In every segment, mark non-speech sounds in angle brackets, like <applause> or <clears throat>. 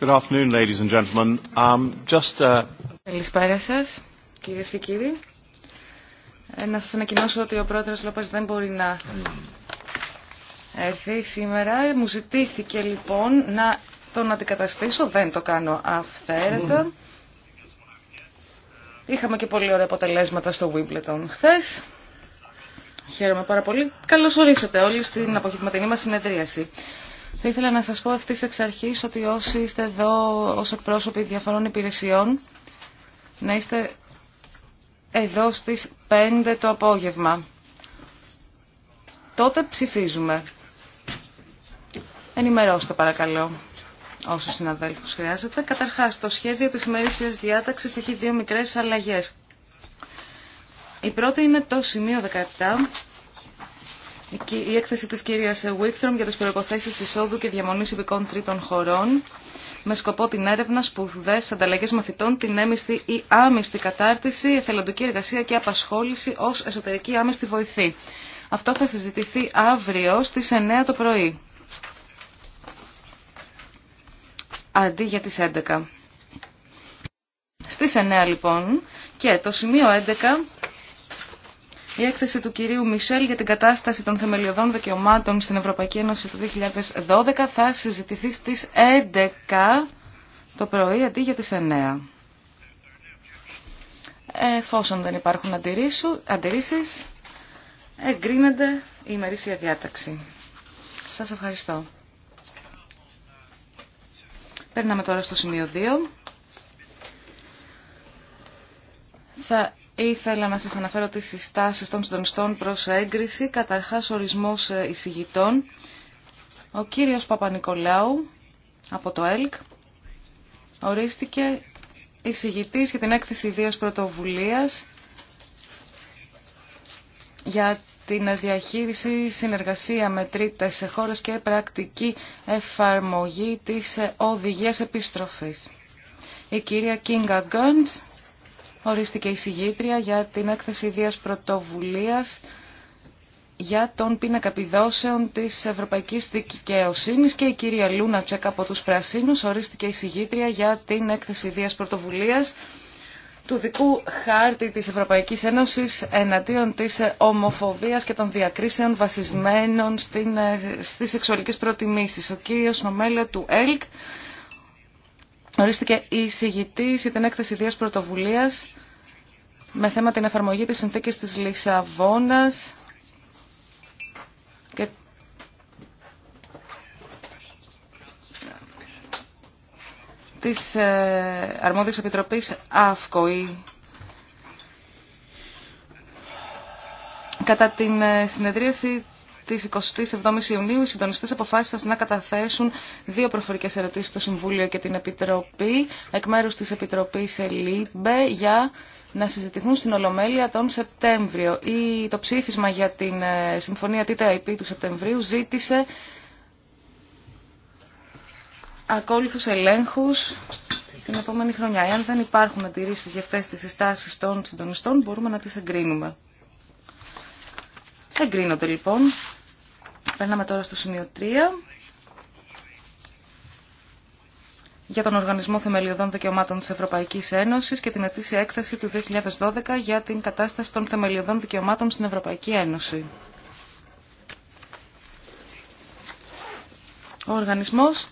Good afternoon, ladies and gentlemen. Um, just, uh, Καλησπέρα σα, κύριε και κύριοι. Ε, να σα ανακοινώσω ότι ο πρόεδρο Λόπε δεν μπορεί να έρθει σήμερα. Μου ζητήθηκε λοιπόν να τον αντικαταστήσω, δεν το κάνω αυθαίρετα. Mm. Είχαμε και πολύ ωραία αποτελέσματα στο Wimbledon χθε. Χαίρομαι πάρα πολύ. Καλώ ορίσατε όλοι στην απογευματινή μα συνεδρίαση. Θα ήθελα να σας πω ευθύς εξ αρχής ότι όσοι είστε εδώ ως εκπρόσωποι διαφορών υπηρεσιών, να είστε εδώ στις 5 το απόγευμα. Τότε ψηφίζουμε. Ενημερώστε παρακαλώ όσους συναδέλφους χρειάζεται. Καταρχάς, το σχέδιο της ημερήσιας διάταξης έχει δύο μικρές αλλαγές. Η πρώτη είναι το σημείο 17 η έκθεση της κυρίας Βίξτρομ για τις προϋποθέσεις εισόδου και διαμονής υπηκών τρίτων χωρών με σκοπό την έρευνα, σπουδέ, ανταλλαγές μαθητών, την έμιστη ή άμυστη κατάρτιση, εθελοντική εργασία και απασχόληση ως εσωτερική άμυστη βοηθή. Αυτό θα συζητηθεί αύριο στις 9 το πρωί. Αντί για τις 11. Στις 9 λοιπόν και το σημείο 11 η έκθεση του κυρίου Μισελ για την κατάσταση των θεμελιωδών δικαιωμάτων στην Ευρωπαϊκή Ένωση το 2012 θα συζητηθεί στις 11 το πρωί αντί για τις 9. Εφόσον δεν υπάρχουν αντιρρήσεις, εγκρίνεται η ημερήσια διάταξη. Σας ευχαριστώ. Περνάμε τώρα στο σημείο 2. Θα Ήθελα να σας αναφέρω τις συστάσεις των συντονιστών προς έγκριση, καταρχάς ορισμός ε, εισηγητών. Ο κύριος από το ΕΛΚ ορίστηκε εισηγητής για την έκθεση ιδίας πρωτοβουλίας για την διαχείριση, συνεργασία με τρίτες χώρες και πρακτική εφαρμογή της ε, οδηγίας επιστροφής. Η κυρία Κίνγκα Γκόντς ορίστηκε η συγγήτρια για την έκθεση ιδίας πρωτοβουλίας για τον πίνακα πηδώσεων της Ευρωπαϊκής Δικαιοσύνης και η κυρία Λούνα Τσέκα από τους Πρασίνους ορίστηκε η συγγήτρια για την έκθεση ιδίας πρωτοβουλίας του δικού χάρτη της Ευρωπαϊκής Ένωσης εναντίον της ομοφοβίας και των διακρίσεων βασισμένων ε, στις σεξουαλικές προτιμήσεις. Ο κύριος Νομέλο του ΕΛΚ η εισηγητή για την έκθεση Δία πρωτοβουλία με θέμα την εφαρμογή τη συνθήκη τη Λισαβόνα. και Τη ε, Αρμόδιας επιτροπή ΑΦΚΟΗ. Κατά την ε, συνεδρίαση Τη 27η Ιουνίου οι συντονιστέ αποφάσισαν να καταθέσουν δύο προφορικέ ερωτήσει στο Συμβούλιο και την Επιτροπή εκ μέρου τη Επιτροπή ΕΛΥΜΠΕ για να συζητηθούν στην Ολομέλεια τον Σεπτέμβριο. Ή το ψήφισμα για την ε, συμφωνία TTIP του Σεπτεμβρίου ζήτησε ακόλουθου ελέγχου την επόμενη χρονιά. Εάν δεν υπάρχουν αντιρρήσεις για αυτές τις συστάσεις των συντονιστών, μπορούμε να τις εγκρίνουμε. Εγκρίνονται λοιπόν. Περνάμε τώρα στο σημείο 3. για τον Οργανισμό Θεμελιωδών Δικαιωμάτων της Ευρωπαϊκής Ένωσης και την ετήσια έκθεση του 2012 για την κατάσταση των θεμελιωδών δικαιωμάτων στην Ευρωπαϊκή Ένωση. Ο οργανισμός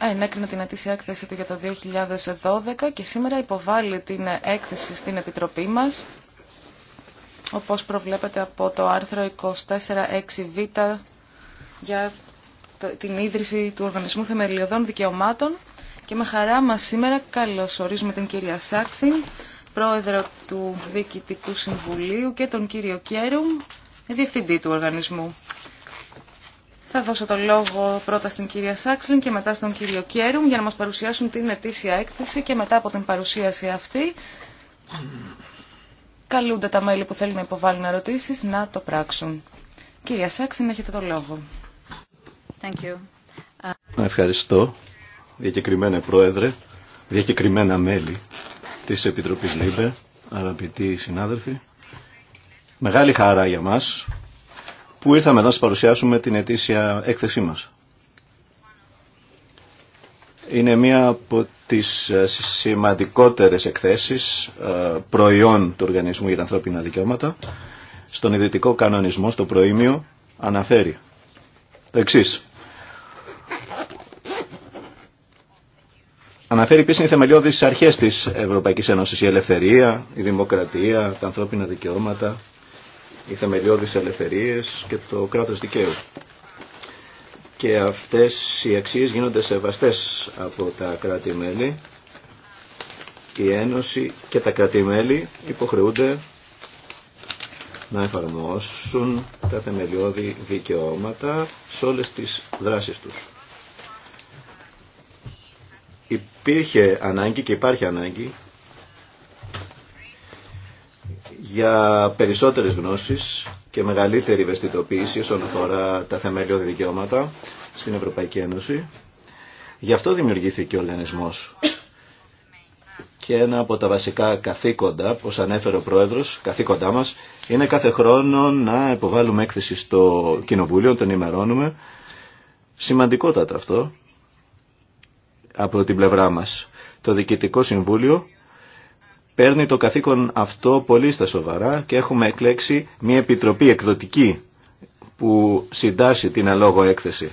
ενέκρινε την ετήσια έκθεση του για το 2012 και σήμερα υποβάλλει την έκθεση στην Επιτροπή μας όπως προβλέπεται από το άρθρο 24.6β για την ίδρυση του Οργανισμού Θεμελιωδών Δικαιωμάτων και με χαρά μας σήμερα καλωσορίζουμε την κυρία Σάξιν, πρόεδρο του Διοικητικού Συμβουλίου και τον κύριο Κέρουμ, διευθυντή του οργανισμού. Θα δώσω το λόγο πρώτα στην κυρία Σάξιν και μετά στον κύριο Κέρουμ για να μας παρουσιάσουν την ετήσια έκθεση και μετά από την παρουσίαση αυτή καλούνται τα μέλη που θέλουν να υποβάλουν ερωτήσεις να το πράξουν. Κυρία Σάξιν, έχετε το λόγο. Thank you. Ευχαριστώ. Διακεκριμένα Πρόεδρε, διακεκριμένα μέλη της Επιτροπής ΛΥΜΠΕ, αγαπητοί συνάδελφοι. Μεγάλη χαρά για μας που ήρθαμε εδώ να σας παρουσιάσουμε την ετήσια έκθεσή μας. Είναι μία από τις ε, σημαντικότερες εκθέσεις ε, προϊόν του Οργανισμού για τα Ανθρώπινα Δικαιώματα. Στον ιδιωτικό κανονισμό, στο προήμιο, αναφέρει το εξής. Αναφέρει πίσω οι θεμελιώδει αρχέ τη Ευρωπαϊκή Ένωση. Η ελευθερία, η δημοκρατία, τα ανθρώπινα δικαιώματα, οι θεμελιώδει ελευθερίε και το κράτο δικαίου και αυτές οι αξίες γίνονται σεβαστές από τα κράτη-μέλη. Η Ένωση και τα κράτη-μέλη υποχρεούνται να εφαρμόσουν τα θεμελιώδη δικαιώματα σε όλες τις δράσεις τους. Υπήρχε ανάγκη και υπάρχει ανάγκη για περισσότερες γνώσεις και μεγαλύτερη ευαισθητοποίηση όσον αφορά τα θεμελιώδη δικαιώματα στην Ευρωπαϊκή Ένωση. Γι' αυτό δημιουργήθηκε ο Λενισμός. Και ένα από τα βασικά καθήκοντα, όπως ανέφερε ο Πρόεδρος, καθήκοντά μας, είναι κάθε χρόνο να υποβάλουμε έκθεση στο Κοινοβούλιο, τον ημερώνουμε. Σημαντικότατα αυτό από την πλευρά μας. Το Διοικητικό Συμβούλιο παίρνει το καθήκον αυτό πολύ στα σοβαρά και έχουμε εκλέξει μια επιτροπή εκδοτική που συντάσσει την αλόγο έκθεση.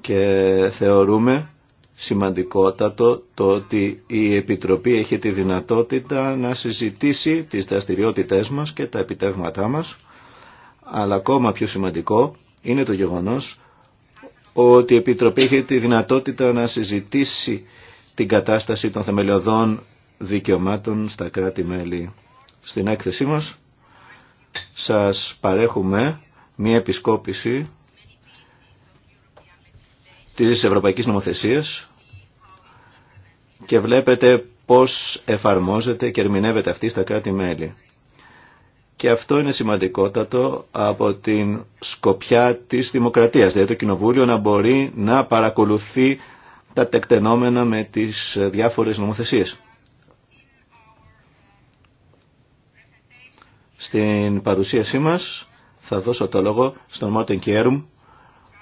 Και θεωρούμε σημαντικότατο το ότι η Επιτροπή έχει τη δυνατότητα να συζητήσει τις δραστηριότητές μας και τα επιτεύγματά μας, αλλά ακόμα πιο σημαντικό είναι το γεγονός ότι η Επιτροπή έχει τη δυνατότητα να συζητήσει την κατάσταση των θεμελιωδών δικαιωμάτων στα κράτη-μέλη. Στην έκθεσή μας σας παρέχουμε μία επισκόπηση της Ευρωπαϊκής Νομοθεσίας και βλέπετε πώς εφαρμόζεται και ερμηνεύεται αυτή στα κράτη-μέλη και αυτό είναι σημαντικότατο από την σκοπιά της δημοκρατίας, δηλαδή το Κοινοβούλιο να μπορεί να παρακολουθεί τα τεκτενόμενα με τις διάφορες νομοθεσίες. Στην παρουσίασή μας θα δώσω το λόγο στον Μόρτεν Κιέρουμ,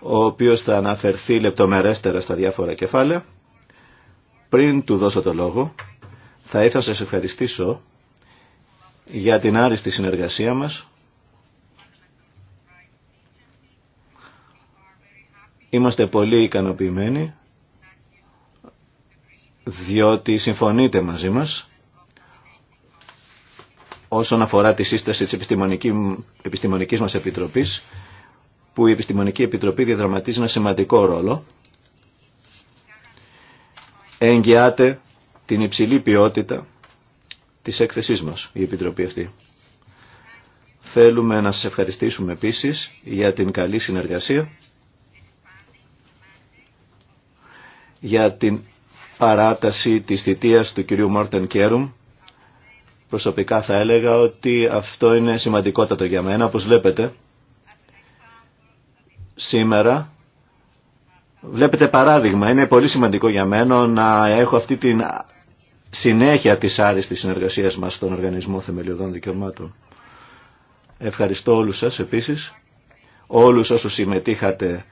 ο οποίος θα αναφερθεί λεπτομερέστερα στα διάφορα κεφάλαια. Πριν του δώσω το λόγο, θα ήθελα να σας ευχαριστήσω για την άριστη συνεργασία μας. Είμαστε πολύ ικανοποιημένοι διότι συμφωνείτε μαζί μας όσον αφορά τη σύσταση της επιστημονικής μας επιτροπής που η Επιστημονική Επιτροπή διαδραματίζει ένα σημαντικό ρόλο εγγυάται την υψηλή ποιότητα της έκθεσής μας, η Επιτροπή αυτή. Θέλουμε να σας ευχαριστήσουμε επίσης για την καλή συνεργασία, για την παράταση της θητείας του κυρίου Μόρτεν Κέρουμ. Προσωπικά θα έλεγα ότι αυτό είναι σημαντικότατο για μένα, όπως βλέπετε. Σήμερα βλέπετε παράδειγμα, είναι πολύ σημαντικό για μένα να έχω αυτή την συνέχεια της άριστης συνεργασίας μας στον Οργανισμό Θεμελιωδών Δικαιωμάτων. Ευχαριστώ όλους σας επίσης, όλους όσους συμμετείχατε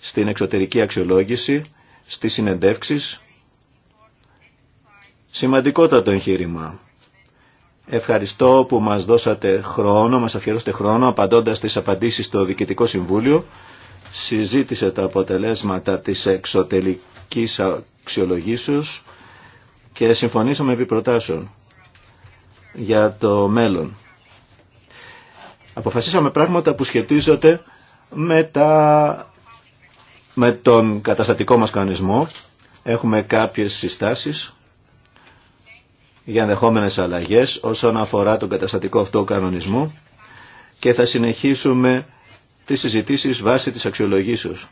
στην εξωτερική αξιολόγηση, στις συνεντεύξεις. Σημαντικότατο εγχείρημα. Ευχαριστώ που μας δώσατε χρόνο, μας αφιερώσατε χρόνο απαντώντας τις απαντήσεις στο Διοικητικό Συμβούλιο. Συζήτησε τα αποτελέσματα της εξωτερικής αξιολογήσεως και συμφωνήσαμε επί προτάσεων για το μέλλον. Αποφασίσαμε πράγματα που σχετίζονται με, τα... με τον καταστατικό μας κανονισμό. Έχουμε κάποιες συστάσεις για ενδεχόμενες αλλαγές όσον αφορά τον καταστατικό αυτό κανονισμό και θα συνεχίσουμε τις συζητήσεις βάσει της αξιολογήσεως.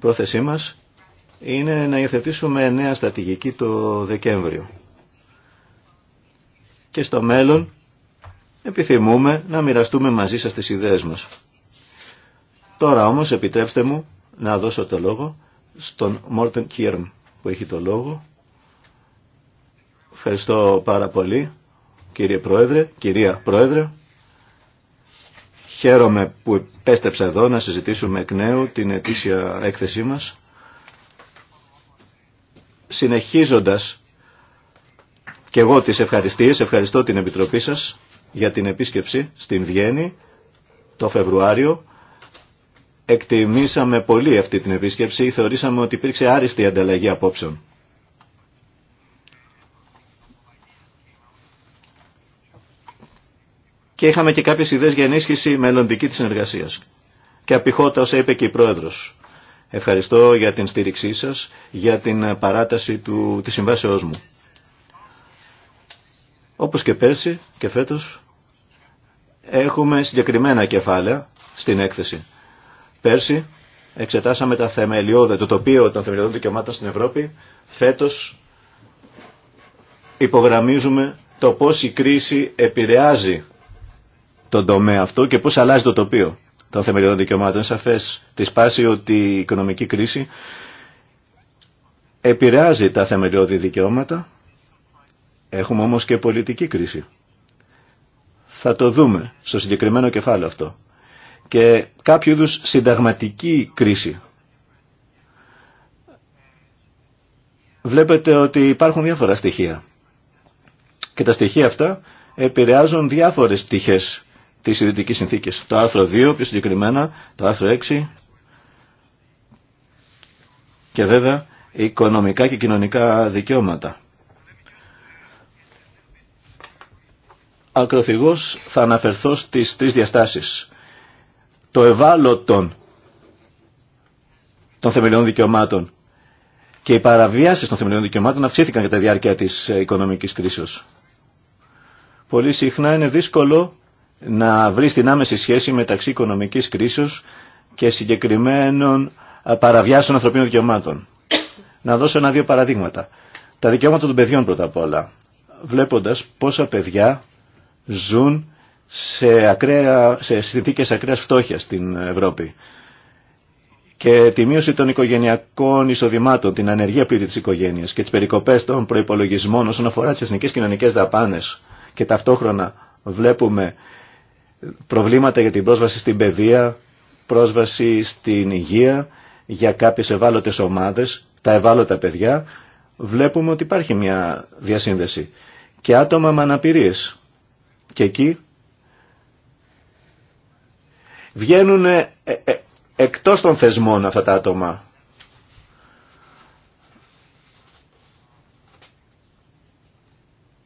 Πρόθεσή μας είναι να υιοθετήσουμε νέα στρατηγική το Δεκέμβριο. Και στο μέλλον επιθυμούμε να μοιραστούμε μαζί σας τις ιδέες μας. Τώρα όμως επιτρέψτε μου να δώσω το λόγο στον Μόρτεν Κίρμ που έχει το λόγο. Ευχαριστώ πάρα πολύ κύριε Πρόεδρε, κυρία Πρόεδρε. Χαίρομαι που επέστρεψα εδώ να συζητήσουμε εκ νέου την ετήσια έκθεσή μας. Συνεχίζοντας και εγώ τις ευχαριστίες, ευχαριστώ την Επιτροπή σας για την επίσκεψη στην Βιέννη το Φεβρουάριο. Εκτιμήσαμε πολύ αυτή την επίσκεψη, θεωρήσαμε ότι υπήρξε άριστη ανταλλαγή απόψεων. Και είχαμε και κάποιες ιδέες για ενίσχυση μελλοντική της συνεργασίας. Και τα όσα είπε και η Πρόεδρος. Ευχαριστώ για την στήριξή σας, για την παράταση του, της συμβάσεώς μου. Όπως και πέρσι και φέτος, έχουμε συγκεκριμένα κεφάλαια στην έκθεση. Πέρσι εξετάσαμε τα θεμελιώδη, το τοπίο των θεμελιώδων δικαιωμάτων στην Ευρώπη. Φέτος υπογραμμίζουμε το πώς η κρίση επηρεάζει τον τομέα αυτό και πώς αλλάζει το τοπίο των θεμελιωδών δικαιωμάτων. Είναι σαφές τη σπάση ότι η οικονομική κρίση επηρεάζει τα θεμελιώδη δικαιώματα. Έχουμε όμως και πολιτική κρίση. Θα το δούμε στο συγκεκριμένο κεφάλαιο αυτό. Και κάποιο είδους συνταγματική κρίση. Βλέπετε ότι υπάρχουν διάφορα στοιχεία. Και τα στοιχεία αυτά επηρεάζουν διάφορες πτυχές τις ιδρυτικής συνθήκες. Το άρθρο 2, πιο συγκεκριμένα, το άρθρο 6 και βέβαια οικονομικά και κοινωνικά δικαιώματα. Ακροθυγός θα αναφερθώ στις τρεις διαστάσεις. Το ευάλωτο των θεμελιών δικαιωμάτων και οι παραβιάσεις των θεμελιών δικαιωμάτων αυξήθηκαν κατά τη διάρκεια της ε, οικονομικής κρίσης. Πολύ συχνά είναι δύσκολο να βρει την άμεση σχέση μεταξύ οικονομικής κρίσεως και συγκεκριμένων παραβιάσεων ανθρωπίνων δικαιωμάτων. Να δώσω ένα-δύο παραδείγματα. Τα δικαιώματα των παιδιών πρώτα απ' όλα. Βλέποντας πόσα παιδιά ζουν σε, ακραία, σε συνθήκες ακραίας φτώχειας στην Ευρώπη και τη μείωση των οικογενειακών εισοδημάτων, την ανεργία πλήρη της οικογένειας και τις περικοπές των προϋπολογισμών όσον αφορά τις εθνικές κοινωνικέ δαπάνες και ταυτόχρονα βλέπουμε προβλήματα για την πρόσβαση στην παιδεία, πρόσβαση στην υγεία για κάποιες ευάλωτες ομάδες, τα ευάλωτα παιδιά, βλέπουμε ότι υπάρχει μια διασύνδεση. Και άτομα με αναπηρίες. Και εκεί βγαίνουν ε, ε, εκτός των θεσμών αυτά τα άτομα.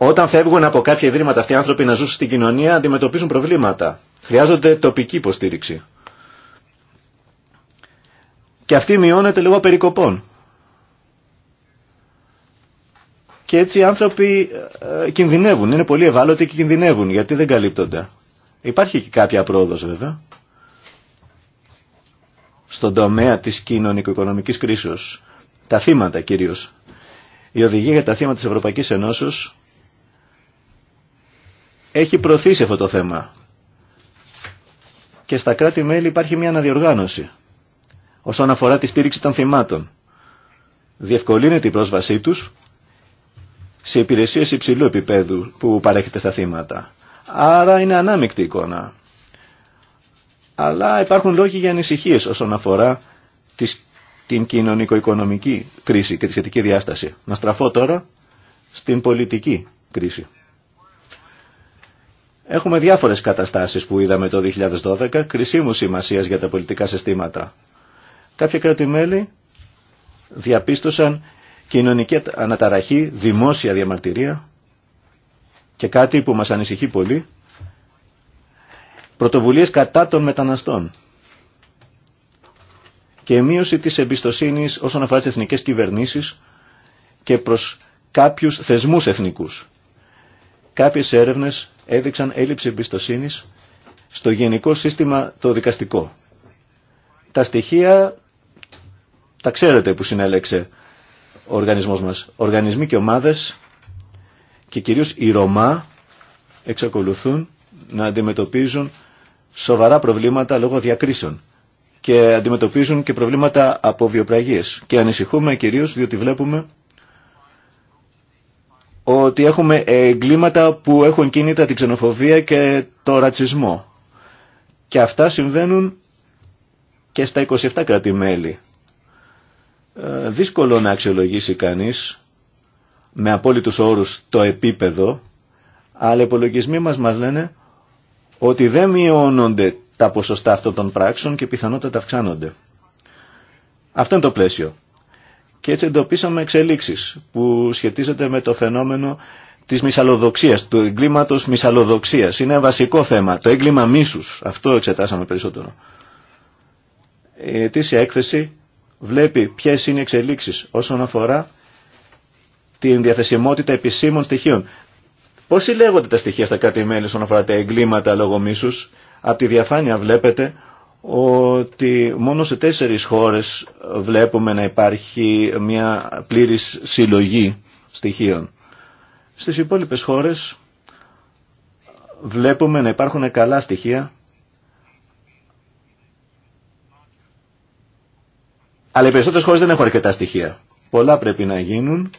Όταν φεύγουν από κάποια ιδρύματα αυτοί οι άνθρωποι να ζουν στην κοινωνία, αντιμετωπίζουν προβλήματα. Χρειάζονται τοπική υποστήριξη. Και αυτή μειώνεται λόγω περικοπών. Και έτσι οι άνθρωποι ε, κινδυνεύουν, είναι πολύ ευάλωτοι και κινδυνεύουν γιατί δεν καλύπτονται. Υπάρχει και κάποια πρόοδος βέβαια στον τομέα της κοινωνικο-οικονομικής κρίσεως. Τα θύματα κυρίως. Η οδηγία για τα θύματα της Ευρωπαϊκής Ενώσεως έχει προωθήσει αυτό το θέμα. Και στα κράτη-μέλη υπάρχει μια αναδιοργάνωση όσον αφορά τη στήριξη των θυμάτων. Διευκολύνεται η πρόσβασή τους σε υπηρεσίες υψηλού επίπεδου που παρέχεται στα θύματα. Άρα είναι ανάμεικτη εικόνα. Αλλά υπάρχουν λόγοι για ανησυχίες όσον αφορά την κοινωνικο-οικονομική κρίση και τη σχετική διάσταση. Να στραφώ τώρα στην πολιτική κρίση. Έχουμε διάφορες καταστάσεις που είδαμε το 2012, κρισίμου σημασίας για τα πολιτικά συστήματα. Κάποια κράτη-μέλη διαπίστωσαν κοινωνική αναταραχή, δημόσια διαμαρτυρία και κάτι που μας ανησυχεί πολύ, πρωτοβουλίες κατά των μεταναστών και μείωση της εμπιστοσύνης όσον αφορά τις εθνικές κυβερνήσεις και προς κάποιους θεσμούς εθνικούς. Κάποιες έρευνες έδειξαν έλλειψη εμπιστοσύνη στο γενικό σύστημα το δικαστικό. Τα στοιχεία τα ξέρετε που συνέλεξε ο οργανισμός μας. Οργανισμοί και ομάδες και κυρίως οι Ρωμά εξακολουθούν να αντιμετωπίζουν σοβαρά προβλήματα λόγω διακρίσεων και αντιμετωπίζουν και προβλήματα από βιοπραγίες. Και ανησυχούμε κυρίως διότι βλέπουμε ότι έχουμε εγκλήματα που έχουν κίνητα την ξενοφοβία και το ρατσισμό. Και αυτά συμβαίνουν και στα 27 κράτη-μέλη. Ε, δύσκολο να αξιολογήσει κανείς με απόλυτους όρους το επίπεδο, αλλά οι υπολογισμοί μας μας λένε ότι δεν μειώνονται τα ποσοστά αυτών των πράξεων και πιθανότατα αυξάνονται. Αυτό είναι το πλαίσιο και έτσι εντοπίσαμε εξελίξεις που σχετίζονται με το φαινόμενο της μυσαλλοδοξίας, του εγκλήματος μυσαλλοδοξίας. Είναι βασικό θέμα, το έγκλημα μίσους, αυτό εξετάσαμε περισσότερο. Η ετήσια έκθεση βλέπει ποιες είναι οι εξελίξεις όσον αφορά την διαθεσιμότητα επισήμων στοιχείων. Πώς συλλέγονται τα στοιχεία στα κάτι μέλη όσον αφορά τα εγκλήματα λόγω μίσους. Από τη διαφάνεια βλέπετε ότι μόνο σε τέσσερις χώρες βλέπουμε να υπάρχει μια πλήρης συλλογή στοιχείων. Στις υπόλοιπες χώρες βλέπουμε να υπάρχουν καλά στοιχεία αλλά οι περισσότερες χώρες δεν έχουν αρκετά στοιχεία. Πολλά πρέπει να γίνουν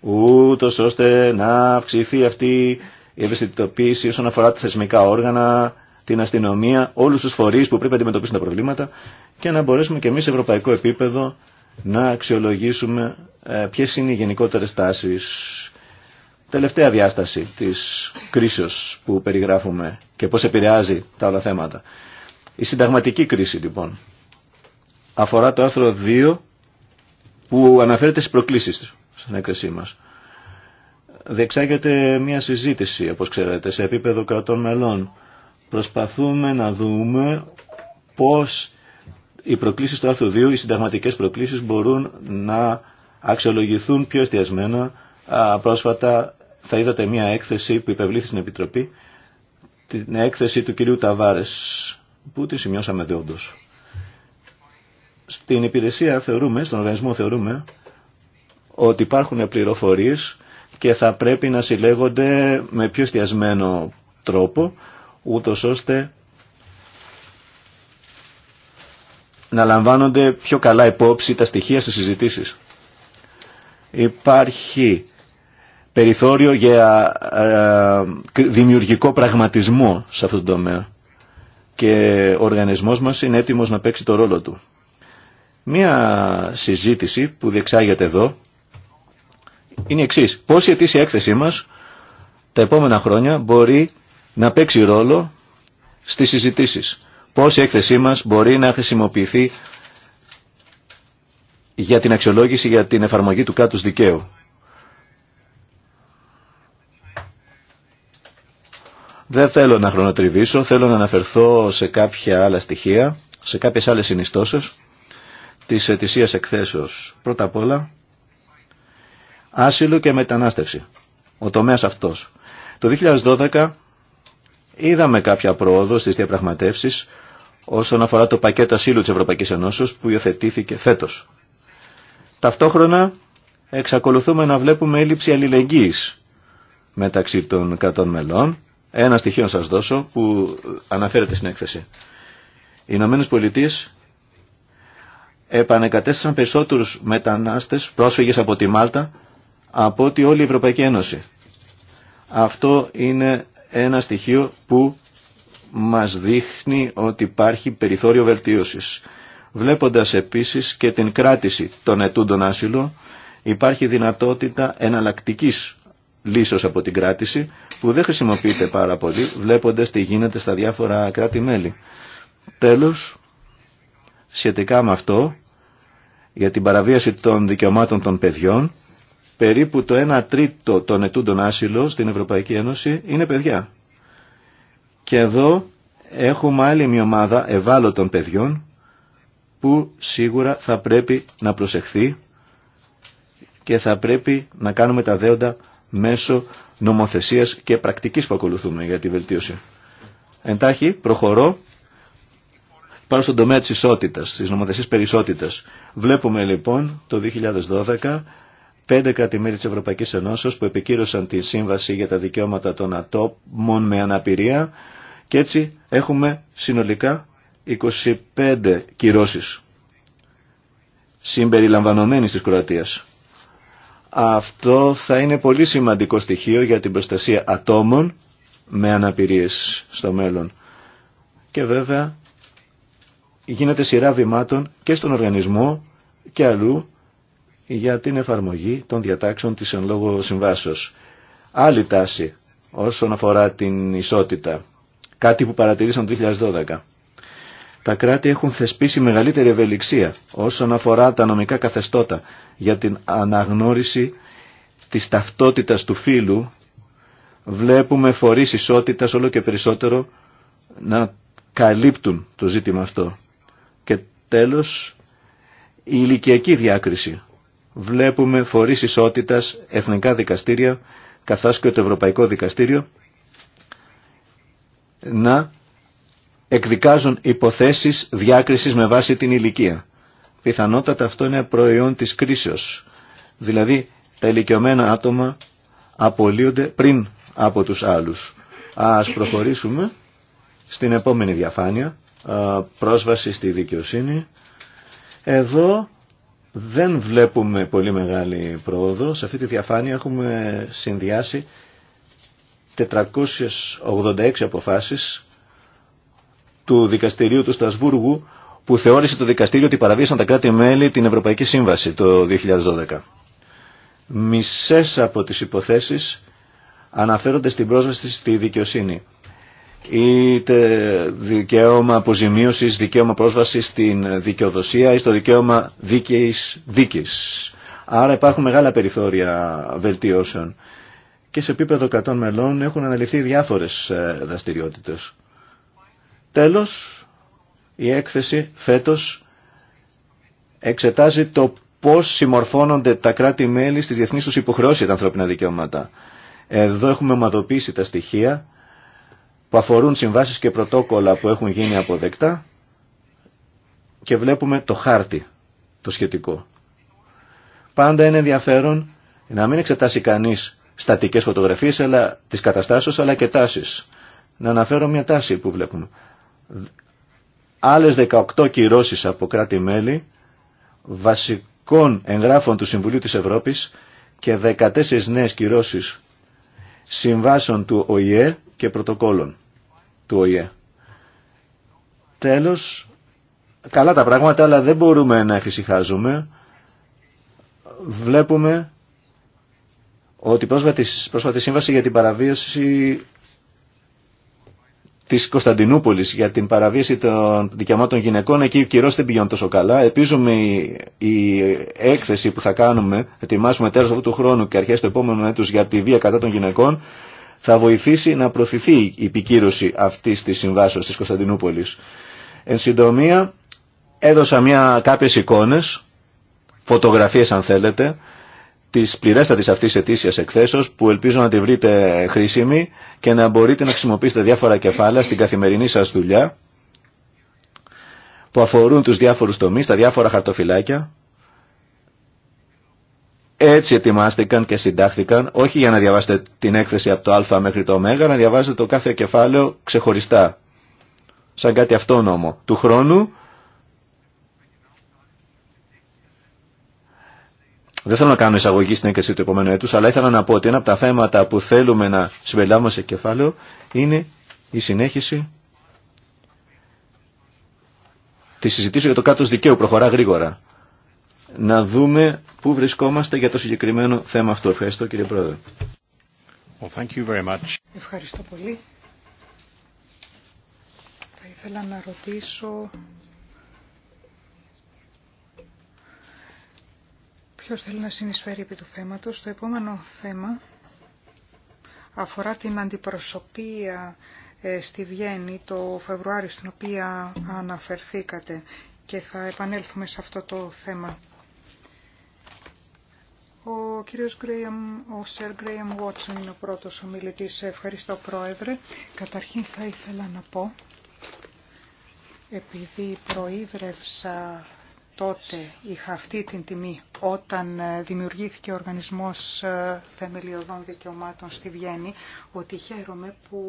ούτως ώστε να αυξηθεί αυτή η ευαισθητοποίηση όσον αφορά τα θεσμικά όργανα την αστυνομία, όλους τους φορείς που πρέπει να αντιμετωπίσουν τα προβλήματα και να μπορέσουμε και εμείς σε ευρωπαϊκό επίπεδο να αξιολογήσουμε ε, ποιες είναι οι γενικότερες τάσεις. Τελευταία διάσταση της κρίσεως που περιγράφουμε και πώς επηρεάζει τα όλα θέματα. Η συνταγματική κρίση λοιπόν αφορά το άρθρο 2 που αναφέρεται στις προκλήσεις στην έκθεσή μας. Δεξάγεται μια συζήτηση, όπως ξέρετε, σε επίπεδο κρατών μελών Προσπαθούμε να δούμε πώς οι προκλήσεις του άρθρου 2, οι συνταγματικές προκλήσεις μπορούν να αξιολογηθούν πιο εστιασμένα. Πρόσφατα θα είδατε μια έκθεση που υπευλήθη στην Επιτροπή, την έκθεση του κυρίου Ταβάρες, που τη σημειώσαμε δεόντως. Στην υπηρεσία θεωρούμε, στον οργανισμό θεωρούμε, ότι υπάρχουν πληροφορίες και θα πρέπει να συλλέγονται με πιο εστιασμένο τρόπο ούτως ώστε να λαμβάνονται πιο καλά υπόψη τα στοιχεία στις συζητήσεις. Υπάρχει περιθώριο για ε, ε, δημιουργικό πραγματισμό σε αυτό το τομέα και ο οργανισμός μας είναι έτοιμος να παίξει το ρόλο του. Μία συζήτηση που διεξάγεται εδώ είναι η εξής. Πώς η έκθεσή μας τα επόμενα χρόνια μπορεί να παίξει ρόλο στις συζητήσεις. Πώς η έκθεσή μας μπορεί να χρησιμοποιηθεί για την αξιολόγηση, για την εφαρμογή του κάτους δικαίου. Δεν θέλω να χρονοτριβήσω, θέλω να αναφερθώ σε κάποια άλλα στοιχεία, σε κάποιες άλλες συνιστώσεις της ετησίας εκθέσεως. Πρώτα απ' όλα, άσυλο και μετανάστευση. Ο τομέας αυτός. Το 2012 Είδαμε κάποια πρόοδο στις διαπραγματεύσεις όσον αφορά το πακέτο ασύλου της Ευρωπαϊκής Ενώσεως που υιοθετήθηκε φέτος. Ταυτόχρονα εξακολουθούμε να βλέπουμε έλλειψη αλληλεγγύης μεταξύ των κρατών μελών. Ένα στοιχείο να σας δώσω που αναφέρεται στην έκθεση. Οι Ηνωμένες Πολιτείες επανεκατέστησαν περισσότερους μετανάστες πρόσφυγες από τη Μάλτα από ότι όλη η Ευρωπαϊκή Ένωση. Αυτό είναι ένα στοιχείο που μας δείχνει ότι υπάρχει περιθώριο βελτίωσης. Βλέποντας επίσης και την κράτηση των ετούντων άσυλο, υπάρχει δυνατότητα εναλλακτική λύσεως από την κράτηση, που δεν χρησιμοποιείται πάρα πολύ, βλέποντας τι γίνεται στα διάφορα κράτη-μέλη. Τέλος, σχετικά με αυτό, για την παραβίαση των δικαιωμάτων των παιδιών, περίπου το 1 τρίτο των ετούντων άσυλο στην Ευρωπαϊκή Ένωση είναι παιδιά. Και εδώ έχουμε άλλη μια ομάδα ευάλωτων παιδιών που σίγουρα θα πρέπει να προσεχθεί και θα πρέπει να κάνουμε τα δέοντα μέσω νομοθεσίας και πρακτικής που ακολουθούμε για τη βελτίωση. Εντάχει, προχωρώ πάνω στον τομέα της ισότητας, της νομοθεσίας περισσότητας. Βλέπουμε λοιπόν το 2012 πέντε κράτη-μέλη της Ευρωπαϊκής Ενώσεως που επικύρωσαν τη Σύμβαση για τα Δικαιώματα των Ατόμων με Αναπηρία και έτσι έχουμε συνολικά 25 κυρώσεις συμπεριλαμβανομένης της Κροατίας. Αυτό θα είναι πολύ σημαντικό στοιχείο για την προστασία ατόμων με αναπηρίες στο μέλλον. Και βέβαια γίνεται σειρά βημάτων και στον οργανισμό και αλλού για την εφαρμογή των διατάξεων της εν λόγω συμβάσεως. Άλλη τάση όσον αφορά την ισότητα, κάτι που παρατηρήσαν το 2012. Τα κράτη έχουν θεσπίσει μεγαλύτερη ευελιξία όσον αφορά τα νομικά καθεστώτα για την αναγνώριση της ταυτότητας του φύλου. Βλέπουμε φορείς ισότητας όλο και περισσότερο να καλύπτουν το ζήτημα αυτό. Και τέλος, η ηλικιακή διάκριση βλέπουμε φορείς ισότητας, εθνικά δικαστήρια, καθώς και το Ευρωπαϊκό Δικαστήριο, να εκδικάζουν υποθέσεις διάκρισης με βάση την ηλικία. Πιθανότατα αυτό είναι προϊόν της κρίσεως. Δηλαδή τα ηλικιωμένα άτομα απολύονται πριν από τους άλλους. Ας προχωρήσουμε στην επόμενη διαφάνεια, πρόσβαση στη δικαιοσύνη. Εδώ δεν βλέπουμε πολύ μεγάλη πρόοδο. Σε αυτή τη διαφάνεια έχουμε συνδυάσει 486 αποφάσεις του Δικαστηρίου του Στασβούργου που θεώρησε το δικαστήριο ότι παραβίασαν τα κράτη-μέλη την Ευρωπαϊκή Σύμβαση το 2012. Μισές από τις υποθέσεις αναφέρονται στην πρόσβαση στη δικαιοσύνη είτε δικαίωμα αποζημίωσης, δικαίωμα πρόσβασης στην δικαιοδοσία ή στο δικαίωμα δίκαιης δίκης. Άρα υπάρχουν μεγάλα περιθώρια βελτιώσεων και σε επίπεδο 100 μελών έχουν αναλυθεί διάφορες ε, δραστηριότητες. Τέλος, η έκθεση φέτος εξετάζει το πώς συμμορφώνονται τα κράτη-μέλη στις διεθνείς τους υποχρεώσεις τα ανθρώπινα δικαιώματα. Εδώ έχουμε ομαδοποίησει τα στοιχεία που αφορούν συμβάσεις και πρωτόκολλα που έχουν γίνει αποδεκτά και βλέπουμε το χάρτη, το σχετικό. Πάντα είναι ενδιαφέρον να μην εξετάσει κανείς στατικές φωτογραφίες αλλά, της καταστάσεως αλλά και τάσεις. Να αναφέρω μια τάση που βλέπουμε. Άλλες 18 κυρώσεις από κράτη-μέλη βασικών εγγράφων του Συμβουλίου της Ευρώπης και 14 νέες κυρώσεις συμβάσεων του ΟΗΕ και πρωτοκόλων του ΟΗΕ. Τέλος, καλά τα πράγματα, αλλά δεν μπορούμε να εφησυχάζουμε. Βλέπουμε ότι πρόσφατη, πρόσφατη σύμβαση για την παραβίαση της Κωνσταντινούπολης για την παραβίαση των δικαιωμάτων γυναικών εκεί οι δεν πηγαίνουν τόσο καλά. Ελπίζουμε η, η, έκθεση που θα κάνουμε, ετοιμάσουμε τέλος αυτού του χρόνου και αρχές του επόμενου έτους για τη βία κατά των γυναικών θα βοηθήσει να προωθηθεί η επικύρωση αυτής της συμβάσεως της Κωνσταντινούπολης. Εν συντομία, έδωσα μια, κάποιες εικόνες, φωτογραφίες αν θέλετε, της πληρέστατης αυτής ετήσιας εκθέσεως που ελπίζω να τη βρείτε χρήσιμη και να μπορείτε να χρησιμοποιήσετε διάφορα κεφάλαια στην καθημερινή σας δουλειά που αφορούν τους διάφορους τομείς, τα διάφορα χαρτοφυλάκια έτσι ετοιμάστηκαν και συντάχθηκαν, όχι για να διαβάσετε την έκθεση από το α μέχρι το ω, να διαβάσετε το κάθε κεφάλαιο ξεχωριστά, σαν κάτι αυτόνομο. Του χρόνου Δεν θέλω να κάνω εισαγωγή στην έκθεση του επόμενου έτους, αλλά ήθελα να πω ότι ένα από τα θέματα που θέλουμε να συμπεριλάβουμε σε κεφάλαιο είναι η συνέχιση τη συζητήσεως για το κάτω δικαίου. Προχωρά γρήγορα να δούμε πού βρισκόμαστε για το συγκεκριμένο θέμα αυτό. Ευχαριστώ κύριε Πρόεδρε. thank you Ευχαριστώ πολύ. Θα ήθελα να ρωτήσω ποιος θέλει να συνεισφέρει επί του θέματος. Το επόμενο θέμα αφορά την αντιπροσωπεία ε, στη Βιέννη το Φεβρουάριο στην οποία αναφερθήκατε και θα επανέλθουμε σε αυτό το θέμα. Ο κύριος Γκρέιμ, ο Σερ Γκρέιμ Βότσον είναι ο πρώτος ομιλητής. Ευχαριστώ πρόεδρε. Καταρχήν θα ήθελα να πω, επειδή προείδρευσα τότε, είχα αυτή την τιμή όταν ε, δημιουργήθηκε ο Οργανισμός ε, Θεμελιωδών Δικαιωμάτων στη Βιέννη, ότι χαίρομαι που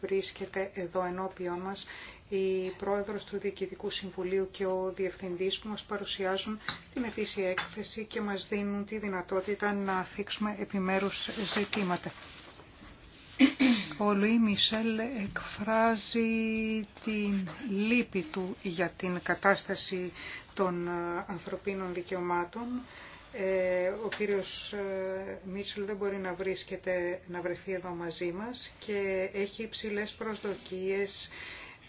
βρίσκεται εδώ ενώπιον μας η πρόεδρος του Διοικητικού Συμβουλίου και ο διευθυντής που μας παρουσιάζουν την ετήσια έκθεση και μας δίνουν τη δυνατότητα να θίξουμε επιμέρους ζητήματα. Ο Λουί Μισελ εκφράζει την λύπη του για την κατάσταση των ανθρωπίνων δικαιωμάτων ε, ο κύριος ε, Μίτσουλ δεν μπορεί να βρίσκεται, να βρεθεί εδώ μαζί μας και έχει υψηλές προσδοκίες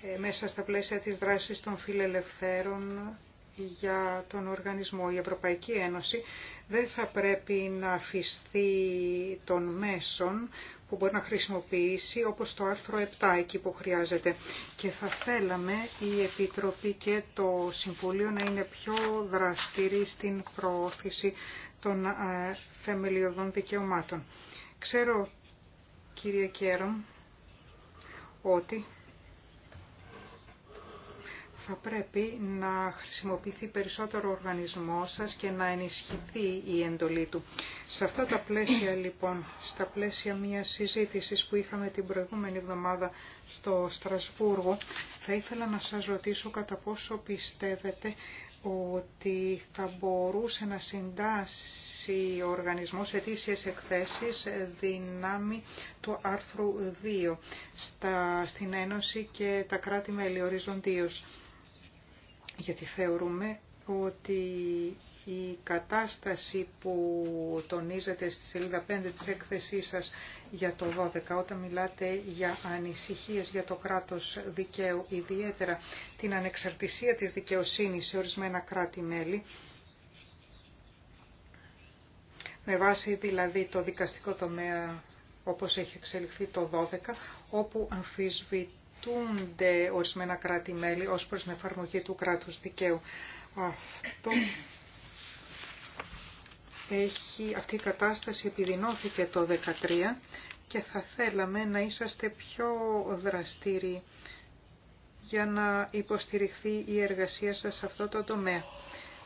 ε, μέσα στα πλαίσια της δράσης των φιλελευθέρων για τον οργανισμό. Η Ευρωπαϊκή Ένωση δεν θα πρέπει να αφιστεί των μέσων που μπορεί να χρησιμοποιήσει όπως το άρθρο 7 εκεί που χρειάζεται. Και θα θέλαμε η Επιτροπή και το Συμβούλιο να είναι πιο δραστηροί στην προώθηση των ε, θεμελιωδών δικαιωμάτων. Ξέρω, κύριε Κέρον, ότι θα πρέπει να χρησιμοποιηθεί περισσότερο ο οργανισμός σας και να ενισχυθεί η εντολή του. Σε αυτά τα πλαίσια λοιπόν, στα πλαίσια μιας συζήτησης που είχαμε την προηγούμενη εβδομάδα στο Στρασβούργο, θα ήθελα να σας ρωτήσω κατά πόσο πιστεύετε ότι θα μπορούσε να συντάσει ο οργανισμός ετήσιες εκθέσεις δυνάμει του άρθρου 2 στα, στην Ένωση και τα κράτη-μέλη οριζοντίως γιατί θεωρούμε ότι η κατάσταση που τονίζεται στη σελίδα 5 της έκθεσής σας για το 12, όταν μιλάτε για ανησυχίες για το κράτος δικαίου, ιδιαίτερα την ανεξαρτησία της δικαιοσύνης σε ορισμένα κράτη-μέλη, με βάση δηλαδή το δικαστικό τομέα όπως έχει εξελιχθεί το 12, όπου αμφισβητεί τούνται ορισμένα κράτη-μέλη ως προς την εφαρμογή του κράτους δικαίου. Αυτό έχει, αυτή η κατάσταση επιδεινώθηκε το 2013 και θα θέλαμε να είσαστε πιο δραστήριοι για να υποστηριχθεί η εργασία σας σε αυτό το τομέα.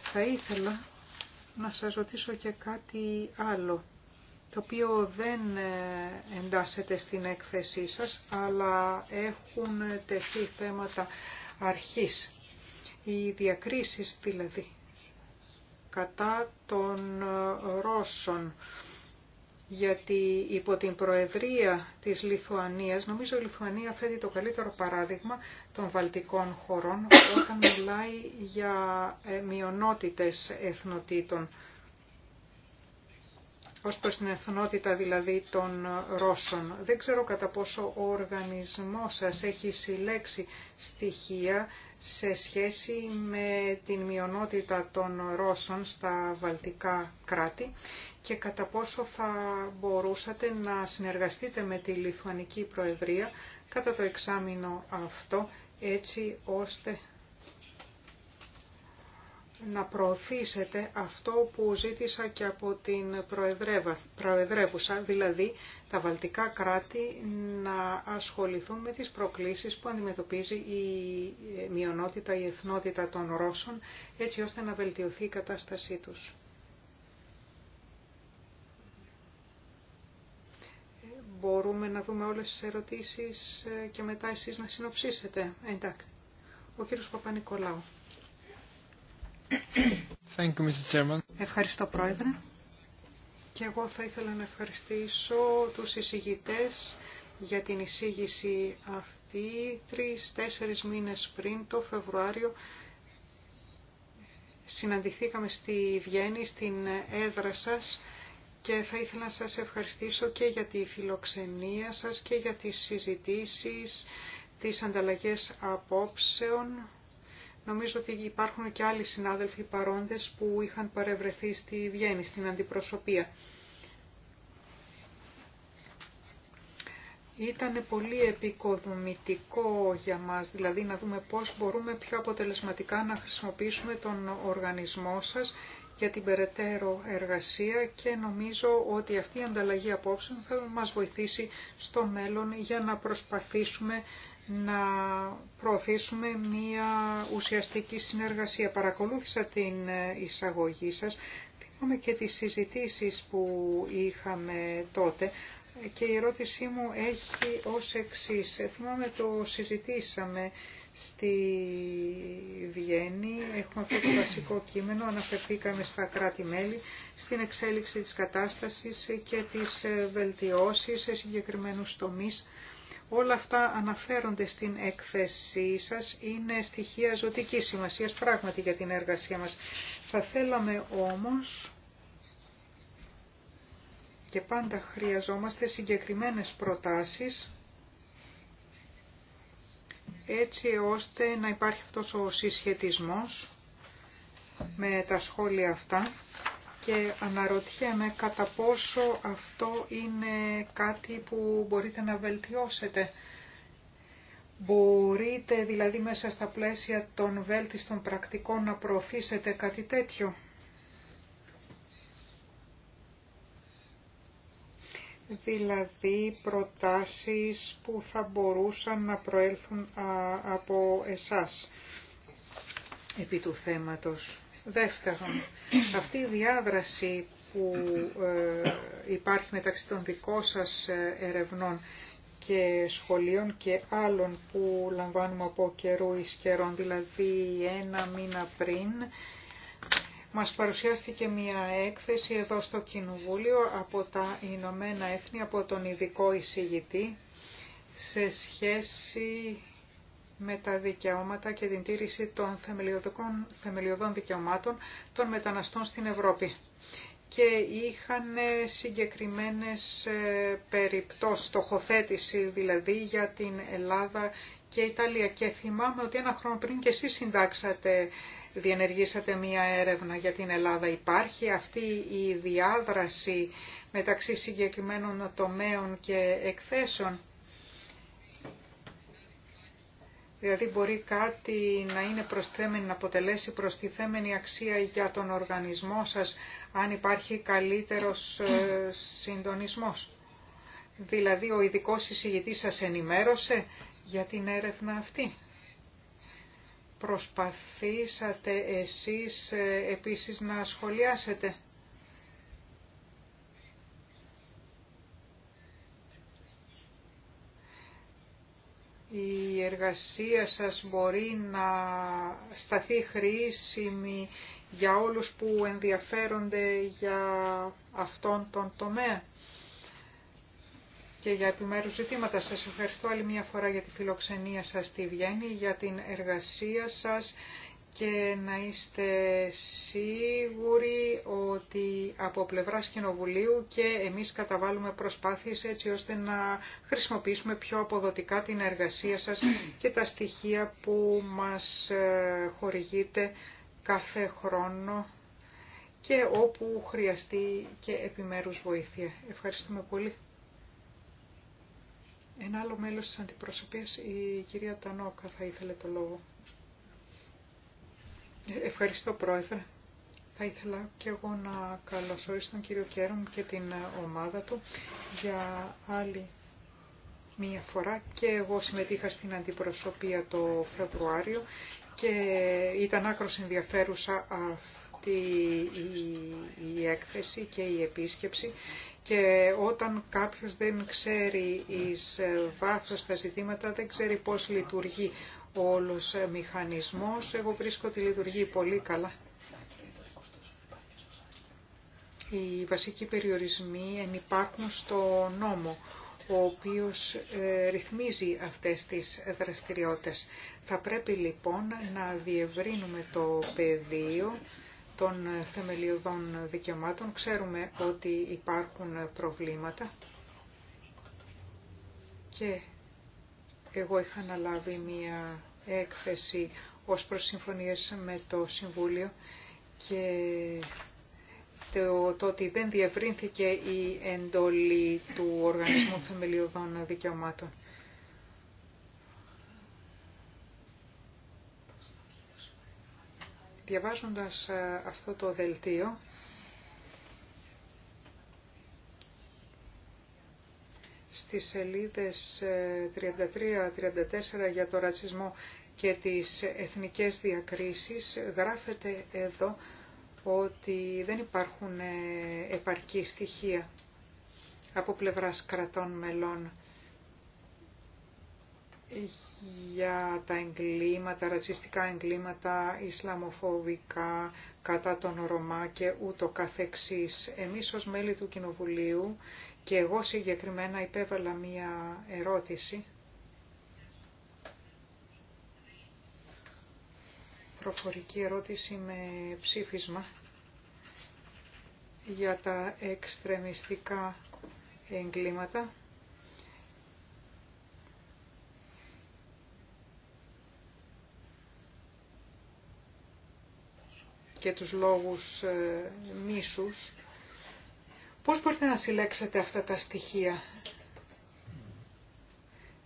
Θα ήθελα να σας ρωτήσω και κάτι άλλο το οποίο δεν ε, εντάσσεται στην έκθεσή σας, αλλά έχουν τεθεί θέματα αρχής. Οι διακρίσεις δηλαδή κατά των ε, Ρώσων, γιατί υπό την Προεδρία της Λιθουανίας, νομίζω η Λιθουανία θέτει το καλύτερο παράδειγμα των βαλτικών χωρών όταν μιλάει για ε, μειονότητες εθνοτήτων ως προς την εθνότητα δηλαδή των Ρώσων. Δεν ξέρω κατά πόσο ο οργανισμός σας έχει συλλέξει στοιχεία σε σχέση με την μειονότητα των Ρώσων στα βαλτικά κράτη και κατά πόσο θα μπορούσατε να συνεργαστείτε με τη Λιθουανική Προεδρία κατά το εξάμεινο αυτό έτσι ώστε να προωθήσετε αυτό που ζήτησα και από την Προεδρεύουσα, δηλαδή τα βαλτικά κράτη να ασχοληθούν με τις προκλήσεις που αντιμετωπίζει η ε, μειονότητα, η εθνότητα των Ρώσων, έτσι ώστε να βελτιωθεί η κατάστασή τους. Μπορούμε να δούμε όλες τις ερωτήσεις ε, και μετά εσείς να συνοψίσετε. Εντάξει. Ο κύριος Thank you, Mr. Chairman. Ευχαριστώ, Πρόεδρε. Και εγώ θα ήθελα να ευχαριστήσω τους εισηγητές για την εισήγηση αυτή τρεις-τέσσερις μήνες πριν το Φεβρουάριο συναντηθήκαμε στη Βιέννη, στην έδρα σας και θα ήθελα να σας ευχαριστήσω και για τη φιλοξενία σας και για τις συζητήσεις, τις ανταλλαγές απόψεων Νομίζω ότι υπάρχουν και άλλοι συνάδελφοι παρόντες που είχαν παρευρεθεί στη Βιέννη, στην αντιπροσωπεία. Ήταν πολύ επικοδομητικό για μας, δηλαδή να δούμε πώς μπορούμε πιο αποτελεσματικά να χρησιμοποιήσουμε τον οργανισμό σας για την περαιτέρω εργασία και νομίζω ότι αυτή η ανταλλαγή απόψεων θα μας βοηθήσει στο μέλλον για να προσπαθήσουμε να προωθήσουμε μία ουσιαστική συνεργασία. Παρακολούθησα την ε, εισαγωγή σας, θυμάμαι και τις συζητήσεις που είχαμε τότε και η ερώτησή μου έχει ως εξής. Θυμάμαι το συζητήσαμε στη Βιέννη, έχουμε αυτό το βασικό κείμενο, αναφερθήκαμε στα κράτη-μέλη, στην εξέλιξη της κατάστασης και τις ε, βελτιώσεις σε συγκεκριμένους τομείς Όλα αυτά αναφέρονται στην έκθεσή σας, είναι στοιχεία ζωτική σημασίας πράγματι για την εργασία μας. Θα θέλαμε όμως και πάντα χρειαζόμαστε συγκεκριμένες προτάσεις έτσι ώστε να υπάρχει αυτός ο συσχετισμός με τα σχόλια αυτά και αναρωτιέμαι κατά πόσο αυτό είναι κάτι που μπορείτε να βελτιώσετε. Μπορείτε δηλαδή μέσα στα πλαίσια των βέλτιστων πρακτικών να προωθήσετε κάτι τέτοιο. δηλαδή προτάσεις που θα μπορούσαν να προέλθουν από εσάς επί του θέματος. Δεύτερον, αυτή η διάδραση που ε, υπάρχει μεταξύ των δικών σας ε, ερευνών και σχολείων και άλλων που λαμβάνουμε από καιρού εις καιρών, δηλαδή ένα μήνα πριν, μας παρουσιάστηκε μια έκθεση εδώ στο Κοινοβούλιο από τα Ηνωμένα Έθνη, από τον ειδικό εισηγητή, σε σχέση με τα δικαιώματα και την τήρηση των θεμελιωδών δικαιωμάτων των μεταναστών στην Ευρώπη. Και είχαν ε, συγκεκριμένες ε, περιπτώσεις, στοχοθέτηση δηλαδή για την Ελλάδα και Ιταλία. Και θυμάμαι ότι ένα χρόνο πριν και εσείς συντάξατε, διενεργήσατε μία έρευνα για την Ελλάδα. Υπάρχει αυτή η διάδραση μεταξύ συγκεκριμένων τομέων και εκθέσεων Δηλαδή μπορεί κάτι να είναι προσθέμενη, να αποτελέσει προστιθέμενη αξία για τον οργανισμό σας, αν υπάρχει καλύτερος ε, συντονισμός. Δηλαδή ο ειδικό εισηγητής σας ενημέρωσε για την έρευνα αυτή. Προσπαθήσατε εσείς ε, επίσης να σχολιάσετε η εργασία σας μπορεί να σταθεί χρήσιμη για όλους που ενδιαφέρονται για αυτόν τον τομέα και για επιμέρους ζητήματα. Σας ευχαριστώ άλλη μια φορά για τη φιλοξενία σας στη Βιέννη, για την εργασία σας, και να είστε σίγουροι ότι από πλευράς Κοινοβουλίου και εμείς καταβάλουμε προσπάθειες έτσι ώστε να χρησιμοποιήσουμε πιο αποδοτικά την εργασία σας και τα στοιχεία που μας ε, χορηγείτε κάθε χρόνο και όπου χρειαστεί και επιμέρους βοήθεια. Ευχαριστούμε πολύ. Ένα άλλο μέλος της αντιπροσωπείας, η κυρία Τανόκα, θα ήθελε το λόγο. Ευχαριστώ πρόεδρε. Θα ήθελα και εγώ να καλωσορίσω τον κύριο Κέρον και την ομάδα του για άλλη μία φορά και εγώ συμμετείχα στην αντιπροσωπεία το Φεβρουάριο και ήταν άκρος ενδιαφέρουσα αυτή η έκθεση και η επίσκεψη και όταν κάποιος δεν ξέρει εις βάθος τα ζητήματα δεν ξέρει πώς λειτουργεί όλους ε, μηχανισμός. Εγώ βρίσκω ότι λειτουργεί πολύ καλά. Οι βασικοί περιορισμοί ενυπάρχουν στο νόμο, ο οποίος ε, ρυθμίζει αυτές τις δραστηριότητες. Θα πρέπει λοιπόν να διευρύνουμε το πεδίο των ε, θεμελιωδών δικαιωμάτων. Ξέρουμε ότι υπάρχουν προβλήματα και εγώ είχα αναλάβει μία έκθεση ως προς συμφωνίες με το Συμβούλιο και το, ότι δεν διευρύνθηκε η εντολή του Οργανισμού Θεμελιωδών Δικαιωμάτων. Διαβάζοντας ε, αυτό το δελτίο, στις σελίδες 33-34 ε, για το ρατσισμό και τις εθνικές διακρίσεις γράφεται εδώ ότι δεν υπάρχουν ε, επαρκή στοιχεία από πλευράς κρατών μελών για τα εγκλήματα, ρατσιστικά εγκλήματα, ισλαμοφοβικά, κατά τον Ρωμά και ούτω καθεξής. Εμείς ως μέλη του Κοινοβουλίου και εγώ συγκεκριμένα υπέβαλα μία ερώτηση προφορική ερώτηση με ψήφισμα για τα εξτρεμιστικά εγκλήματα. και τους λόγους ε, μίσους Πώς μπορείτε να συλλέξετε αυτά τα στοιχεία.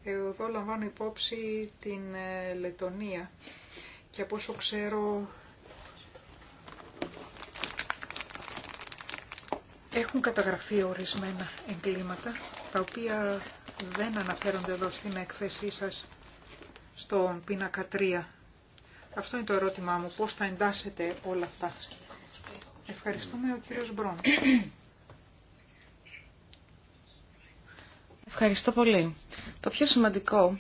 Εδώ λαμβάνω υπόψη την ε, Λετωνία και από όσο ξέρω έχουν καταγραφεί ορισμένα εγκλήματα τα οποία δεν αναφέρονται εδώ στην έκθεσή σας στον πίνακα 3. Αυτό είναι το ερώτημά μου. Πώς θα εντάσσετε όλα αυτά. Ευχαριστούμε ο κύριος Μπρόν. Ευχαριστώ πολύ. Το πιο σημαντικό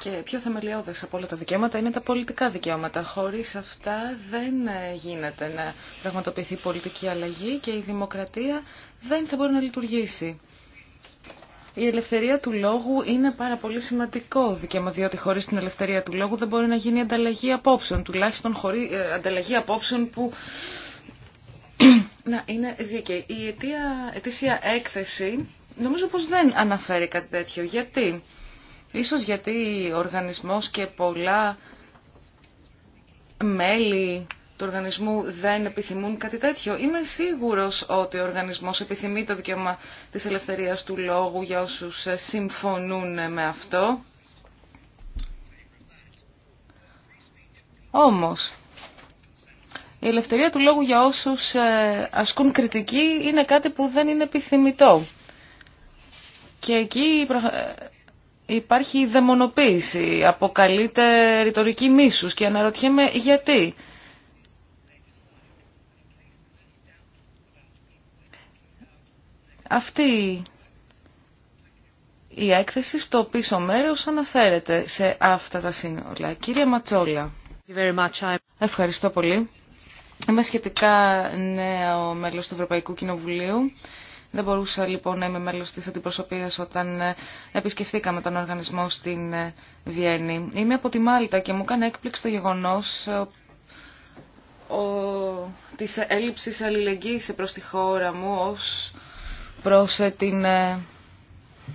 και πιο θεμελιώδες από όλα τα δικαιώματα είναι τα πολιτικά δικαιώματα. Χωρίς αυτά δεν ε, γίνεται να πραγματοποιηθεί πολιτική αλλαγή και η δημοκρατία δεν θα μπορεί να λειτουργήσει. Η ελευθερία του λόγου είναι πάρα πολύ σημαντικό δικαίωμα, διότι χωρίς την ελευθερία του λόγου δεν μπορεί να γίνει ανταλλαγή απόψεων, τουλάχιστον χωρί, ε, ανταλλαγή απόψεων που <clears throat> να είναι δίκαιη. Η αιτία, αιτήσια έκθεση Νομίζω πως δεν αναφέρει κάτι τέτοιο. Γιατί. Ίσως γιατί ο οργανισμός και πολλά μέλη του οργανισμού δεν επιθυμούν κάτι τέτοιο. Είμαι σίγουρος ότι ο οργανισμός επιθυμεί το δικαίωμα της ελευθερίας του λόγου για όσους ε, συμφωνούν με αυτό. Όμως, η ελευθερία του λόγου για όσους ε, ασκούν κριτική είναι κάτι που δεν είναι επιθυμητό. Και εκεί υπάρχει δαιμονοποίηση, αποκαλείται ρητορική μίσους και αναρωτιέμαι γιατί. Αυτή η έκθεση στο πίσω μέρος αναφέρεται σε αυτά τα σύνολα. Κύριε Ματσόλα, ευχαριστώ πολύ. Είμαι σχετικά νέο μέλος του Ευρωπαϊκού Κοινοβουλίου δεν μπορούσα λοιπόν να είμαι μέλος της αντιπροσωπείας όταν ε, επισκεφθήκαμε τον οργανισμό στην ε, Βιέννη. Είμαι από τη Μάλτα και μου έκανε έκπληξη το γεγονός τη ε, της έλλειψης αλληλεγγύης προς τη χώρα μου ως προς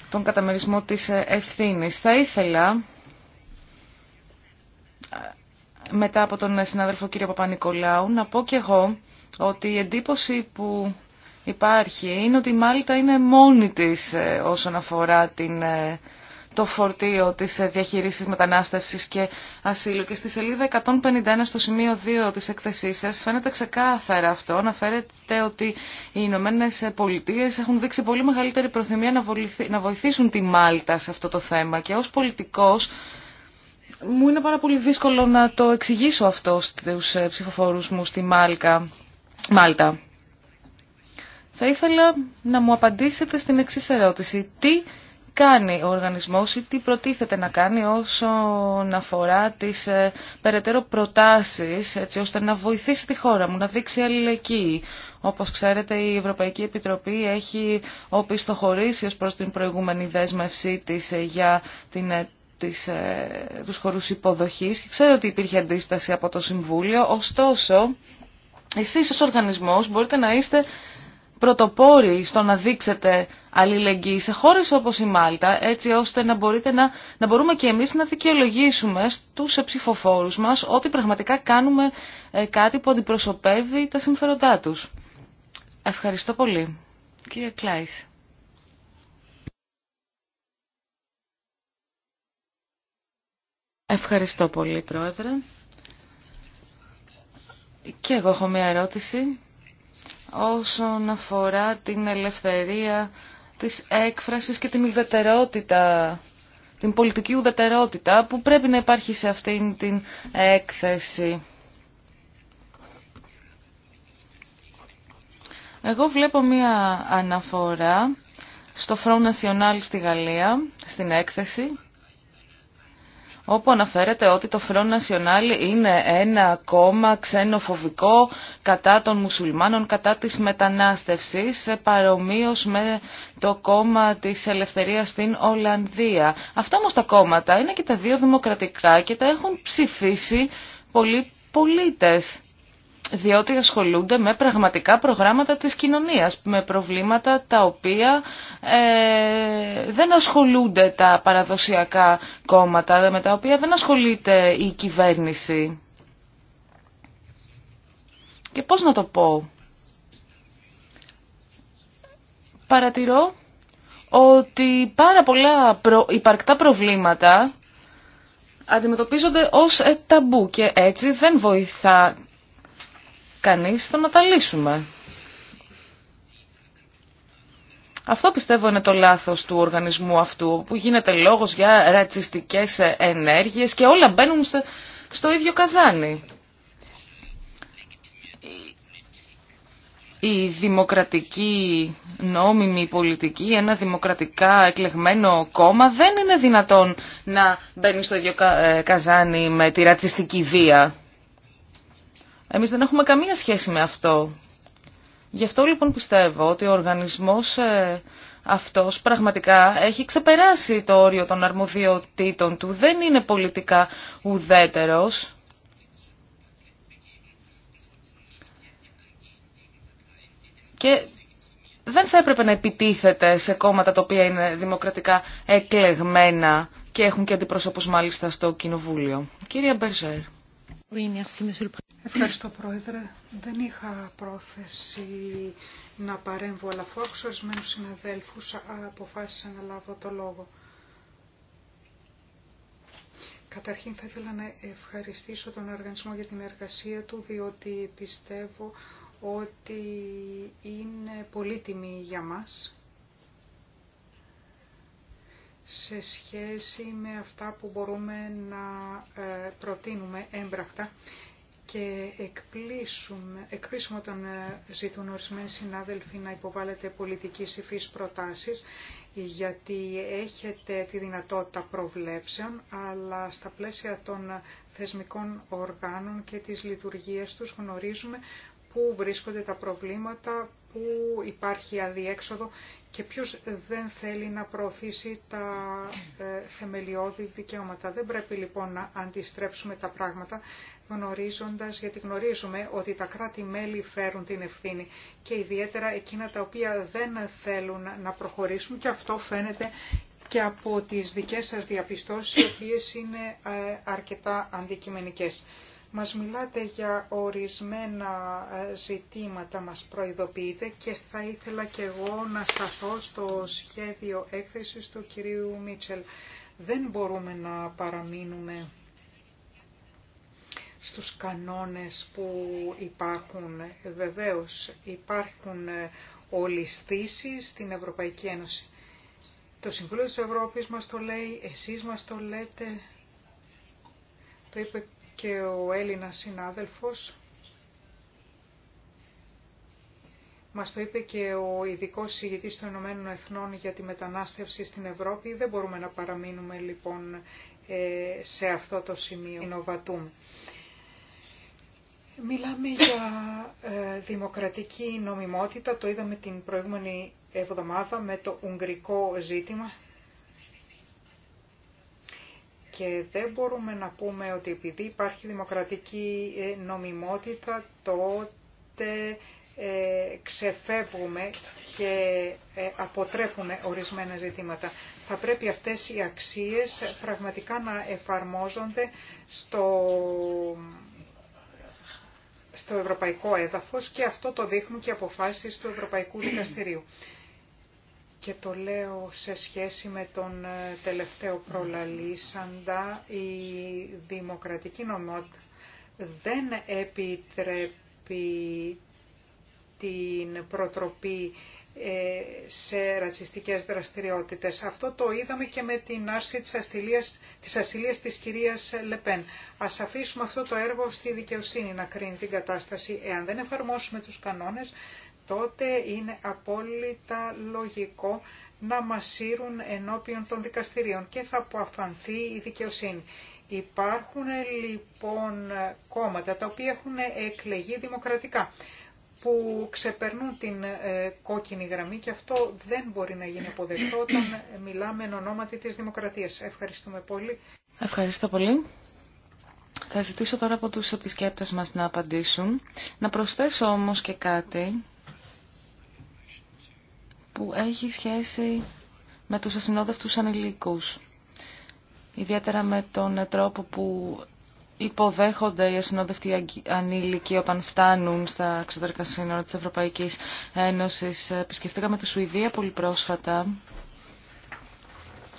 τον καταμερισμό της ευθύνης. Θα ήθελα μετά από τον συνάδελφο κύριο Παπα-Νικολάου να πω και εγώ ότι η εντύπωση που υπάρχει είναι ότι η Μάλτα είναι μόνη της ε, όσον αφορά την, ε, το φορτίο της ε, διαχείρισης μετανάστευσης και ασύλου. Και στη σελίδα 151 στο σημείο 2 της έκθεσής σας φαίνεται ξεκάθαρα αυτό. φέρετε ότι οι Ηνωμένε Πολιτείε έχουν δείξει πολύ μεγαλύτερη προθυμία να βοηθήσουν τη Μάλτα σε αυτό το θέμα. Και ως πολιτικός μου είναι πάρα πολύ δύσκολο να το εξηγήσω αυτό στους ψηφοφόρους μου στη Μάλκα. Μάλτα. Θα ήθελα να μου απαντήσετε στην εξή ερώτηση. Τι κάνει ο οργανισμός ή τι προτίθεται να κάνει όσον αφορά τις ε, περαιτέρω προτάσεις έτσι ώστε να βοηθήσει τη χώρα μου, να δείξει αλληλεγγύη. Όπως ξέρετε η Ευρωπαϊκή Επιτροπή έχει οπισθοχωρήσει ως προς την προηγούμενη δέσμευσή της ε, για την ε, ε τους υποδοχής και ξέρω ότι υπήρχε αντίσταση από το Συμβούλιο, ωστόσο εσείς ως οργανισμός μπορείτε να είστε πρωτοπόροι στο να δείξετε αλληλεγγύη σε χώρες όπως η Μάλτα, έτσι ώστε να, μπορείτε να, να μπορούμε και εμείς να δικαιολογήσουμε στους ψηφοφόρους μας ότι πραγματικά κάνουμε ε, κάτι που αντιπροσωπεύει τα συμφέροντά τους. Ευχαριστώ πολύ. Κύριε Κλάις. Ευχαριστώ πολύ, Πρόεδρε. Και εγώ έχω μία ερώτηση όσον αφορά την ελευθερία της έκφρασης και την ουδετερότητα, την πολιτική ουδετερότητα που πρέπει να υπάρχει σε αυτήν την έκθεση. Εγώ βλέπω μία αναφορά στο Front National στη Γαλλία, στην έκθεση, όπου αναφέρεται ότι το Front National είναι ένα κόμμα ξενοφοβικό κατά των μουσουλμάνων, κατά της μετανάστευσης, παρομοίως με το κόμμα της ελευθερίας στην Ολλανδία. Αυτά όμως τα κόμματα είναι και τα δύο δημοκρατικά και τα έχουν ψηφίσει πολλοί πολίτες διότι ασχολούνται με πραγματικά προγράμματα της κοινωνίας, με προβλήματα τα οποία ε, δεν ασχολούνται τα παραδοσιακά κόμματα, με τα οποία δεν ασχολείται η κυβέρνηση. Και πώς να το πω. Παρατηρώ ότι πάρα πολλά προ... υπαρκτά προβλήματα αντιμετωπίζονται ως ε, ταμπού και έτσι δεν βοηθά κανείς, το να τα Αυτό πιστεύω είναι το λάθος του οργανισμού αυτού, που γίνεται λόγος για ρατσιστικές ενέργειες και όλα μπαίνουν στο ίδιο καζάνι. η δημοκρατική νόμιμη πολιτική, ένα δημοκρατικά εκλεγμένο κόμμα δεν είναι δυνατόν να μπαίνει στο ίδιο ε, καζάνι με τη ρατσιστική βία. Εμείς δεν έχουμε καμία σχέση με αυτό. Γι' αυτό λοιπόν πιστεύω ότι ο οργανισμός ε, αυτός πραγματικά έχει ξεπεράσει το όριο των αρμοδιοτήτων του. Δεν είναι πολιτικά ουδέτερος. Και δεν θα έπρεπε να επιτίθεται σε κόμματα τα οποία είναι δημοκρατικά εκλεγμένα και έχουν και αντιπροσώπους μάλιστα στο Κοινοβούλιο. Κύριε Μπερζέρ. Ευχαριστώ Πρόεδρε. Δεν είχα πρόθεση να παρέμβω, αλλά αφού ορισμένους συναδέλφους αποφάσισα να λάβω το λόγο. Καταρχήν θα ήθελα να ευχαριστήσω τον οργανισμό για την εργασία του, διότι πιστεύω ότι είναι πολύτιμη για μας σε σχέση με αυτά που μπορούμε να ε, προτείνουμε έμπρακτα και εκπλήσουμε, όταν ε, ζητούν ορισμένοι συνάδελφοι να υποβάλλετε πολιτικής υφής προτάσεις γιατί έχετε τη δυνατότητα προβλέψεων αλλά στα πλαίσια των θεσμικών οργάνων και της λειτουργίας τους γνωρίζουμε πού βρίσκονται τα προβλήματα, πού υπάρχει αδιέξοδο και ποιος δεν θέλει να προωθήσει τα ε, θεμελιώδη δικαιώματα. Δεν πρέπει λοιπόν να αντιστρέψουμε τα πράγματα γνωρίζοντας, γιατί γνωρίζουμε ότι τα κράτη-μέλη φέρουν την ευθύνη και ιδιαίτερα εκείνα τα οποία δεν θέλουν να προχωρήσουν και αυτό φαίνεται και από τις δικές σας διαπιστώσεις, οι οποίες είναι ε, αρκετά αντικειμενικές. Μας μιλάτε για ορισμένα ε, ζητήματα, μας προειδοποιείτε και θα ήθελα και εγώ να σταθώ στο σχέδιο έκθεσης του κυρίου Μίτσελ. Δεν μπορούμε να παραμείνουμε στους κανόνες που υπάρχουν. Βεβαίως υπάρχουν ε, ολιστήσεις στην Ευρωπαϊκή Ένωση. Το Συμβούλιο της Ευρώπης μας το λέει, εσείς μας το λέτε, το είπε και ο Έλληνα συνάδελφος Μας το είπε και ο ειδικό ηγητή των Ηνωμένων Εθνών για τη μετανάστευση στην Ευρώπη. Δεν μπορούμε να παραμείνουμε λοιπόν ε, σε αυτό το σημείο. Ινοβατούν. Μιλάμε για ε, δημοκρατική νομιμότητα. Το είδαμε την προηγούμενη εβδομάδα με το ουγγρικό ζήτημα και δεν μπορούμε να πούμε ότι επειδή υπάρχει δημοκρατική ε, νομιμότητα τότε ε, ξεφεύγουμε και ε, αποτρέπουμε ορισμένα ζητήματα. Θα πρέπει αυτές οι αξίες πραγματικά να εφαρμόζονται στο, στο ευρωπαϊκό έδαφος και αυτό το δείχνουν και αποφάσεις του Ευρωπαϊκού Δικαστηρίου και το λέω σε σχέση με τον ε, τελευταίο προλαλήσαντα, η δημοκρατική νομότητα δεν επιτρέπει την προτροπή ε, σε ρατσιστικές δραστηριότητες. Αυτό το είδαμε και με την άρση της ασυλίας της, ασυλίας της κυρίας Λεπέν. Ας αφήσουμε αυτό το έργο στη δικαιοσύνη να κρίνει την κατάσταση. Εάν δεν εφαρμόσουμε τους κανόνες τότε είναι απόλυτα λογικό να μας σύρουν ενώπιον των δικαστηρίων και θα αποαφανθεί η δικαιοσύνη. Υπάρχουν λοιπόν κόμματα τα οποία έχουν εκλεγεί δημοκρατικά που ξεπερνούν την ε, κόκκινη γραμμή και αυτό δεν μπορεί να γίνει αποδεκτό όταν μιλάμε εν ονόματι της δημοκρατίας. Ευχαριστούμε πολύ. Ευχαριστώ πολύ. Θα ζητήσω τώρα από τους επισκέπτες μας να απαντήσουν. Να προσθέσω όμως και κάτι που έχει σχέση με τους ασυνόδευτους ανηλίκους. Ιδιαίτερα με τον τρόπο που υποδέχονται οι ασυνόδευτοι ανήλικοι όταν φτάνουν στα εξωτερικά σύνορα της Ευρωπαϊκής Ένωσης. Επισκεφτήκαμε τη Σουηδία πολύ πρόσφατα,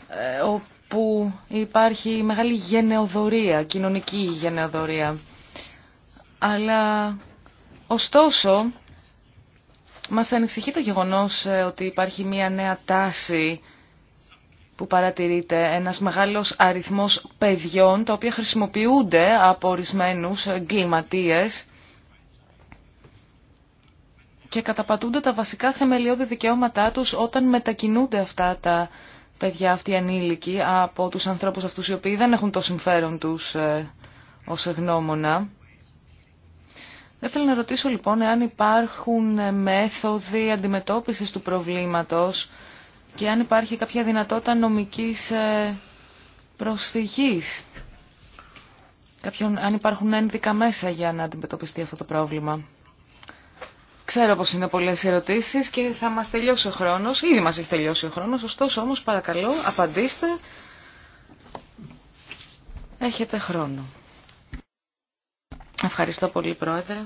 ε, όπου υπάρχει μεγάλη γενεοδορία, κοινωνική γενεοδορία. Αλλά, ωστόσο, μας ανησυχεί το γεγονός ε, ότι υπάρχει μια νέα τάση που παρατηρείται ένας μεγάλος αριθμός παιδιών τα οποία χρησιμοποιούνται από ορισμένου εγκληματίε και καταπατούνται τα βασικά θεμελιώδη δικαιώματά τους όταν μετακινούνται αυτά τα παιδιά αυτοί οι ανήλικοι από τους ανθρώπους αυτούς οι οποίοι δεν έχουν το συμφέρον τους ε, ως γνώμονα. Θέλω να ρωτήσω λοιπόν αν υπάρχουν ε, μέθοδοι αντιμετώπισης του προβλήματος και αν υπάρχει κάποια δυνατότητα νομικής ε, προσφυγής. Κάποιον, αν υπάρχουν ένδικα μέσα για να αντιμετωπιστεί αυτό το πρόβλημα. Ξέρω πως είναι πολλές ερωτήσεις και θα μας τελειώσει ο χρόνος. Ήδη μας έχει τελειώσει ο χρόνος, ωστόσο όμως παρακαλώ απαντήστε. Έχετε χρόνο. Ευχαριστώ πολύ, Πρόεδρε,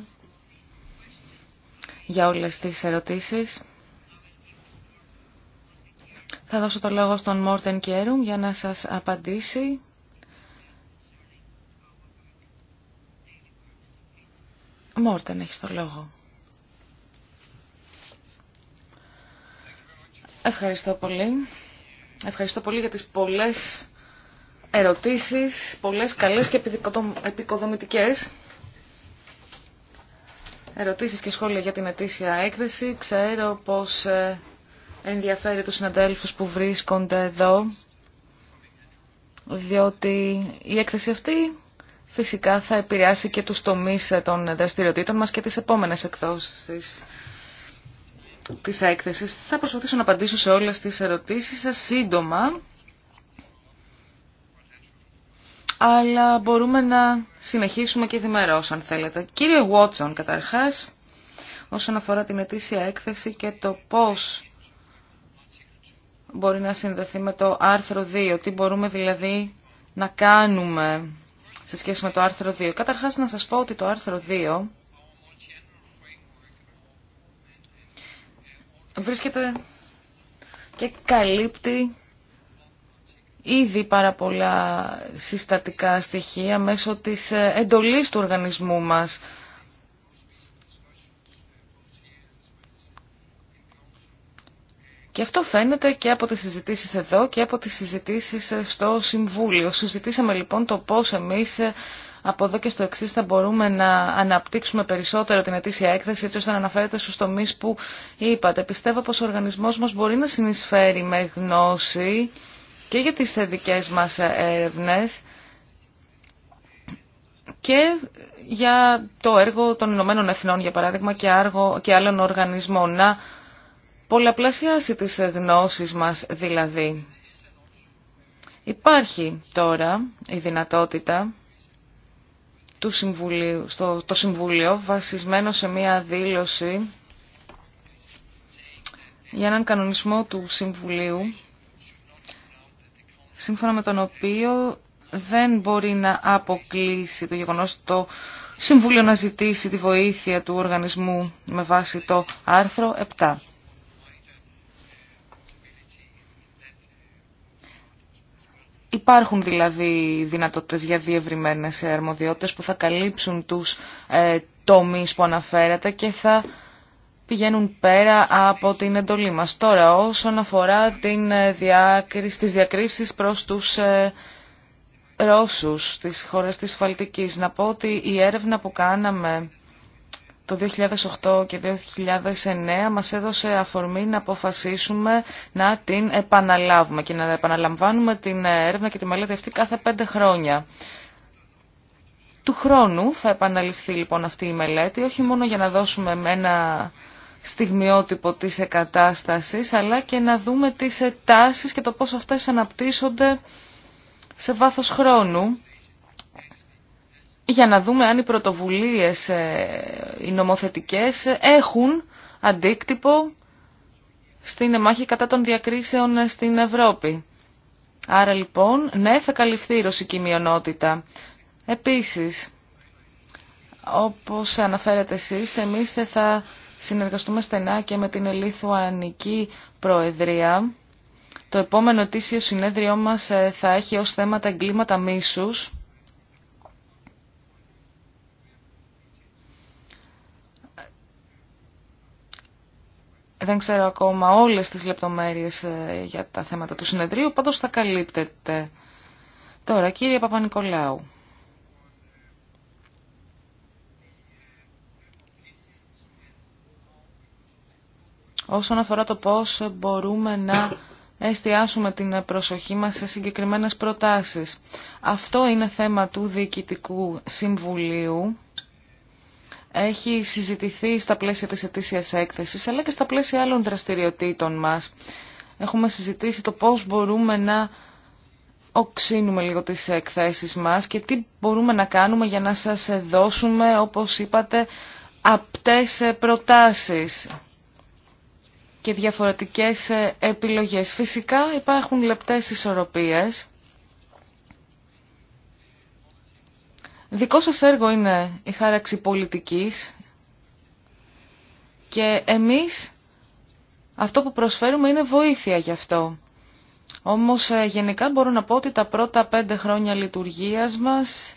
για όλες τις ερωτήσεις. Θα δώσω το λόγο στον Μόρτεν Κέρουμ για να σας απαντήσει. Μόρτεν, έχει το λόγο. Ευχαριστώ πολύ. Ευχαριστώ πολύ για τις πολλές ερωτήσεις, πολλές καλές και επικοδομητικές ερωτήσεις και σχόλια για την ετήσια έκθεση. Ξέρω πως ε, ενδιαφέρει τους συναντέλφους που βρίσκονται εδώ, διότι η έκθεση αυτή φυσικά θα επηρεάσει και τους τομείς ε, των δραστηριοτήτων μας και τις επόμενες εκδόσεις της έκθεσης. Θα προσπαθήσω να απαντήσω σε όλες τις ερωτήσεις σας σύντομα αλλά μπορούμε να συνεχίσουμε και διμερώς αν θέλετε. Κύριε Βότσον, καταρχάς, όσον αφορά την ετήσια έκθεση και το πώς μπορεί να συνδεθεί με το άρθρο 2, τι μπορούμε δηλαδή να κάνουμε σε σχέση με το άρθρο 2. Καταρχάς να σας πω ότι το άρθρο 2 βρίσκεται και καλύπτει ήδη πάρα πολλά συστατικά στοιχεία μέσω της ε, εντολής του οργανισμού μας. Και αυτό φαίνεται και από τις συζητήσεις εδώ και από τις συζητήσεις ε, στο Συμβούλιο. Συζητήσαμε λοιπόν το πώς εμείς ε, από εδώ και στο εξή θα μπορούμε να αναπτύξουμε περισσότερο την ετήσια έκθεση έτσι ώστε να αναφέρεται στους τομείς που είπατε. Πιστεύω πως ο οργανισμός μας μπορεί να συνεισφέρει με γνώση και για τις δικέ μας έρευνες και για το έργο των Ηνωμένων Εθνών, για παράδειγμα, και, άργο, και άλλων οργανισμών. Να πολλαπλασιάσει τις γνώσεις μας δηλαδή. Υπάρχει τώρα η δυνατότητα του συμβουλίου, στο, Συμβούλιο βασισμένο σε μία δήλωση για έναν κανονισμό του Συμβουλίου σύμφωνα με τον οποίο δεν μπορεί να αποκλείσει το γεγονός το Συμβούλιο να ζητήσει τη βοήθεια του οργανισμού με βάση το άρθρο 7. Υπάρχουν δηλαδή δυνατότητες για διευρυμένες αρμοδιότητες που θα καλύψουν τους ε, τομείς που αναφέρατε και θα πηγαίνουν πέρα από την εντολή μας. Τώρα, όσον αφορά την ε, διάκριση, τις διακρίσεις προς τους ε, Ρώσους της χώρας της Φαλτικής, να πω ότι η έρευνα που κάναμε το 2008 και 2009 μας έδωσε αφορμή να αποφασίσουμε να την επαναλάβουμε και να επαναλαμβάνουμε την ε, έρευνα και τη μελέτη αυτή κάθε πέντε χρόνια. Του χρόνου θα επαναληφθεί λοιπόν αυτή η μελέτη, όχι μόνο για να δώσουμε ένα στιγμιότυπο της εκατάστασης, αλλά και να δούμε τις τάσεις και το πώς αυτές αναπτύσσονται σε βάθος χρόνου για να δούμε αν οι πρωτοβουλίες, ε, οι νομοθετικές έχουν αντίκτυπο στην μάχη κατά των διακρίσεων στην Ευρώπη. Άρα λοιπόν, ναι, θα καλυφθεί η ρωσική μειονότητα. Επίσης, όπως αναφέρετε εσείς, εμείς θα συνεργαστούμε στενά και με την Ελίθουανική Προεδρία. Το επόμενο τήσιο συνέδριό μας ε, θα έχει ως θέμα τα εγκλήματα μίσους. Δεν ξέρω ακόμα όλες τις λεπτομέρειες ε, για τα θέματα του συνεδρίου, πάντως θα καλύπτεται. Τώρα, κύριε Παπα-Νικολάου. όσον αφορά το πώς μπορούμε να εστιάσουμε την προσοχή μας σε συγκεκριμένες προτάσεις. Αυτό είναι θέμα του Διοικητικού Συμβουλίου. Έχει συζητηθεί στα πλαίσια της ετήσιας έκθεσης, αλλά και στα πλαίσια άλλων δραστηριοτήτων μας. Έχουμε συζητήσει το πώς μπορούμε να οξύνουμε λίγο τις εκθέσεις μας και τι μπορούμε να κάνουμε για να σας δώσουμε, όπως είπατε, απτές προτάσεις και διαφορετικές ε, επιλογές. Φυσικά υπάρχουν λεπτές ισορροπίες. Δικό σας έργο είναι η χάραξη πολιτικής και εμείς αυτό που προσφέρουμε είναι βοήθεια γι' αυτό. Όμως ε, γενικά μπορώ να πω ότι τα πρώτα πέντε χρόνια λειτουργίας μας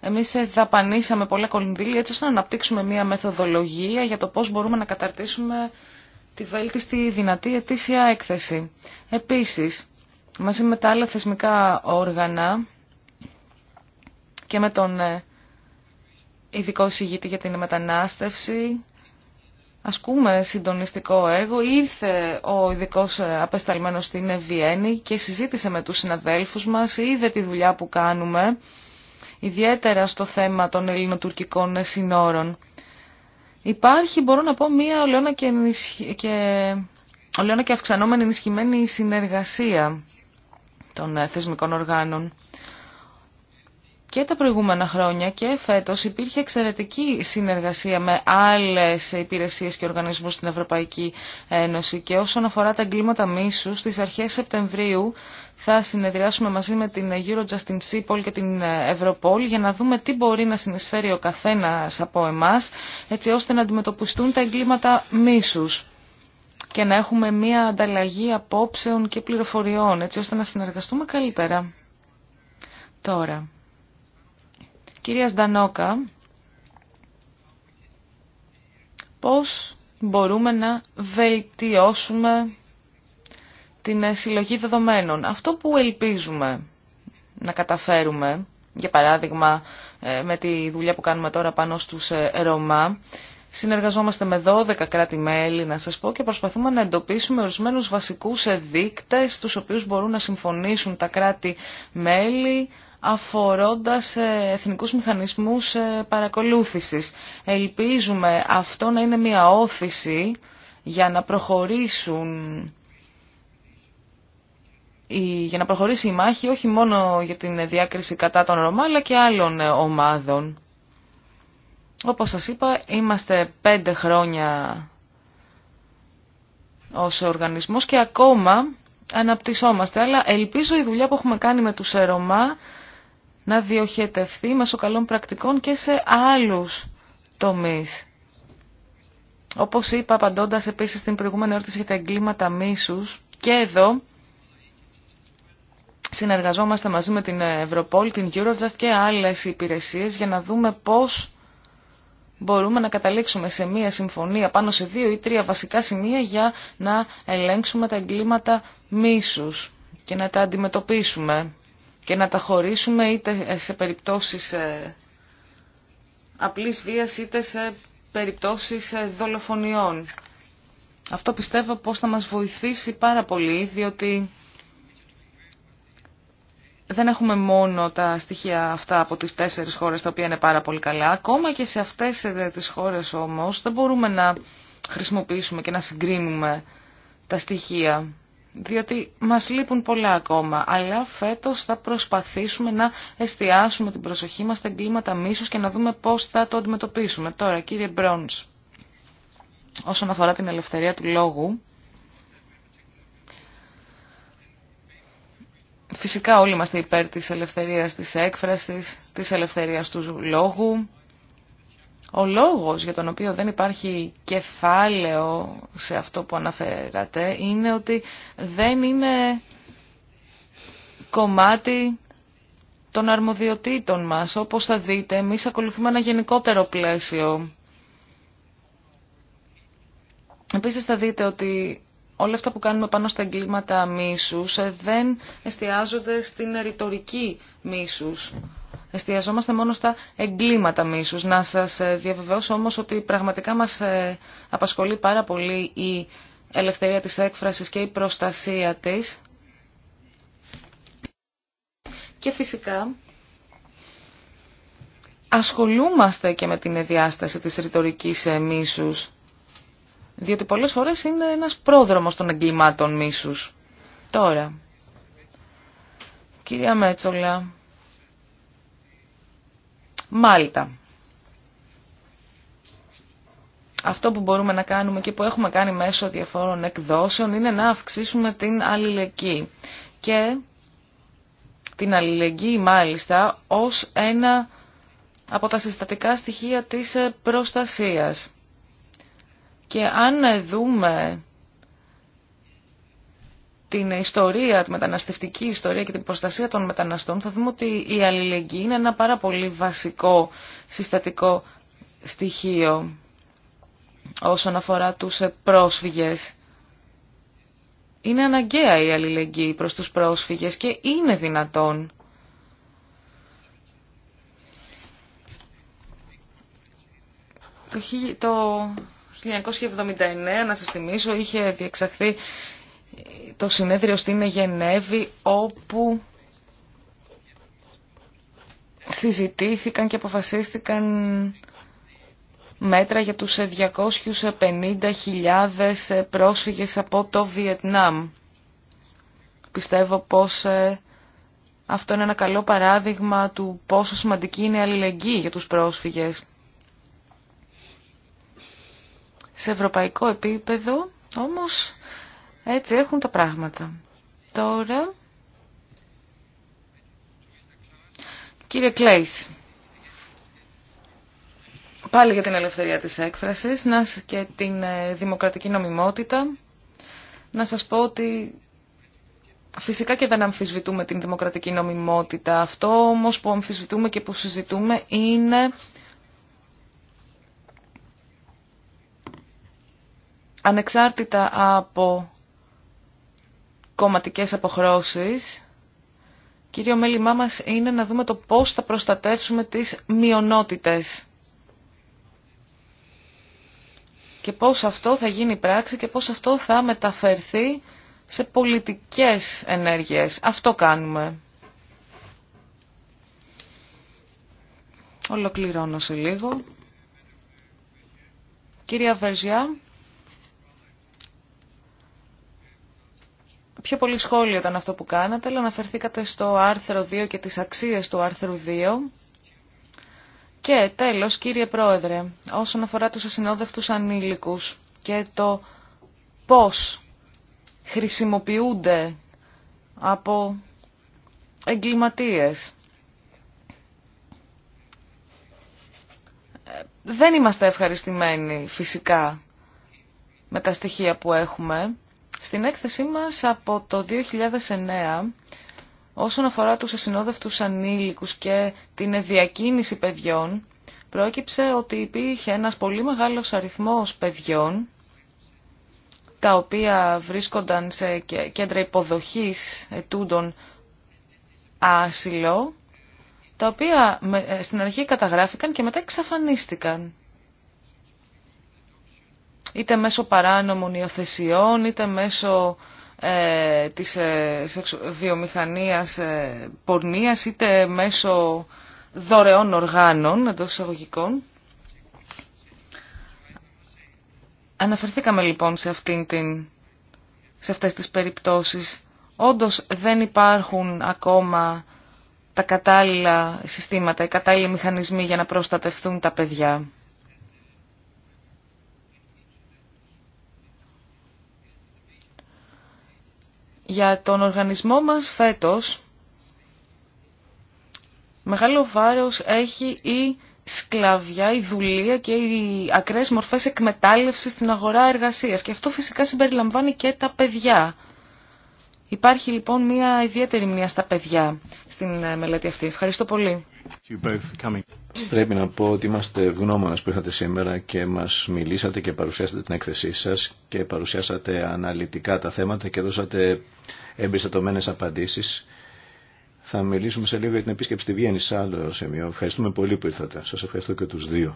εμείς ε, δαπανίσαμε πολλά κονδύλια έτσι ώστε να αναπτύξουμε μια μεθοδολογία για το πώς μπορούμε να καταρτήσουμε τη βέλτιστη δυνατή ετήσια έκθεση. Επίσης, μαζί με τα άλλα θεσμικά όργανα και με τον ε, ειδικό συγγήτη για την μετανάστευση, ασκούμε συντονιστικό έργο. Ήρθε ο ειδικό ε, απεσταλμένος στην Βιέννη και συζήτησε με τους συναδέλφους μας, είδε τη δουλειά που κάνουμε, ιδιαίτερα στο θέμα των ελληνοτουρκικών ε, συνόρων. Υπάρχει, μπορώ να πω, μία ολαιόνα και, και... και αυξανόμενη ενισχυμένη συνεργασία των ε, θεσμικών οργάνων. Και τα προηγούμενα χρόνια και φέτος υπήρχε εξαιρετική συνεργασία με άλλες υπηρεσίες και οργανισμούς στην Ευρωπαϊκή Ένωση και όσον αφορά τα εγκλήματα μίσου, στις αρχές Σεπτεμβρίου θα συνεδριάσουμε μαζί με την Eurojust, Justin Seapol και την Ευρωπόλ για να δούμε τι μπορεί να συνεισφέρει ο καθένας από εμάς έτσι ώστε να αντιμετωπιστούν τα εγκλήματα μίσους και να έχουμε μία ανταλλαγή απόψεων και πληροφοριών έτσι ώστε να συνεργαστούμε καλύτερα. Τώρα, κυρία Στανόκα, πώς μπορούμε να βελτιώσουμε την ε, συλλογή δεδομένων. Αυτό που ελπίζουμε να καταφέρουμε, για παράδειγμα ε, με τη δουλειά που κάνουμε τώρα πάνω στους ε, Ρωμά, συνεργαζόμαστε με 12 κράτη-μέλη, να σας πω, και προσπαθούμε να εντοπίσουμε ορισμένους βασικούς δείκτες, τους οποίους μπορούν να συμφωνήσουν τα κράτη-μέλη, αφορώντας εθνικούς μηχανισμούς παρακολούθησης. Ελπίζουμε αυτό να είναι μια όθηση για να προχωρήσουν για να προχωρήσει η μάχη όχι μόνο για την διάκριση κατά των Ρωμά αλλά και άλλων ομάδων. Όπως σας είπα, είμαστε πέντε χρόνια ως οργανισμός και ακόμα αναπτυσσόμαστε. Αλλά ελπίζω η δουλειά που έχουμε κάνει με τους Ρωμά να διοχετευθεί μέσω καλών πρακτικών και σε άλλους τομείς. Όπως είπα, απαντώντας επίσης την προηγούμενη ερώτηση για τα εγκλήματα μίσους, και εδώ συνεργαζόμαστε μαζί με την Ευρωπόλ, την Eurojust και άλλες υπηρεσίες για να δούμε πώς μπορούμε να καταλήξουμε σε μία συμφωνία πάνω σε δύο ή τρία βασικά σημεία για να ελέγξουμε τα εγκλήματα μίσους και να τα αντιμετωπίσουμε και να τα χωρίσουμε είτε σε περιπτώσεις ε, απλής βίας είτε σε περιπτώσεις ε, δολοφονιών. Αυτό πιστεύω πως θα μας βοηθήσει πάρα πολύ διότι δεν έχουμε μόνο τα στοιχεία αυτά από τις τέσσερις χώρες τα οποία είναι πάρα πολύ καλά. Ακόμα και σε αυτές ε, τις χώρες όμως δεν μπορούμε να χρησιμοποιήσουμε και να συγκρίνουμε τα στοιχεία. Διότι μας λείπουν πολλά ακόμα. Αλλά φέτος θα προσπαθήσουμε να εστιάσουμε την προσοχή μας στα εγκλήματα μίσους και να δούμε πώς θα το αντιμετωπίσουμε. Τώρα κύριε Μπρόντς, όσον αφορά την ελευθερία του λόγου, Φυσικά όλοι είμαστε υπέρ της ελευθερίας της έκφρασης, της ελευθερίας του λόγου. Ο λόγος για τον οποίο δεν υπάρχει κεφάλαιο σε αυτό που αναφέρατε είναι ότι δεν είναι κομμάτι των αρμοδιοτήτων μας. Όπως θα δείτε, εμείς ακολουθούμε ένα γενικότερο πλαίσιο. Επίσης θα δείτε ότι όλα αυτά που κάνουμε πάνω στα εγκλήματα μίσους ε, δεν εστιάζονται στην ρητορική μίσους. Εστιαζόμαστε μόνο στα εγκλήματα μίσους. Να σας ε, διαβεβαιώσω όμως ότι πραγματικά μας ε, απασχολεί πάρα πολύ η ελευθερία της έκφρασης και η προστασία της. Και φυσικά ασχολούμαστε και με την διάσταση της ρητορικής μίσους. Διότι πολλές φορές είναι ένας πρόδρομος των εγκλημάτων μίσους. Τώρα, κυρία Μέτσολα, Μάλτα. Αυτό που μπορούμε να κάνουμε και που έχουμε κάνει μέσω διαφόρων εκδόσεων είναι να αυξήσουμε την αλληλεγγύη. Και την αλληλεγγύη μάλιστα ως ένα από τα συστατικά στοιχεία της ε, προστασίας. Και αν δούμε την ιστορία, τη μεταναστευτική ιστορία και την προστασία των μεταναστών, θα δούμε ότι η αλληλεγγύη είναι ένα πάρα πολύ βασικό συστατικό στοιχείο όσον αφορά τους πρόσφυγες. Είναι αναγκαία η αλληλεγγύη προς τους πρόσφυγες και είναι δυνατόν. Το, 1979, να σας θυμίσω, είχε διεξαχθεί το συνέδριο στην Γενέβη όπου συζητήθηκαν και αποφασίστηκαν μέτρα για τους 250.000 πρόσφυγες από το Βιετνάμ. Πιστεύω πως ε, αυτό είναι ένα καλό παράδειγμα του πόσο σημαντική είναι η αλληλεγγύη για τους πρόσφυγες. Σε ευρωπαϊκό επίπεδο όμως έτσι έχουν τα πράγματα. Τώρα, κύριε Κλέης, πάλι για την ελευθερία της έκφρασης και την ε, δημοκρατική νομιμότητα, να σας πω ότι Φυσικά και δεν αμφισβητούμε την δημοκρατική νομιμότητα. Αυτό όμως που αμφισβητούμε και που συζητούμε είναι ανεξάρτητα από κομματικές αποχρώσεις, κύριο μέλημά μας είναι να δούμε το πώς θα προστατεύσουμε τις μειονότητες. Και πώς αυτό θα γίνει πράξη και πώς αυτό θα μεταφερθεί σε πολιτικές ενέργειες. Αυτό κάνουμε. Ολοκληρώνω σε λίγο. Κυρία Βερζιά. πιο πολύ σχόλιο ήταν αυτό που κάνατε, αλλά αναφερθήκατε στο άρθρο 2 και τις αξίες του άρθρου 2. Και τέλος, κύριε Πρόεδρε, όσον αφορά τους ασυνόδευτους ανήλικους και το πώς χρησιμοποιούνται από εγκληματίες. Ε, δεν είμαστε ευχαριστημένοι φυσικά με τα στοιχεία που έχουμε στην έκθεσή μας από το 2009, όσον αφορά τους ασυνόδευτους ανήλικους και την διακίνηση παιδιών, πρόκειψε ότι υπήρχε ένας πολύ μεγάλος αριθμός παιδιών, τα οποία βρίσκονταν σε κέντρα υποδοχής ετούντων άσυλο, τα οποία ε, στην αρχή καταγράφηκαν και μετά εξαφανίστηκαν είτε μέσω παράνομων υιοθεσιών, είτε μέσω ε, της ε, βιομηχανίας ε, πορνείας, είτε μέσω δωρεών οργάνων εντό εισαγωγικών. Αναφερθήκαμε λοιπόν σε, αυτήν την, σε αυτές τις περιπτώσεις. Όντως δεν υπάρχουν ακόμα τα κατάλληλα συστήματα, οι κατάλληλοι μηχανισμοί για να προστατευτούν τα παιδιά. Για τον οργανισμό μας φέτος, μεγάλο βάρος έχει η σκλαβιά, η δουλεία και οι ακραίες μορφές εκμετάλλευσης στην αγορά εργασίας. Και αυτό φυσικά συμπεριλαμβάνει και τα παιδιά. Υπάρχει λοιπόν μια ιδιαίτερη μνήμα στα παιδιά στην ε, μελέτη αυτή. Ευχαριστώ πολύ. Πρέπει να πω ότι είμαστε ευγνώμονε που ήρθατε σήμερα και μας μιλήσατε και παρουσιάσατε την έκθεσή σας και παρουσιάσατε αναλυτικά τα θέματα και δώσατε εμπεριστατωμένες απαντήσεις. Θα μιλήσουμε σε λίγο για την επίσκεψη στη Βιέννη σε άλλο σημείο. Ευχαριστούμε πολύ που ήρθατε. Σα ευχαριστώ και του δύο.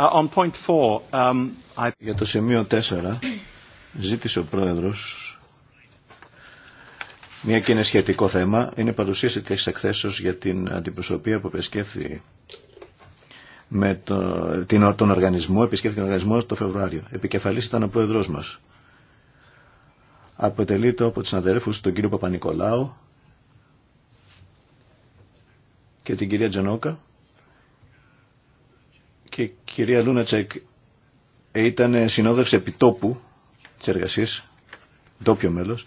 Uh, um, για το σημείο 4 ζήτησε ο Πρόεδρος μια και είναι σχετικό θέμα, είναι παρουσίαση της εκθέσεως για την αντιπροσωπεία που επισκέφθη με τον οργανισμό, επισκέφθηκε τον οργανισμό το Φεβρουάριο. Επικεφαλής ήταν ο πρόεδρός μας. Αποτελείται από τις αδερφούς τον κύριο Παπα-Νικολάου και την κυρία Τζανόκα και η κυρία Λούνατσεκ ήταν συνόδευση επιτόπου τη εργασία ντόπιο μέλος.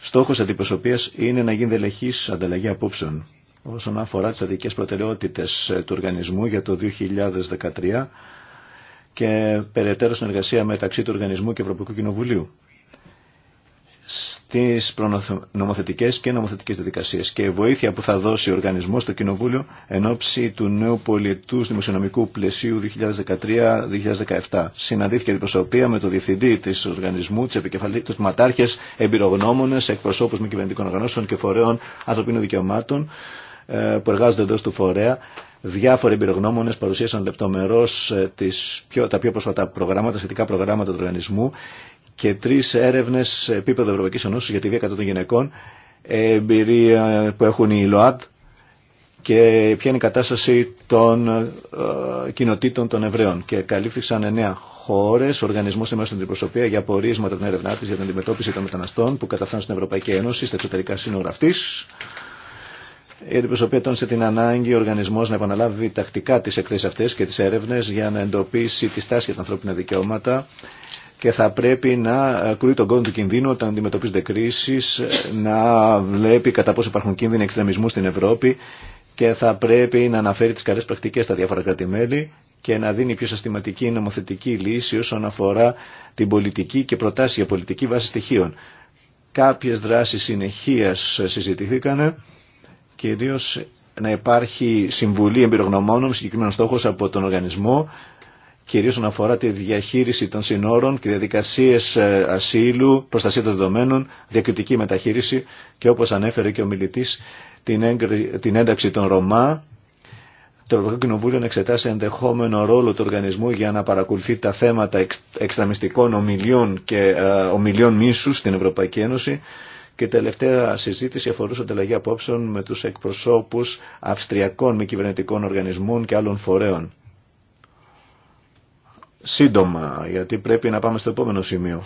Στόχος αντιπροσωπεία είναι να γίνει δελεχή ανταλλαγή απόψεων όσον αφορά τι αδικέ προτεραιότητε του οργανισμού για το 2013 και περαιτέρω συνεργασία μεταξύ του οργανισμού και Ευρωπαϊκού Κοινοβουλίου στις νομοθετικές και νομοθετικές διαδικασίες και βοήθεια που θα δώσει ο οργανισμός στο Κοινοβούλιο εν ώψη του νέου πολιτού δημοσιονομικού πλαισίου 2013-2017. Συναντήθηκε η προσωπία με το διευθυντή της οργανισμού, τις επικεφαλής, τους ματάρχες, εμπειρογνώμονες, εκπροσώπους με κυβερνητικών οργανώσεων και φορέων ανθρωπίνων δικαιωμάτων ε, που εργάζονται εντό του φορέα. Διάφοροι εμπειρογνώμονε παρουσίασαν λεπτομερώ ε, τα πιο πρόσφατα προγράμματα, σχετικά προγράμματα του οργανισμού και τρει έρευνε σε επίπεδο Ευρωπαϊκή Ένωση για τη βία κατά των γυναικών, εμπειρία που έχουν οι ΛΟΑΤ και ποια είναι η κατάσταση των ε, κοινοτήτων των Εβραίων. Και καλύφθησαν εννέα χώρε, οργανισμού και μέσα στην αντιπροσωπεία για απορίσματα την έρευνά τη για την αντιμετώπιση των μεταναστών που καταφθάνουν στην Ευρωπαϊκή Ένωση, στα εξωτερικά σύνορα αυτή. Η αντιπροσωπεία τόνισε την ανάγκη ο οργανισμό να επαναλάβει τακτικά τι εκθέσει αυτέ και τι έρευνε για να εντοπίσει τη στάση για τα ανθρώπινα δικαιώματα και θα πρέπει να κρούει τον κόσμο του κινδύνου όταν αντιμετωπίζονται κρίσει, να βλέπει κατά πόσο υπάρχουν κίνδυνοι εξτρεμισμού στην Ευρώπη και θα πρέπει να αναφέρει τι καλέ πρακτικέ στα διάφορα κράτη-μέλη και να δίνει πιο συστηματική νομοθετική λύση όσον αφορά την πολιτική και προτάσει για πολιτική βάση στοιχείων. Κάποιε δράσει συνεχείας συζητηθήκαν, κυρίω να υπάρχει συμβουλή εμπειρογνωμόνων, συγκεκριμένο στόχο από τον οργανισμό, κυρίως όσον αφορά τη διαχείριση των συνόρων και διαδικασίες ε, ασύλου, προστασία των δεδομένων, διακριτική μεταχείριση και όπως ανέφερε και ο μιλητής την ένταξη των Ρωμά. Το Ευρωπαϊκό Κοινοβούλιο να εξετάσει ενδεχόμενο ρόλο του οργανισμού για να παρακολουθεί τα θέματα εξτραμιστικών ομιλιών και ε, ομιλιών μίσου στην Ευρωπαϊκή Ένωση. Και τελευταία συζήτηση αφορούσε ανταλλαγή απόψεων με τους εκπροσώπους αυστριακών μη κυβερνητικών οργανισμών και άλλων φορέων σύντομα, γιατί πρέπει να πάμε στο επόμενο σημείο.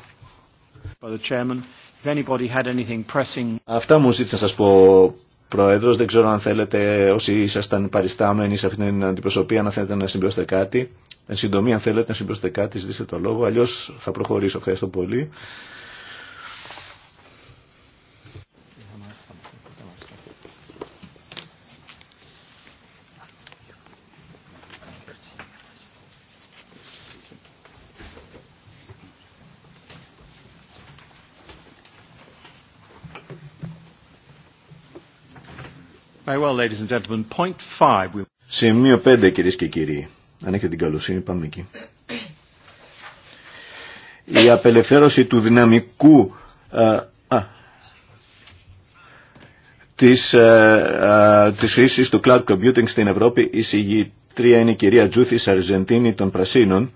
Αυτά μου ζήτησα να σας πω, Πρόεδρος. Δεν ξέρω αν θέλετε, όσοι ήσασταν παριστάμενοι σε αυτήν την αντιπροσωπεία, να θέλετε να συμπληρώσετε κάτι. Εν συντομία, αν θέλετε να συμπληρώσετε κάτι, ζητήστε το λόγο. Αλλιώς θα προχωρήσω. Ευχαριστώ πολύ. Σημείο 5 κυρίες και κύριοι. Αν έχετε την καλοσύνη πάμε εκεί. Η απελευθέρωση του δυναμικού α, ε, α, της, ε, της χρήσης του cloud computing στην Ευρώπη η συγγητρία είναι η κυρία Τζούθης Αργεντίνη των Πρασίνων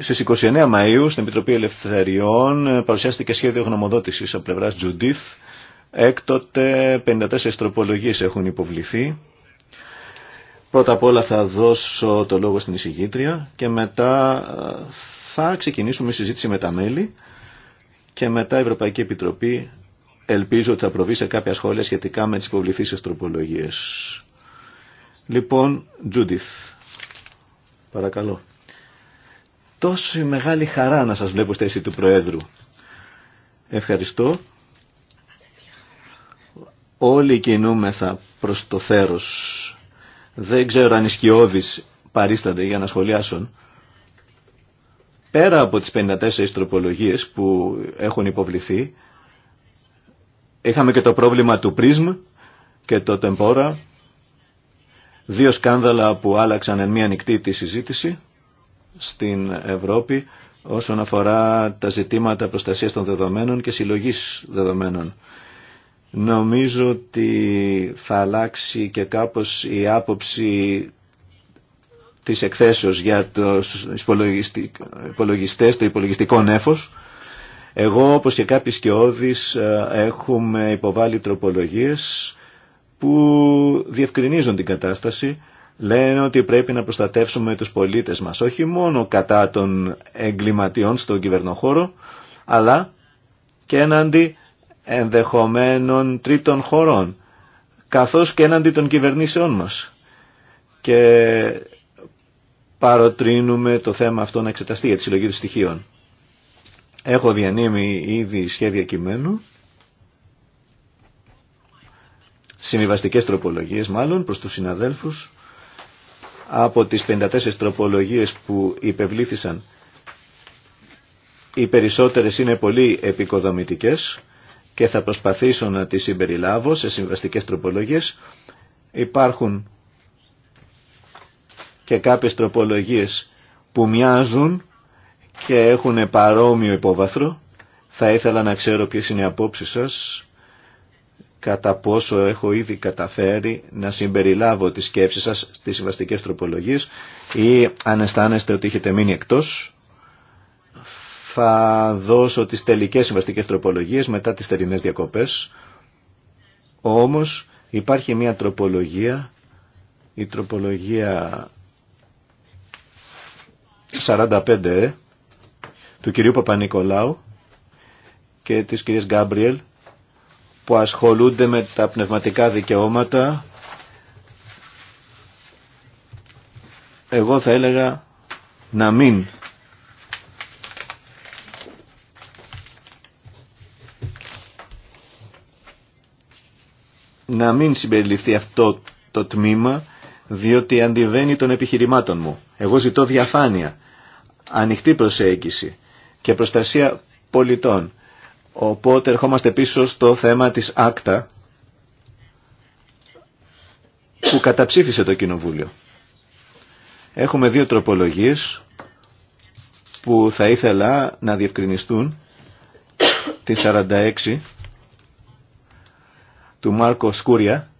στις 29 Μαΐου στην Επιτροπή Ελευθεριών παρουσιάστηκε σχέδιο γνωμοδότησης από πλευράς Τζουντίθ Έκτοτε 54 τροπολογίες έχουν υποβληθεί. Πρώτα απ' όλα θα δώσω το λόγο στην εισηγήτρια και μετά ε, θα ξεκινήσουμε συζήτηση με τα μέλη και μετά η Ευρωπαϊκή Επιτροπή ελπίζω ότι θα προβεί σε κάποια σχόλια σχετικά με τις υποβληθείς τροπολογίες. Λοιπόν, Τζούντιθ, παρακαλώ. Τόση μεγάλη χαρά να σας βλέπω στη θέση του Προέδρου. Ευχαριστώ. Όλοι κινούμεθα προς το θέρος. Δεν ξέρω αν οι παρίστανται για να σχολιάσουν. Πέρα από τις 54 τροπολογίες που έχουν υποβληθεί, είχαμε και το πρόβλημα του πρίσμ και το τεμπόρα, δύο σκάνδαλα που άλλαξαν εν μία νυχτή τη συζήτηση στην Ευρώπη όσον αφορά τα ζητήματα προστασίας των δεδομένων και συλλογής δεδομένων. Νομίζω ότι θα αλλάξει και κάπως η άποψη της εκθέσεως για τους υπολογιστές, το υπολογιστικό νέφος. Εγώ όπως και κάποιοι σκιώδεις ε, έχουμε υποβάλει τροπολογίες που διευκρινίζουν την κατάσταση. Λένε ότι πρέπει να προστατεύσουμε τους πολίτες μας όχι μόνο κατά των εγκληματιών στον κυβερνοχώρο αλλά και έναντι ενδεχομένων τρίτων χωρών, καθώς και έναντι των κυβερνήσεών μας. Και παροτρύνουμε το θέμα αυτό να εξεταστεί για τη συλλογή των στοιχείων. Έχω διανύμει ήδη σχέδια κειμένου, συμβιβαστικές τροπολογίες μάλλον προς τους συναδέλφους, από τις 54 τροπολογίες που υπευλήθησαν οι περισσότερες είναι πολύ επικοδομητικές και θα προσπαθήσω να τις συμπεριλάβω σε συμβαστικές τροπολογίες. Υπάρχουν και κάποιες τροπολογίες που μοιάζουν και έχουν παρόμοιο υπόβαθρο. Θα ήθελα να ξέρω ποιες είναι οι απόψεις σας, κατά πόσο έχω ήδη καταφέρει να συμπεριλάβω τις σκέψεις σας στις συμβαστικές τροπολογίες ή αν αισθάνεστε ότι έχετε μείνει εκτός θα δώσω τις τελικές συμβαστικές τροπολογίες μετά τις θερινές διακοπές. Όμως υπάρχει μια τροπολογία, η τροπολογία 45 ε, του κυρίου και της κυρίας Γκάμπριελ που ασχολούνται με τα πνευματικά δικαιώματα. Εγώ θα έλεγα να μην να μην συμπεριληφθεί αυτό το τμήμα διότι αντιβαίνει των επιχειρημάτων μου. Εγώ ζητώ διαφάνεια, ανοιχτή προσέγγιση και προστασία πολιτών. Οπότε ερχόμαστε πίσω στο θέμα της άκτα που καταψήφισε το Κοινοβούλιο. Έχουμε δύο τροπολογίες που θα ήθελα να διευκρινιστούν. Την 46 του Μάρκο Σκούρια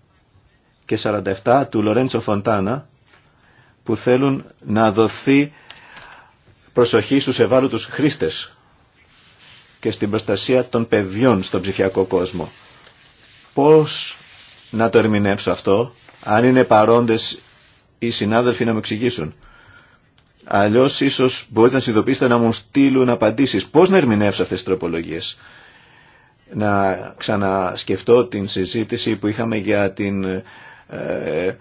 και 47 του Λορέντσο Φοντάνα που θέλουν να δοθεί προσοχή στους ευάλωτους χρήστες και στην προστασία των παιδιών στον ψηφιακό κόσμο. Πώς να το ερμηνεύσω αυτό, αν είναι παρόντες οι συνάδελφοι να μου εξηγήσουν. Αλλιώς ίσως μπορείτε να συνειδητοποιήσετε να μου στείλουν απαντήσεις. Πώς να ερμηνεύσω αυτές τις τροπολογίες να ξανασκεφτώ την συζήτηση που είχαμε για την ε,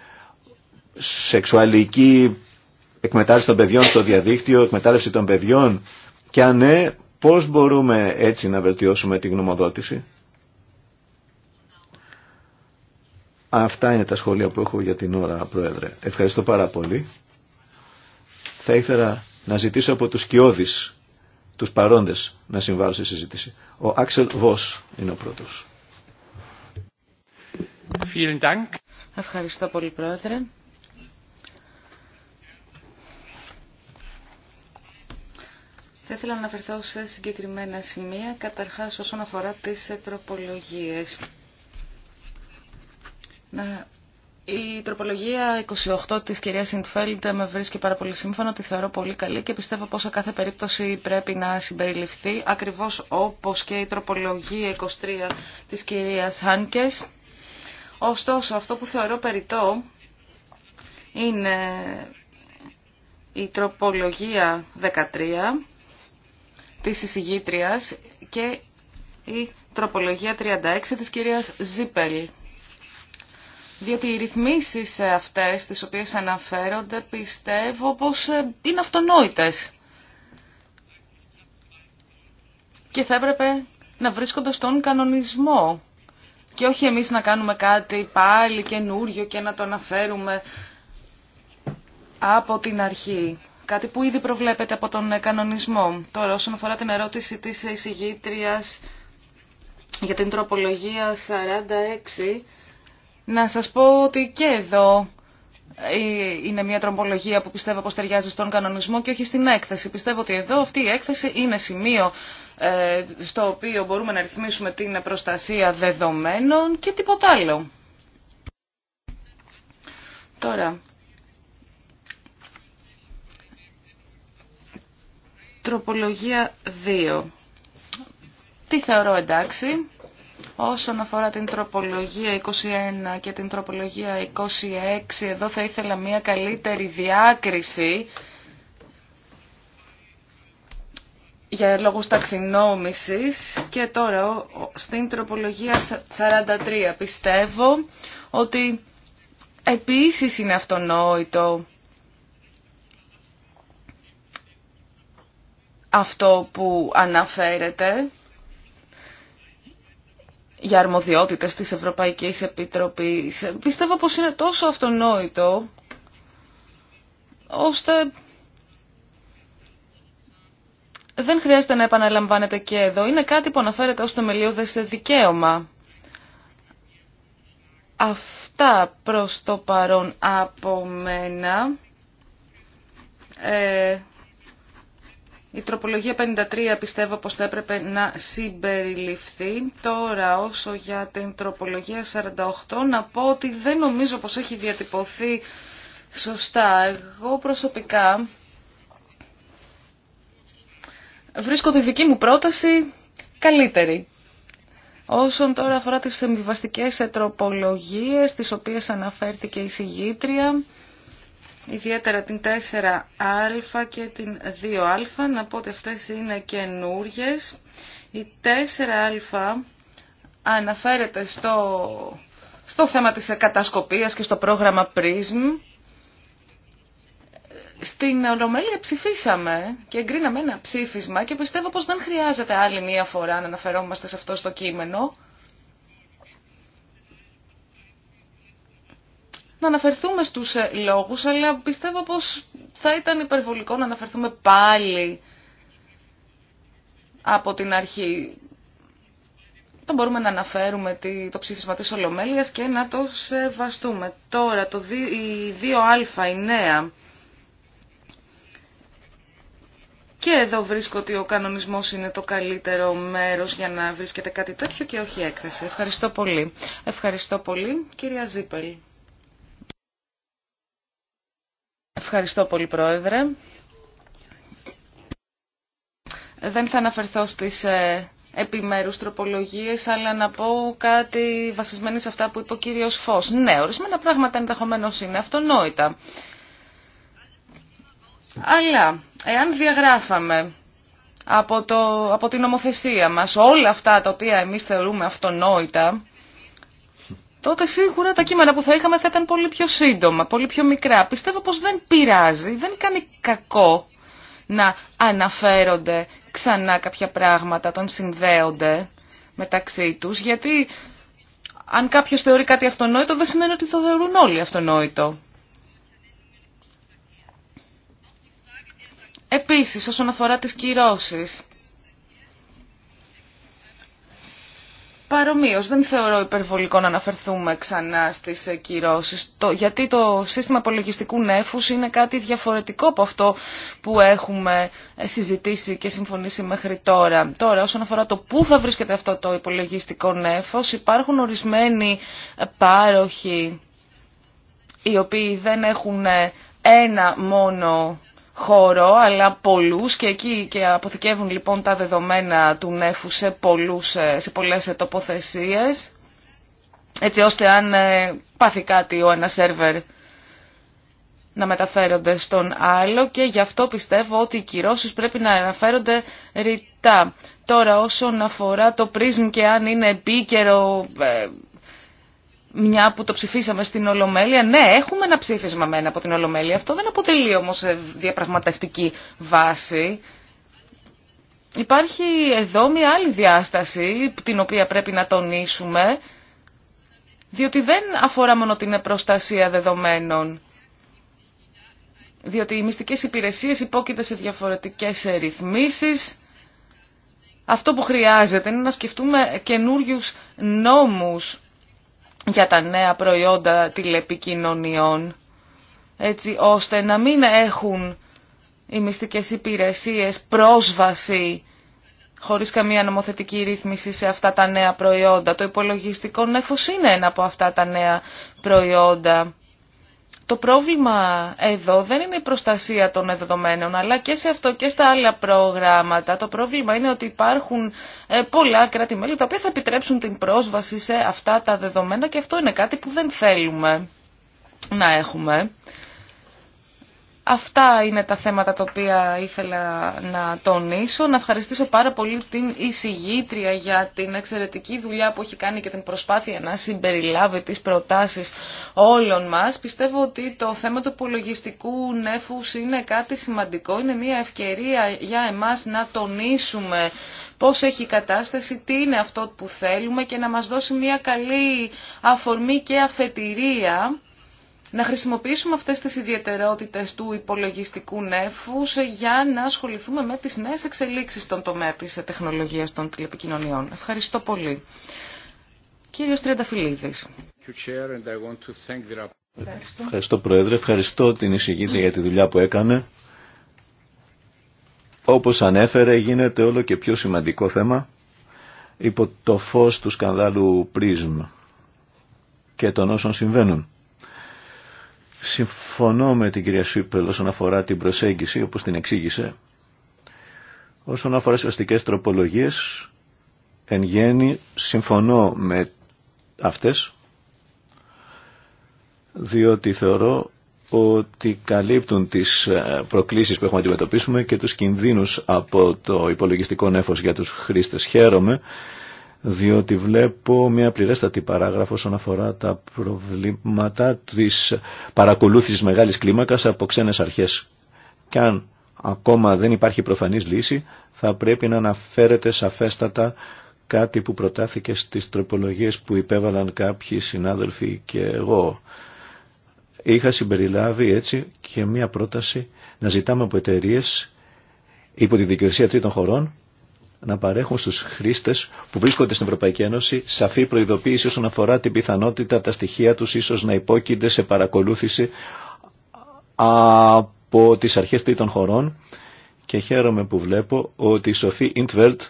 σεξουαλική εκμετάλλευση των παιδιών στο διαδίκτυο, εκμετάλλευση των παιδιών και αν ναι, πώς μπορούμε έτσι να βελτιώσουμε την γνωμοδότηση. Αυτά είναι τα σχόλια που έχω για την ώρα, Πρόεδρε. Ευχαριστώ πάρα πολύ. Θα ήθελα να ζητήσω από τους Κιώδης τους παρόντες να συμβάλλουν στη συζήτηση. Ο Άξελ Βος είναι ο πρώτος. Ευχαριστώ πολύ Πρόεδρε. Θα ήθελα να αναφερθώ σε συγκεκριμένα σημεία, καταρχάς όσον αφορά τις τροπολογίες. Να η τροπολογία 28 της κυρίας Σιντφέλντ με βρίσκει πάρα πολύ σύμφωνα, τη θεωρώ πολύ καλή και πιστεύω πως σε κάθε περίπτωση πρέπει να συμπεριληφθεί, ακριβώς όπως και η τροπολογία 23 της κυρίας Χάνκες. Ωστόσο, αυτό που θεωρώ περιττό είναι η τροπολογία 13 της εισηγήτριας και η τροπολογία 36 της κυρίας Ζίπελ. Διότι οι ρυθμίσεις αυτές τις οποίες αναφέρονται πιστεύω πως ε, είναι αυτονόητες. Και θα έπρεπε να βρίσκονται στον κανονισμό. Και όχι εμείς να κάνουμε κάτι πάλι καινούριο και να το αναφέρουμε από την αρχή. Κάτι που ήδη προβλέπεται από τον κανονισμό. Τώρα όσον αφορά την ερώτηση της εισηγήτριας για την τροπολογία 46 να σας πω ότι και εδώ ε, είναι μια τροπολογία που πιστεύω πως ταιριάζει στον κανονισμό και όχι στην έκθεση. Πιστεύω ότι εδώ αυτή η έκθεση είναι σημείο ε, στο οποίο μπορούμε να ρυθμίσουμε την προστασία δεδομένων και τίποτα άλλο. Τώρα, τροπολογία 2. Τι θεωρώ εντάξει. Όσον αφορά την τροπολογία 21 και την τροπολογία 26, εδώ θα ήθελα μια καλύτερη διάκριση για λόγους ταξινόμησης και τώρα στην τροπολογία 43 πιστεύω ότι επίσης είναι αυτονόητο αυτό που αναφέρεται για αρμοδιότητες της Ευρωπαϊκής Επιτροπής. Πιστεύω πως είναι τόσο αυτονόητο, ώστε δεν χρειάζεται να επαναλαμβάνεται και εδώ. Είναι κάτι που αναφέρεται ως σε δικαίωμα. Αυτά προς το παρόν από μένα. Ε, η τροπολογία 53 πιστεύω πως θα έπρεπε να συμπεριληφθεί. Τώρα όσο για την τροπολογία 48 να πω ότι δεν νομίζω πως έχει διατυπωθεί σωστά. Εγώ προσωπικά βρίσκω τη δική μου πρόταση καλύτερη. Όσον τώρα αφορά τις εμβιβαστικές τροπολογίες τις οποίες αναφέρθηκε η συγγήτρια ιδιαίτερα την 4α και την 2α, να πω ότι αυτές είναι καινούριε. Η 4α αναφέρεται στο, στο θέμα της κατασκοπίας και στο πρόγραμμα PRISM. Στην Ολομέλεια ψηφίσαμε και εγκρίναμε ένα ψήφισμα και πιστεύω πως δεν χρειάζεται άλλη μία φορά να αναφερόμαστε σε αυτό στο κείμενο. να αναφερθούμε στους ε, λόγους, αλλά πιστεύω πως θα ήταν υπερβολικό να αναφερθούμε πάλι από την αρχή. Το μπορούμε να αναφέρουμε το ψήφισμα της Ολομέλειας και να το σεβαστούμε. Τώρα, το 2α, η νέα. Και εδώ βρίσκω ότι ο κανονισμός είναι το καλύτερο μέρος για να βρίσκεται κάτι τέτοιο και όχι έκθεση. Ευχαριστώ πολύ. Ευχαριστώ πολύ, κυρία Ζήπελη. Ευχαριστώ πολύ, Πρόεδρε. Δεν θα αναφερθώ στις ε, επιμέρους τροπολογίες, αλλά να πω κάτι βασισμένο σε αυτά που είπε ο κύριος Φως. Ναι, ορισμένα πράγματα ενδεχομένω είναι αυτονόητα. Αλλά, εάν διαγράφαμε από, το, από την νομοθεσία μας όλα αυτά τα οποία εμείς θεωρούμε αυτονόητα, τότε σίγουρα τα κείμενα που θα είχαμε θα ήταν πολύ πιο σύντομα, πολύ πιο μικρά. Πιστεύω πως δεν πειράζει, δεν κάνει κακό να αναφέρονται ξανά κάποια πράγματα, τον συνδέονται μεταξύ τους, γιατί αν κάποιος θεωρεί κάτι αυτονόητο δεν σημαίνει ότι το θεωρούν όλοι αυτονόητο. Επίσης, όσον αφορά τις κυρώσεις, Παρομοίω, δεν θεωρώ υπερβολικό να αναφερθούμε ξανά στι κυρώσει, γιατί το σύστημα υπολογιστικού νέφου είναι κάτι διαφορετικό από αυτό που έχουμε συζητήσει και συμφωνήσει μέχρι τώρα. Τώρα, όσον αφορά το πού θα βρίσκεται αυτό το υπολογιστικό νέφο, υπάρχουν ορισμένοι πάροχοι οι οποίοι δεν έχουν ένα μόνο χώρο, αλλά πολλούς και εκεί και αποθηκεύουν λοιπόν τα δεδομένα του νεφού σε, πολλούς, ε, σε πολλές ε, τοποθεσίες, έτσι ώστε αν ε, πάθει κάτι ο ένα σερβερ να μεταφέρονται στον άλλο και γι' αυτό πιστεύω ότι οι κυρώσεις πρέπει να αναφέρονται ρητά. Τώρα όσον αφορά το πρίσμ και αν είναι επίκαιρο μια που το ψηφίσαμε στην Ολομέλεια, ναι, έχουμε ένα ψήφισμα μένα από την Ολομέλεια. Αυτό δεν αποτελεί όμως ε, διαπραγματευτική βάση. Υπάρχει εδώ μια άλλη διάσταση, την οποία πρέπει να τονίσουμε, διότι δεν αφορά μόνο την προστασία δεδομένων. Διότι οι μυστικές υπηρεσίες υπόκειται σε διαφορετικές ρυθμίσεις. Αυτό που χρειάζεται είναι να σκεφτούμε καινούριου νόμους για τα νέα προϊόντα τηλεπικοινωνιών, έτσι ώστε να μην έχουν οι μυστικές υπηρεσίες πρόσβαση χωρίς καμία νομοθετική ρύθμιση σε αυτά τα νέα προϊόντα. Το υπολογιστικό νέφος είναι ένα από αυτά τα νέα προϊόντα το πρόβλημα εδώ δεν είναι η προστασία των δεδομένων, αλλά και σε αυτό και στα άλλα προγράμματα. Το πρόβλημα είναι ότι υπάρχουν ε, πολλά κράτη-μέλη τα οποία θα επιτρέψουν την πρόσβαση σε αυτά τα δεδομένα και αυτό είναι κάτι που δεν θέλουμε να έχουμε. Αυτά είναι τα θέματα τα οποία ήθελα να τονίσω. Να ευχαριστήσω πάρα πολύ την εισηγήτρια για την εξαιρετική δουλειά που έχει κάνει και την προσπάθεια να συμπεριλάβει τις προτάσεις όλων μας. Πιστεύω ότι το θέμα του υπολογιστικού νέφους είναι κάτι σημαντικό. Είναι μια ευκαιρία για εμάς να τονίσουμε πώς έχει η κατάσταση, τι είναι αυτό που θέλουμε και να μας δώσει μια καλή αφορμή και αφετηρία να χρησιμοποιήσουμε αυτές τις ιδιαιτερότητες του υπολογιστικού νέφους για να ασχοληθούμε με τις νέες εξελίξεις στον τομέα της τεχνολογίας των τηλεπικοινωνιών. Ευχαριστώ πολύ. Κύριος Τριανταφυλλίδης. Ευχαριστώ. Πρόεδρε, ευχαριστώ την εισηγήτρια για τη δουλειά που έκανε. Όπως ανέφερε γίνεται όλο και πιο σημαντικό θέμα υπό το φως του σκανδάλου Πρίσμ και των όσων συμβαίνουν. Συμφωνώ με την κυρία Σίπελ όσον αφορά την προσέγγιση, όπως την εξήγησε. Όσον αφορά στις αστικές τροπολογίες, εν γέννη συμφωνώ με αυτές, διότι θεωρώ ότι καλύπτουν τις ε, προκλήσεις που έχουμε να αντιμετωπίσουμε και τους κινδύνους από το υπολογιστικό νέφος για τους χρήστες. Χαίρομαι διότι βλέπω μια πληρέστατη παράγραφο όσον αφορά τα προβλήματα της παρακολούθησης μεγάλης κλίμακας από ξένες αρχές. Και αν ακόμα δεν υπάρχει προφανής λύση, θα πρέπει να αναφέρεται σαφέστατα κάτι που προτάθηκε στις τροπολογίες που υπέβαλαν κάποιοι συνάδελφοι και εγώ. Είχα συμπεριλάβει έτσι και μία πρόταση να ζητάμε από εταιρείε υπό τη δικαιοσία τρίτων χωρών να παρέχουν στους χρήστες που βρίσκονται στην Ευρωπαϊκή Ένωση σαφή προειδοποίηση όσον αφορά την πιθανότητα τα στοιχεία τους ίσως να υπόκεινται σε παρακολούθηση από τις αρχές τρίτων χωρών και χαίρομαι που βλέπω ότι η Σοφή Ιντβελτ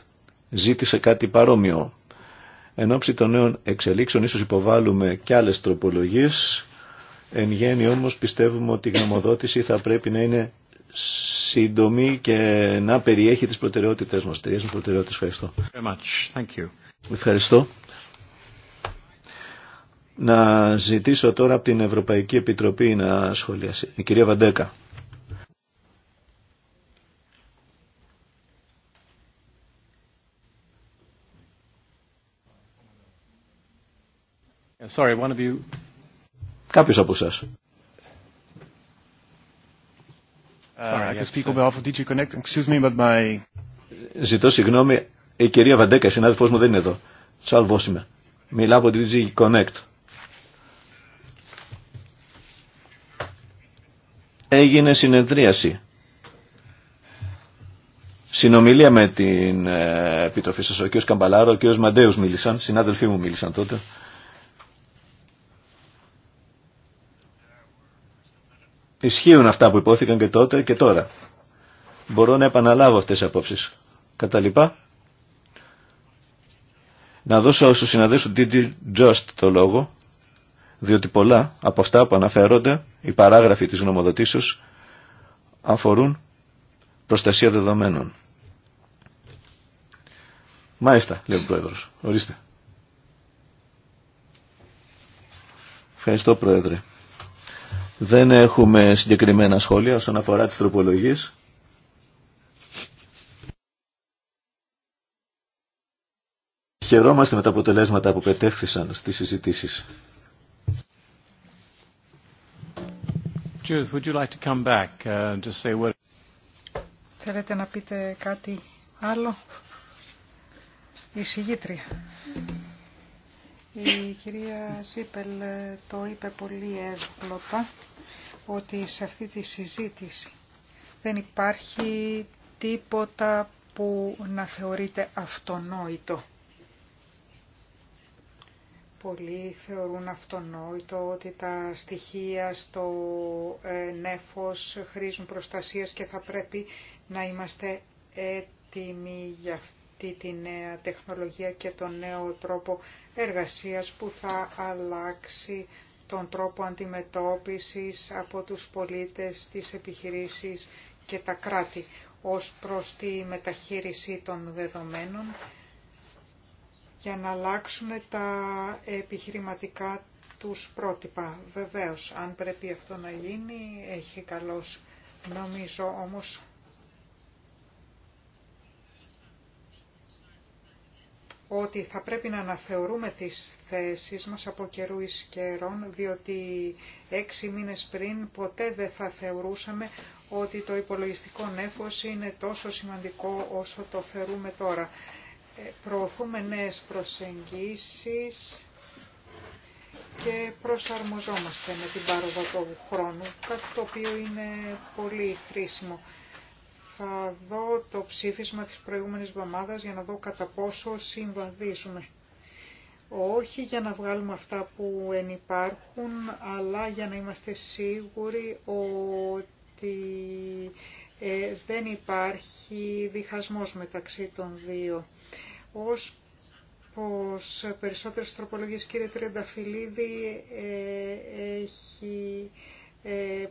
ζήτησε κάτι παρόμοιο. Εν ώψη των νέων εξελίξεων ίσως υποβάλλουμε και άλλες τροπολογίες. Εν γέννη όμως πιστεύουμε ότι η γνωμοδότηση θα πρέπει να είναι σύντομη και να περιέχει τις προτεραιότητες μας. Τερίες προτεραιότητες. Ευχαριστώ. Ευχαριστώ. Να ζητήσω τώρα από την Ευρωπαϊκή Επιτροπή να σχολιάσει. Η κυρία Βαντέκα. Sorry, one of you... Κάποιος από εσάς. Ζητώ συγγνώμη, η κυρία Βαντέκα, η συνάδελφός μου δεν είναι εδώ. Τσάλβος είμαι. Μιλάω από DG Connect. Έγινε συνεδρίαση. Συνομιλία με την ε, Επιτροφή σας, ο κ. Καμπαλάρο, ο κ. Μαντέους μίλησαν, συνάδελφοί μου μίλησαν τότε. Ισχύουν αυτά που υπόθηκαν και τότε και τώρα. Μπορώ να επαναλάβω αυτές τις απόψεις. Κατά λοιπά, να δώσω στους συναδέλφους Didi Just το λόγο, διότι πολλά από αυτά που αναφέρονται, οι παράγραφοι της γνωμοδοτήσεως, αφορούν προστασία δεδομένων. Μάλιστα, λέει ο Πρόεδρος. Ορίστε. Ευχαριστώ, Πρόεδρε. Δεν έχουμε συγκεκριμένα σχόλια όσον αφορά τις τροπολογίες. Χαιρόμαστε με τα αποτελέσματα που πετέχθησαν στις συζητήσεις. Θέλετε να πείτε κάτι άλλο, η συγγήτρια. Η κυρία Σίπελ ε, το είπε πολύ εύκολα ότι σε αυτή τη συζήτηση δεν υπάρχει τίποτα που να θεωρείται αυτονόητο. Πολλοί θεωρούν αυτονόητο ότι τα στοιχεία στο ε, νέφος χρήζουν προστασίας και θα πρέπει να είμαστε έτοιμοι γι' αυτό αυτή τη νέα τεχνολογία και τον νέο τρόπο εργασίας που θα αλλάξει τον τρόπο αντιμετώπισης από τους πολίτες, τις επιχειρήσεις και τα κράτη ως προς τη μεταχείριση των δεδομένων για να αλλάξουν τα επιχειρηματικά τους πρότυπα. Βεβαίως, αν πρέπει αυτό να γίνει, έχει καλώς Νομίζω όμως ότι θα πρέπει να αναθεωρούμε τις θέσεις μας από καιρού εις καιρόν, διότι έξι μήνες πριν ποτέ δεν θα θεωρούσαμε ότι το υπολογιστικό νέφος είναι τόσο σημαντικό όσο το θεωρούμε τώρα. Ε, προωθούμε νέες προσεγγίσεις και προσαρμοζόμαστε με την πάροδο του χρόνου, κάτι το οποίο είναι πολύ χρήσιμο θα δω το ψήφισμα της προηγούμενης εβδομάδας για να δω κατά πόσο συμβαδίζουμε. Όχι για να βγάλουμε αυτά που ενυπάρχουν, αλλά για να είμαστε σίγουροι ότι ε, δεν υπάρχει διχασμός μεταξύ των δύο. Ως πως περισσότερες τροπολογίες κύριε Τρενταφυλλίδη ε, έχει ε,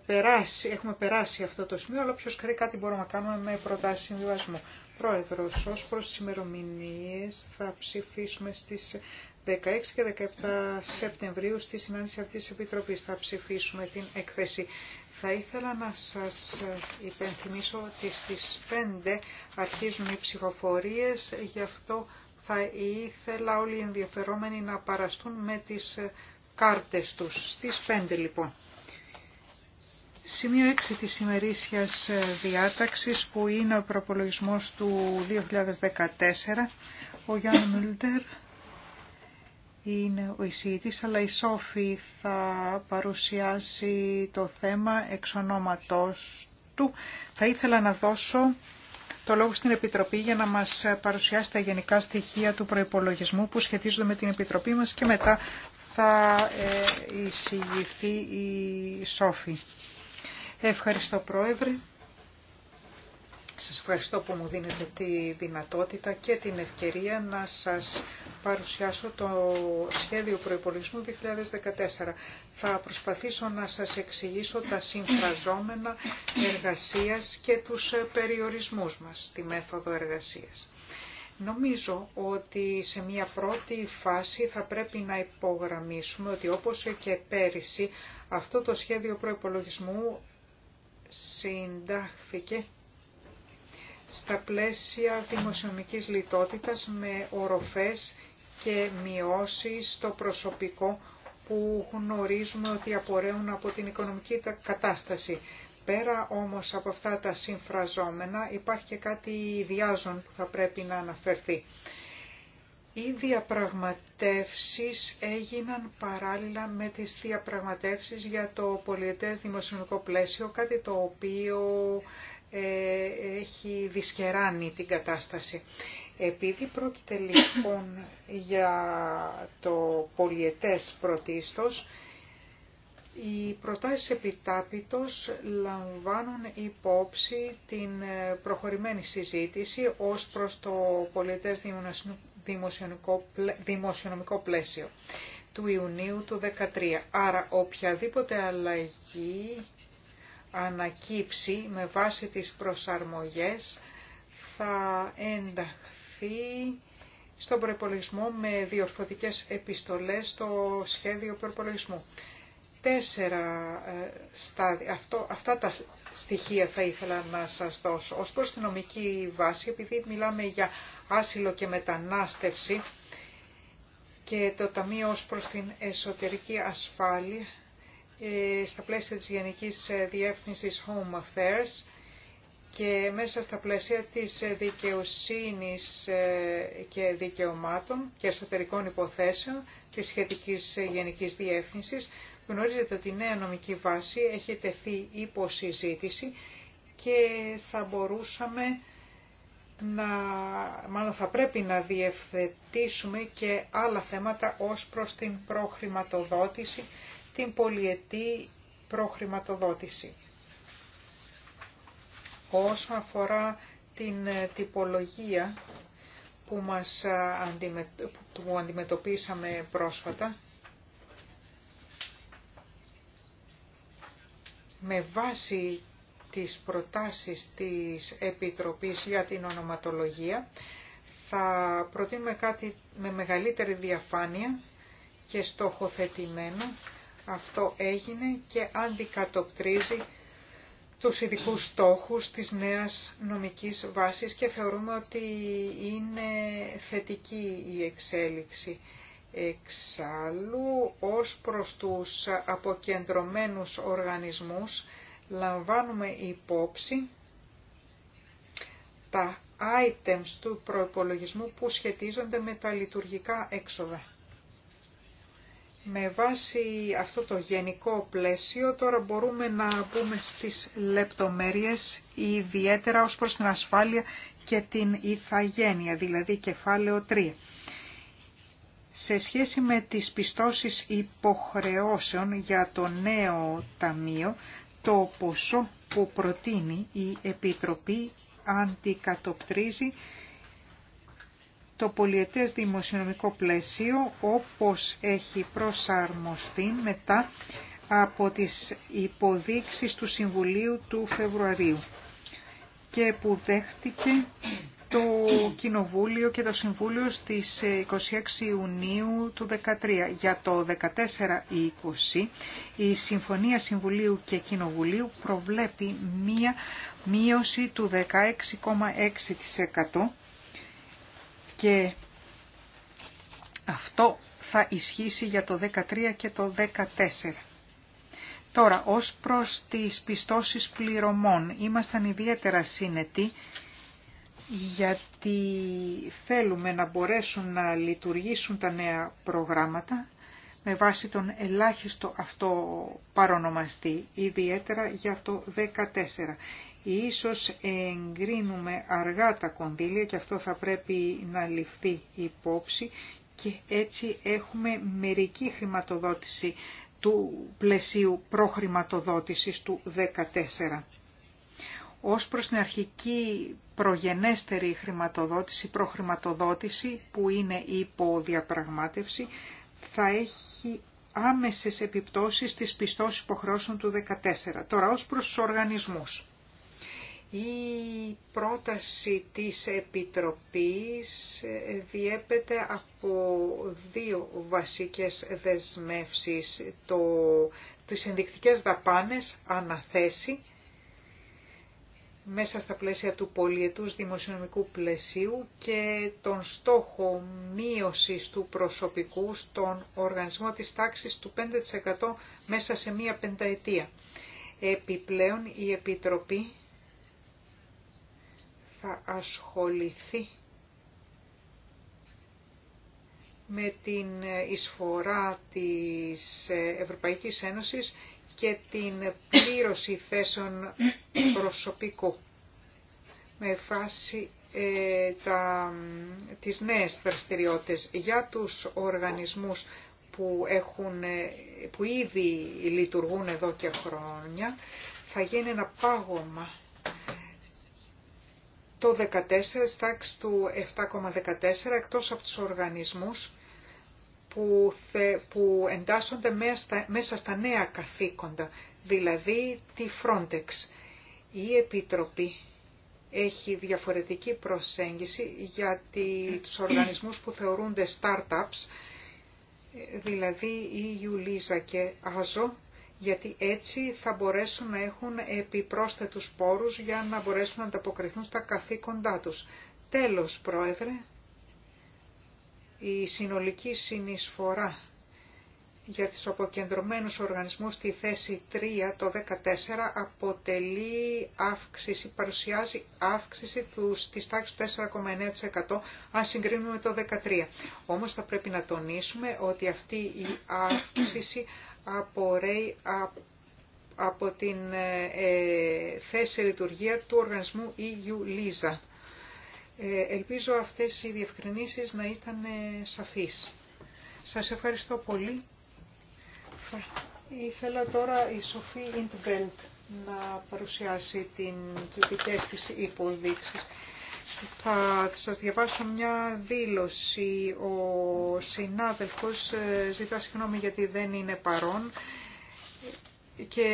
έχουμε περάσει αυτό το σημείο, αλλά πιο ξέρει κάτι μπορούμε να κάνουμε με προτάσεις συμβιβασμού. Πρόεδρος, ως προς τις ημερομηνίες θα ψηφίσουμε στις 16 και 17 Σεπτεμβρίου στη συνάντηση αυτής της Επιτροπής. Θα ψηφίσουμε την εκθέση. Θα ήθελα να σας υπενθυμίσω ότι στις 5 αρχίζουν οι ψηφοφορίες, γι' αυτό θα ήθελα όλοι οι ενδιαφερόμενοι να παραστούν με τις κάρτες τους. Στις 5 λοιπόν. Σημείο 6 της ημερήσιας ε, διάταξης που είναι ο προπολογισμός του 2014. Ο Γιάννη Μιλντερ είναι ο εισηγητής, αλλά η Σόφη θα παρουσιάσει το θέμα εξ ονόματός του. Θα ήθελα να δώσω το λόγο στην Επιτροπή για να μας παρουσιάσει τα γενικά στοιχεία του προϋπολογισμού που σχετίζονται με την Επιτροπή μας και μετά θα ε, εισηγηθεί η Σόφη. Ευχαριστώ Πρόεδρε. Σας ευχαριστώ που μου δίνετε τη δυνατότητα και την ευκαιρία να σας παρουσιάσω το σχέδιο προϋπολογισμού 2014. Θα προσπαθήσω να σας εξηγήσω τα συμφραζόμενα εργασίας και τους περιορισμούς μας στη μέθοδο εργασίας. Νομίζω ότι σε μια πρώτη φάση θα πρέπει να υπογραμμίσουμε ότι όπως και πέρυσι αυτό το σχέδιο προϋπολογισμού συντάχθηκε στα πλαίσια δημοσιονομικής λιτότητας με οροφές και μειώσεις στο προσωπικό που γνωρίζουμε ότι απορρέουν από την οικονομική κατάσταση. Πέρα όμως από αυτά τα συμφραζόμενα υπάρχει και κάτι διάζων που θα πρέπει να αναφερθεί. Οι διαπραγματεύσεις έγιναν παράλληλα με τις διαπραγματεύσεις για το πολιετές δημοσιονομικό πλαίσιο, κάτι το οποίο ε, έχει δυσκεράνει την κατάσταση. Επειδή πρόκειται λοιπόν για το πολιετές πρωτίστως, οι προτάσεις επιτάπητος λαμβάνουν υπόψη την ε, προχωρημένη συζήτηση ως προς το πολιτές δημοσιονομικό πλαίσιο του Ιουνίου του 2013. Άρα οποιαδήποτε αλλαγή ανακύψει με βάση τις προσαρμογές θα ενταχθεί στον προπολογισμό με διορθωτικές επιστολές στο σχέδιο προπολογισμού τέσσερα ε, στάδια. Αυτό, αυτά τα στοιχεία θα ήθελα να σας δώσω. Ως προς την νομική βάση, επειδή μιλάμε για άσυλο και μετανάστευση και το Ταμείο ως προς την εσωτερική ασφάλεια, ε, στα πλαίσια της Γενικής ε, Διεύθυνσης Home Affairs και μέσα στα πλαίσια της δικαιοσύνης και δικαιωμάτων και εσωτερικών υποθέσεων και σχετικής Γενικής Διεύθυνσης Γνωρίζετε ότι η νέα νομική βάση έχει τεθεί υπό συζήτηση και θα μπορούσαμε να, μάλλον θα πρέπει να διευθετήσουμε και άλλα θέματα ως προς την προχρηματοδότηση, την πολιετή προχρηματοδότηση. Όσον αφορά την ε, τυπολογία που, μας, ε, που αντιμετωπίσαμε πρόσφατα, με βάση τις προτάσεις της Επιτροπής για την ονοματολογία θα προτείνουμε κάτι με μεγαλύτερη διαφάνεια και στοχοθετημένο. Αυτό έγινε και αντικατοπτρίζει τους ειδικού στόχους της νέας νομικής βάσης και θεωρούμε ότι είναι θετική η εξέλιξη. Εξάλλου, ως προς τους αποκεντρωμένους οργανισμούς, λαμβάνουμε υπόψη τα items του προϋπολογισμού που σχετίζονται με τα λειτουργικά έξοδα. Με βάση αυτό το γενικό πλαίσιο τώρα μπορούμε να μπούμε στις λεπτομέρειες ιδιαίτερα ως προς την ασφάλεια και την ηθαγένεια, δηλαδή κεφάλαιο 3 σε σχέση με τις πιστώσεις υποχρεώσεων για το νέο ταμείο, το ποσό που προτείνει η Επιτροπή αντικατοπτρίζει το πολιετές δημοσιονομικό πλαίσιο όπως έχει προσαρμοστεί μετά από τις υποδείξεις του Συμβουλίου του Φεβρουαρίου και που δέχτηκε το Κοινοβούλιο και το Συμβούλιο στις 26 ε, Ιουνίου του 2013. Για το 14-20 η Συμφωνία Συμβουλίου και Κοινοβουλίου προβλέπει μία μείωση του 16,6% και αυτό θα ισχύσει για το 13 και το 14. Τώρα, ως προς τις πιστώσεις πληρωμών, ήμασταν ιδιαίτερα σύνετοι γιατί θέλουμε να μπορέσουν να λειτουργήσουν τα νέα προγράμματα με βάση τον ελάχιστο αυτό παρονομαστή, ιδιαίτερα για το 14. Ίσως εγκρίνουμε αργά τα κονδύλια και αυτό θα πρέπει να ληφθεί υπόψη και έτσι έχουμε μερική χρηματοδότηση του πλαισίου προχρηματοδότησης του 14 ως προς την αρχική προγενέστερη χρηματοδότηση, προχρηματοδότηση που είναι υποδιαπραγμάτευση θα έχει άμεσες επιπτώσεις στις πιστώσεις υποχρεώσεων του 2014. Τώρα ως προς τους οργανισμούς. Η πρόταση της Επιτροπής διέπεται από δύο βασικές δεσμεύσεις, το, τις ενδεικτικές δαπάνες, αναθέσει μέσα στα πλαίσια του πολιετούς δημοσιονομικού πλαισίου και τον στόχο μείωσης του προσωπικού στον οργανισμό της τάξης του 5% μέσα σε μία πενταετία. Επιπλέον η Επιτροπή θα ασχοληθεί με την εισφορά της Ευρωπαϊκής Ένωσης και την πλήρωση θέσεων προσωπικού με φάση ε, τα, τις νέες δραστηριότητες για τους οργανισμούς που, έχουν, ε, που ήδη λειτουργούν εδώ και χρόνια θα γίνει ένα πάγωμα το 14, στάξη του 7,14 εκτός από τους οργανισμούς που, θε, που εντάσσονται μέσα, μέσα στα νέα καθήκοντα, δηλαδή τη Frontex. Η Επιτροπή έχει διαφορετική προσέγγιση για τους οργανισμούς που θεωρούνται startups, δηλαδή η Ιουλίζα και Άζο, γιατί έτσι θα μπορέσουν να έχουν επιπρόσθετους πόρους για να μπορέσουν να ανταποκριθούν στα καθήκοντά τους. Τέλος, Πρόεδρε, η συνολική συνεισφορά για τις αποκεντρωμένους οργανισμούς στη θέση 3 το 14 αποτελεί αύξηση, παρουσιάζει αύξηση του, της τάξης 4,9% αν συγκρίνουμε το 13. Όμως θα πρέπει να τονίσουμε ότι αυτή η αύξηση απορρέει από τη την ε, ε, θέση λειτουργία του οργανισμού EU LISA ε, ελπίζω αυτές οι διευκρινήσεις να ήταν ε, σαφείς. Σας ευχαριστώ πολύ. Θα ήθελα τώρα η Σοφή Ιντβέλτ να παρουσιάσει την, τις δικές της Θα σας διαβάσω μια δήλωση. Ο συνάδελφος ε, ζητά συγγνώμη γιατί δεν είναι παρόν και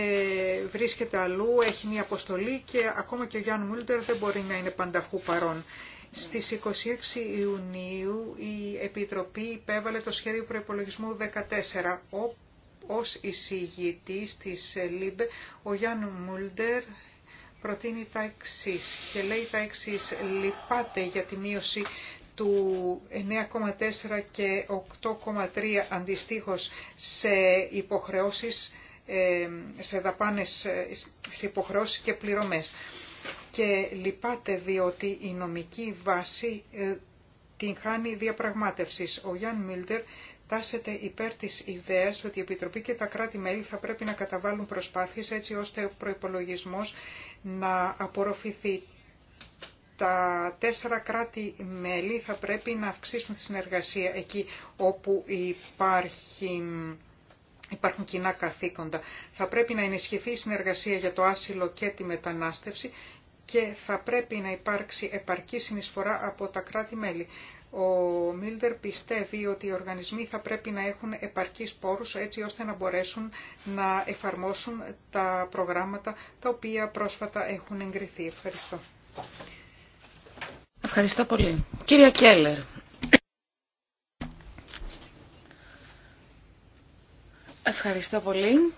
βρίσκεται αλλού, έχει μια αποστολή και ακόμα και ο Γιάννου Μούλτερ δεν μπορεί να είναι πανταχού παρόν. Στις 26 Ιουνίου η Επιτροπή υπέβαλε το σχέδιο προϋπολογισμού 14. Ο, ως εισηγητής της ΛΥΜΠ, ο Γιάννου Μούλτερ προτείνει τα εξή και λέει τα εξή λυπάται για τη μείωση του 9,4 και 8,3 αντιστοίχως σε υποχρεώσεις ε, σε δαπάνες, ε, σε υποχρεώσεις και πληρωμές. Και λυπάται διότι η νομική βάση ε, την χάνει διαπραγμάτευσης. Ο Γιάνν Μίλτερ τάσεται υπέρ της ιδέας ότι η Επιτροπή και τα κράτη-μέλη θα πρέπει να καταβάλουν προσπάθειες έτσι ώστε ο προϋπολογισμός να απορροφηθεί. Τα τέσσερα κράτη-μέλη θα πρέπει να αυξήσουν τη συνεργασία εκεί όπου υπάρχει Υπάρχουν κοινά καθήκοντα. Θα πρέπει να ενισχυθεί η συνεργασία για το άσυλο και τη μετανάστευση και θα πρέπει να υπάρξει επαρκή συνεισφορά από τα κράτη-μέλη. Ο Μίλτερ πιστεύει ότι οι οργανισμοί θα πρέπει να έχουν επαρκείς πόρους έτσι ώστε να μπορέσουν να εφαρμόσουν τα προγράμματα τα οποία πρόσφατα έχουν εγκριθεί. Ευχαριστώ. πολύ. Κύριε Κέλλερ, Ευχαριστώ πολύ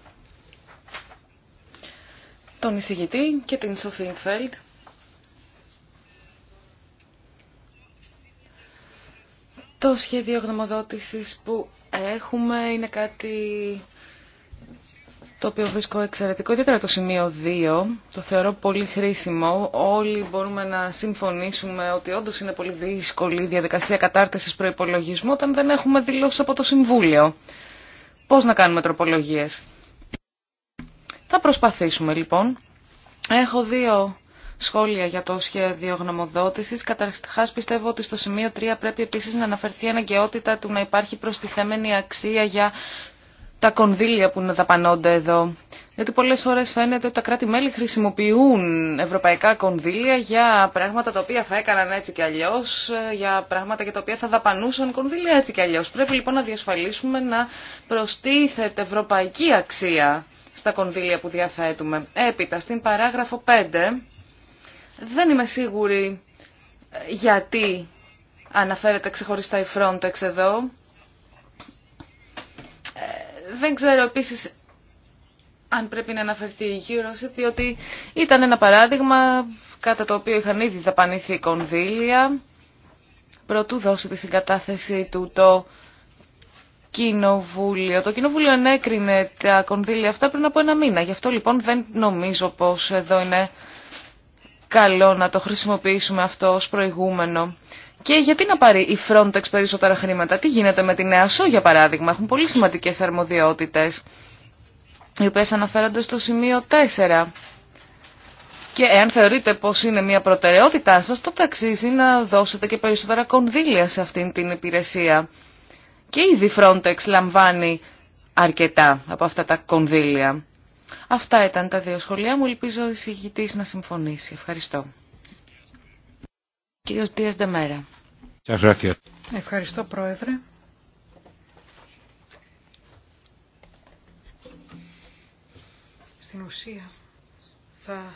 τον εισηγητή και την Σοφή Ινφέλντ. Το σχέδιο γνωμοδότησης που έχουμε είναι κάτι το οποίο βρίσκω εξαιρετικό, ιδιαίτερα το σημείο 2, το θεωρώ πολύ χρήσιμο. Όλοι μπορούμε να συμφωνήσουμε ότι όντως είναι πολύ δύσκολη η διαδικασία κατάρτισης προϋπολογισμού όταν δεν έχουμε δηλώσει από το Συμβούλιο πώς να κάνουμε τροπολογίες. Θα προσπαθήσουμε λοιπόν. Έχω δύο σχόλια για το σχέδιο γνωμοδότησης. Καταρχά, πιστεύω ότι στο σημείο 3 πρέπει επίσης να αναφερθεί η αναγκαιότητα του να υπάρχει προστιθέμενη αξία για τα κονδύλια που να δαπανώνται εδώ. Γιατί πολλές φορές φαίνεται ότι τα κράτη-μέλη χρησιμοποιούν ευρωπαϊκά κονδύλια για πράγματα τα οποία θα έκαναν έτσι και αλλιώς, για πράγματα για τα οποία θα δαπανούσαν κονδύλια έτσι και αλλιώς. Πρέπει λοιπόν να διασφαλίσουμε να προστίθεται ευρωπαϊκή αξία στα κονδύλια που διαθέτουμε. Έπειτα, στην παράγραφο 5, δεν είμαι σίγουρη ε, γιατί αναφέρεται ξεχωριστά η Frontex εδώ. Ε, δεν ξέρω επίση αν πρέπει να αναφερθεί η γύρωση, διότι ήταν ένα παράδειγμα κατά το οποίο είχαν ήδη δαπανηθεί κονδύλια, προτού δώσει τη συγκατάθεσή του το Κοινοβούλιο. Το Κοινοβούλιο ενέκρινε τα κονδύλια αυτά πριν από ένα μήνα. Γι' αυτό λοιπόν δεν νομίζω πως εδώ είναι καλό να το χρησιμοποιήσουμε αυτό ως προηγούμενο. Και γιατί να πάρει η Frontex περισσότερα χρήματα. Τι γίνεται με την ΕΑΣΟ για παράδειγμα. Έχουν πολύ σημαντικές αρμοδιότητες οι οποίες αναφέρονται στο σημείο 4. Και εάν θεωρείτε πως είναι μια προτεραιότητά σας, τότε αξίζει να δώσετε και περισσότερα κονδύλια σε αυτήν την υπηρεσία. Και ήδη Frontex λαμβάνει αρκετά από αυτά τα κονδύλια. Αυτά ήταν τα δύο σχολεία μου. Ελπίζω ο εισηγητής να συμφωνήσει. Ευχαριστώ. Κύριος Δίας Δεμέρα. Ευχαριστώ Πρόεδρε. Στην ουσία θα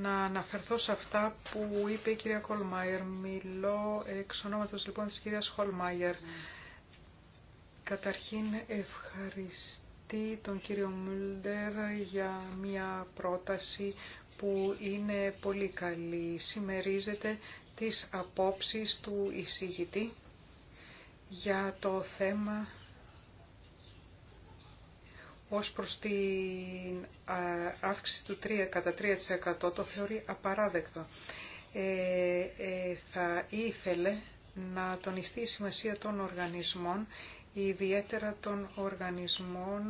να αναφερθώ σε αυτά που είπε η κυρία Κολμάιερ. Μιλώ εξ ονόματος λοιπόν της κυρίας Χολμάιερ. Καταρχήν ευχαριστώ τον κύριο Μούλντερ για μια πρόταση που είναι πολύ καλή. Σημερίζεται τις απόψεις του εισηγητή για το θέμα ως προς την αύξηση του 3 κατά 3% το θεωρεί απαράδεκτο. Ε, ε, θα ήθελε να τονιστεί η σημασία των οργανισμών, ιδιαίτερα των οργανισμών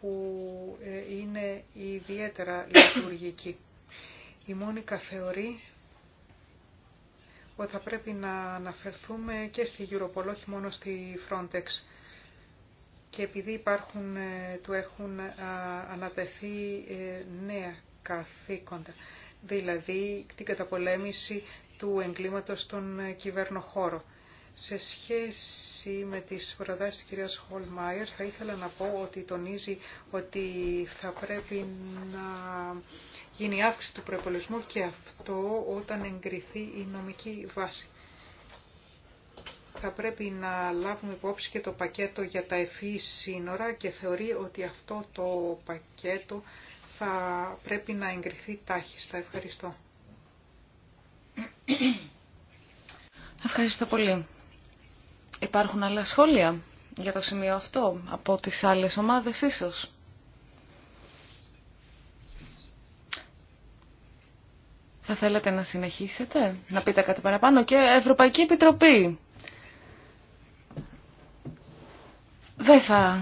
που ε, είναι ιδιαίτερα λειτουργικοί. Η Μόνικα θεωρεί ότι θα πρέπει να αναφερθούμε και στη Europol, όχι μόνο στη Frontex. Και επειδή υπάρχουν, ε, του έχουν ανατεθεί ε, νέα καθήκοντα, δηλαδή την καταπολέμηση του εγκλήματος στον ε, κυβέρνοχώρο. Σε σχέση με τις προτάσεις της κυρίας Χολμάιερ θα ήθελα να πω ότι τονίζει ότι θα πρέπει να γίνει η αύξηση του προπολογισμού και αυτό όταν εγκριθεί η νομική βάση. Θα πρέπει να λάβουμε υπόψη και το πακέτο για τα ευφύ σύνορα και θεωρεί ότι αυτό το πακέτο θα πρέπει να εγκριθεί τάχιστα. Ευχαριστώ. Ευχαριστώ πολύ. Υπάρχουν άλλα σχόλια για το σημείο αυτό από τις άλλες ομάδες ίσως. Θα θέλετε να συνεχίσετε, να πείτε κάτι παραπάνω και Ευρωπαϊκή Επιτροπή. Δεν θα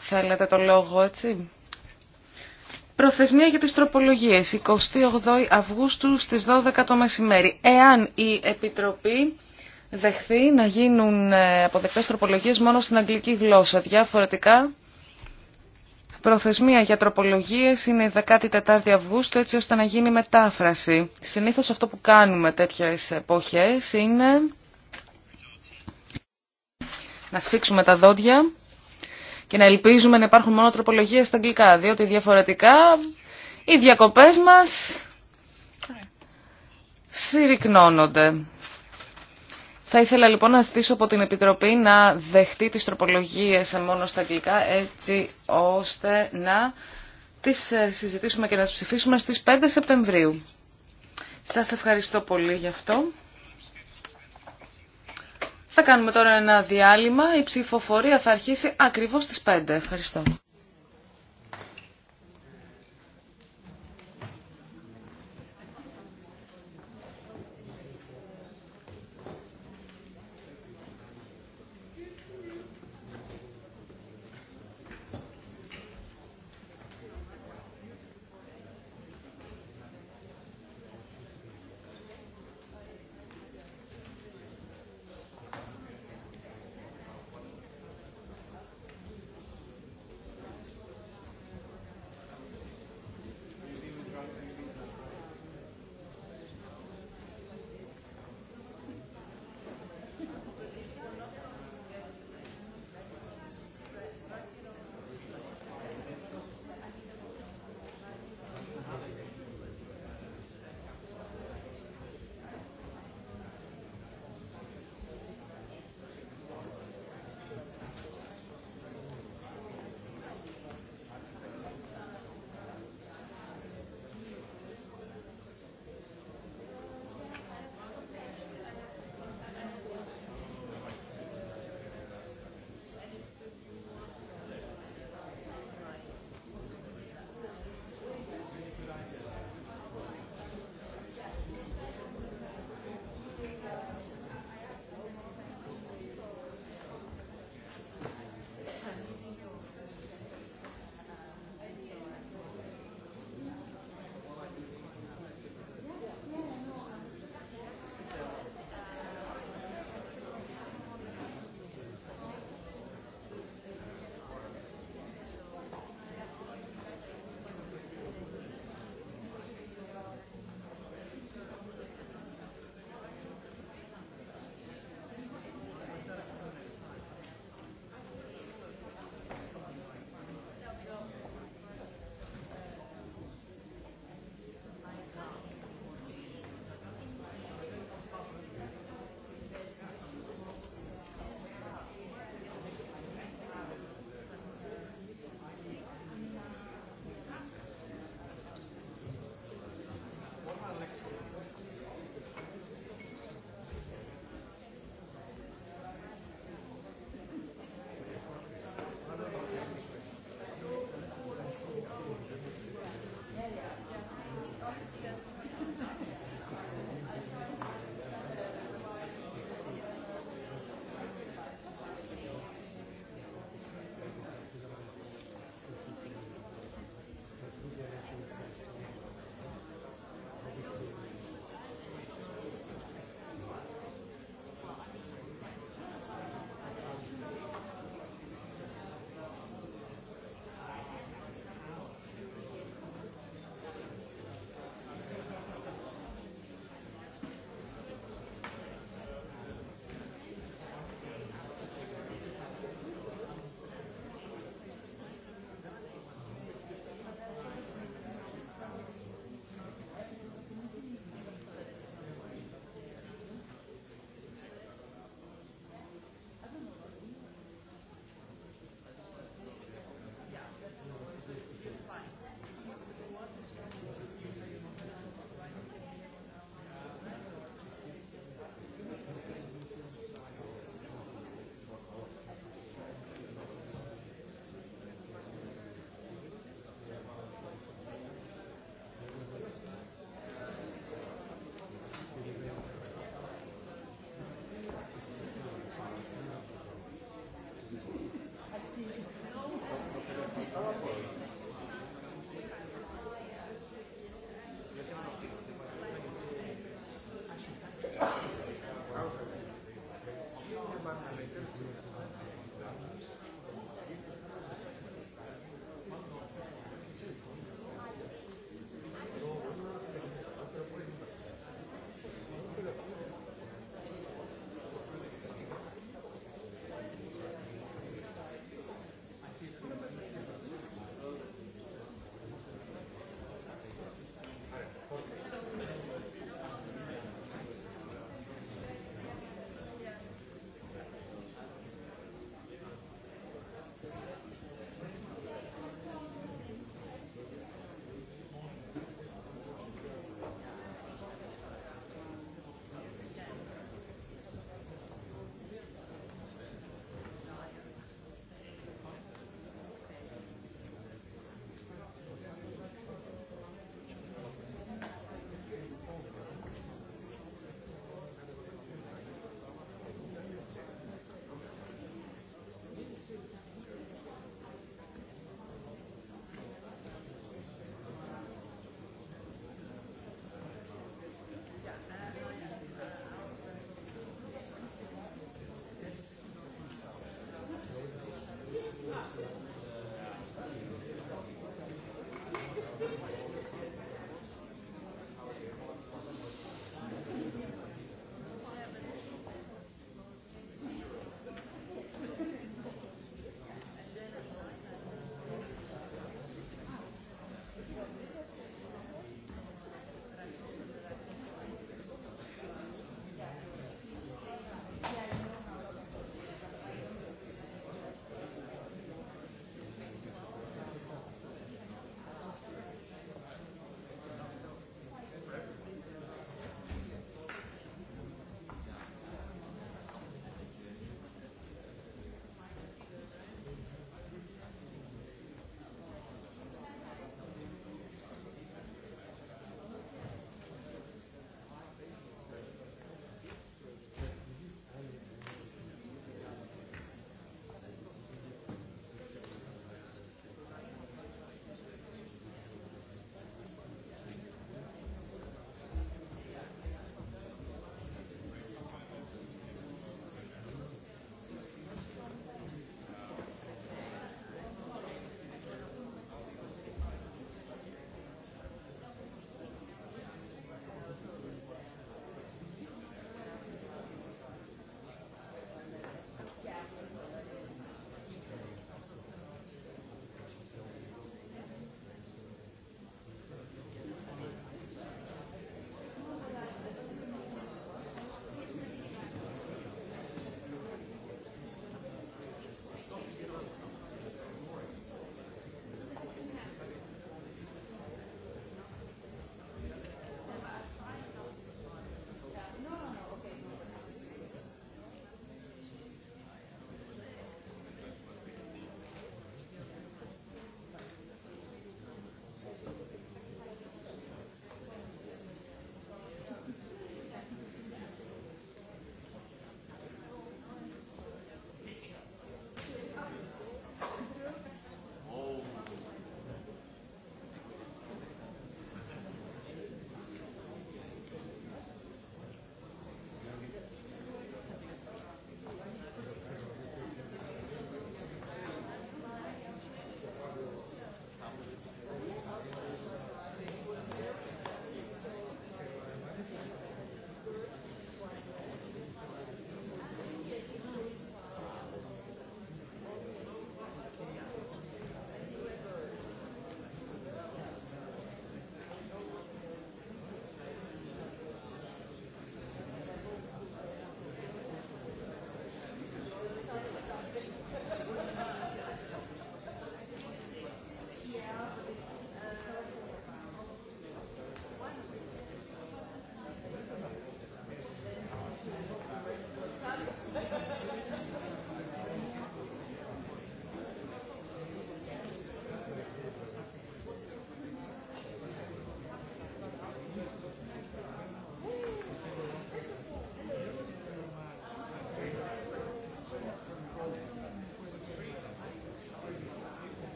θέλετε το λόγο, έτσι. Προθεσμία για τις τροπολογίες, 28 Αυγούστου στις 12 το μεσημέρι. Εάν η Επιτροπή δεχθεί να γίνουν ε, αποδεκτές τροπολογίες μόνο στην αγγλική γλώσσα, διαφορετικά Προθεσμία για τροπολογιε είναι η 14η Αυγούστου έτσι ώστε να γίνει μετάφραση. Συνήθως αυτό που κάνουμε τέτοιε εποχές είναι να σφίξουμε τα δόντια και να ελπίζουμε να υπάρχουν μόνο τροπολογίες στα αγγλικά, διότι διαφορετικά οι διακοπές μας συρρυκνώνονται. Θα ήθελα λοιπόν να στήσω από την Επιτροπή να δεχτεί τις τροπολογίες μόνο στα αγγλικά έτσι ώστε να τις ε, συζητήσουμε και να τις ψηφίσουμε στις 5 Σεπτεμβρίου. Σας ευχαριστώ πολύ γι' αυτό. Θα κάνουμε τώρα ένα διάλειμμα. Η ψηφοφορία θα αρχίσει ακριβώς στις 5. Ευχαριστώ.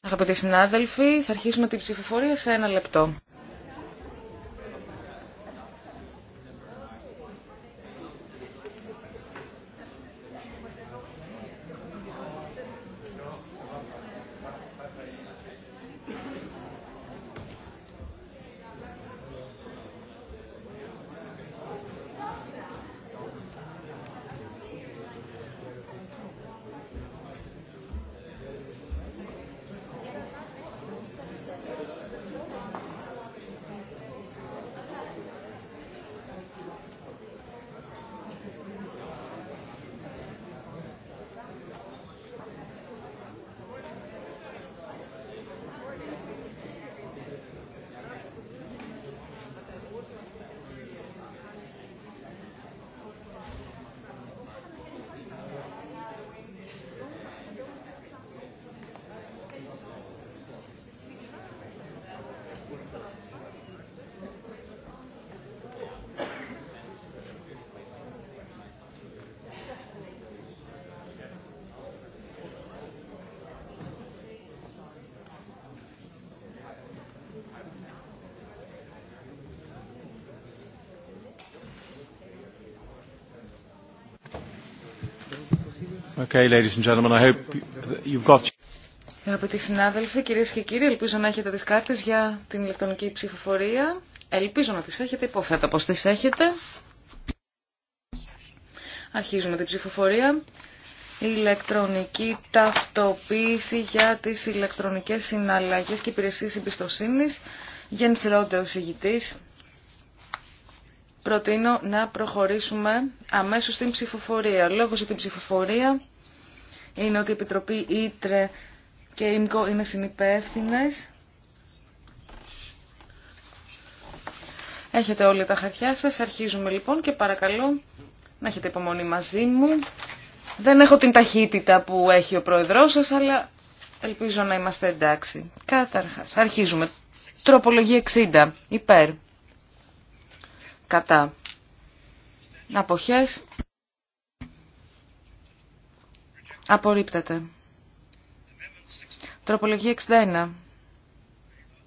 Αγαπητοί συνάδελφοι, θα αρχίσουμε την ψηφοφορία σε ένα λεπτό. Okay, ladies συνάδελφοι, κυρίε και κύριοι, ελπίζω να έχετε τι κάρτε για την ηλεκτρονική ψηφοφορία. Ελπίζω να τι έχετε, υποθέτω πω τι έχετε. Αρχίζουμε την ψηφοφορία. Η ηλεκτρονική ταυτοποίηση για τις ηλεκτρονικές συναλλαγές και υπηρεσίες εμπιστοσύνης. Γέννης Ρόντε ο προτείνω να προχωρήσουμε αμέσως στην ψηφοφορία. Λόγος για την ψηφοφορία είναι ότι η Επιτροπή Ήτρε και ΙΜΚΟ είναι συνυπεύθυνες. Έχετε όλοι τα χαρτιά σας. Αρχίζουμε λοιπόν και παρακαλώ να έχετε υπομονή μαζί μου. Δεν έχω την ταχύτητα που έχει ο πρόεδρός σας, αλλά ελπίζω να είμαστε εντάξει. Καταρχάς, αρχίζουμε. Τροπολογία 60. Υπέρ κατά αποχές απορρίπτεται. Τροπολογία 61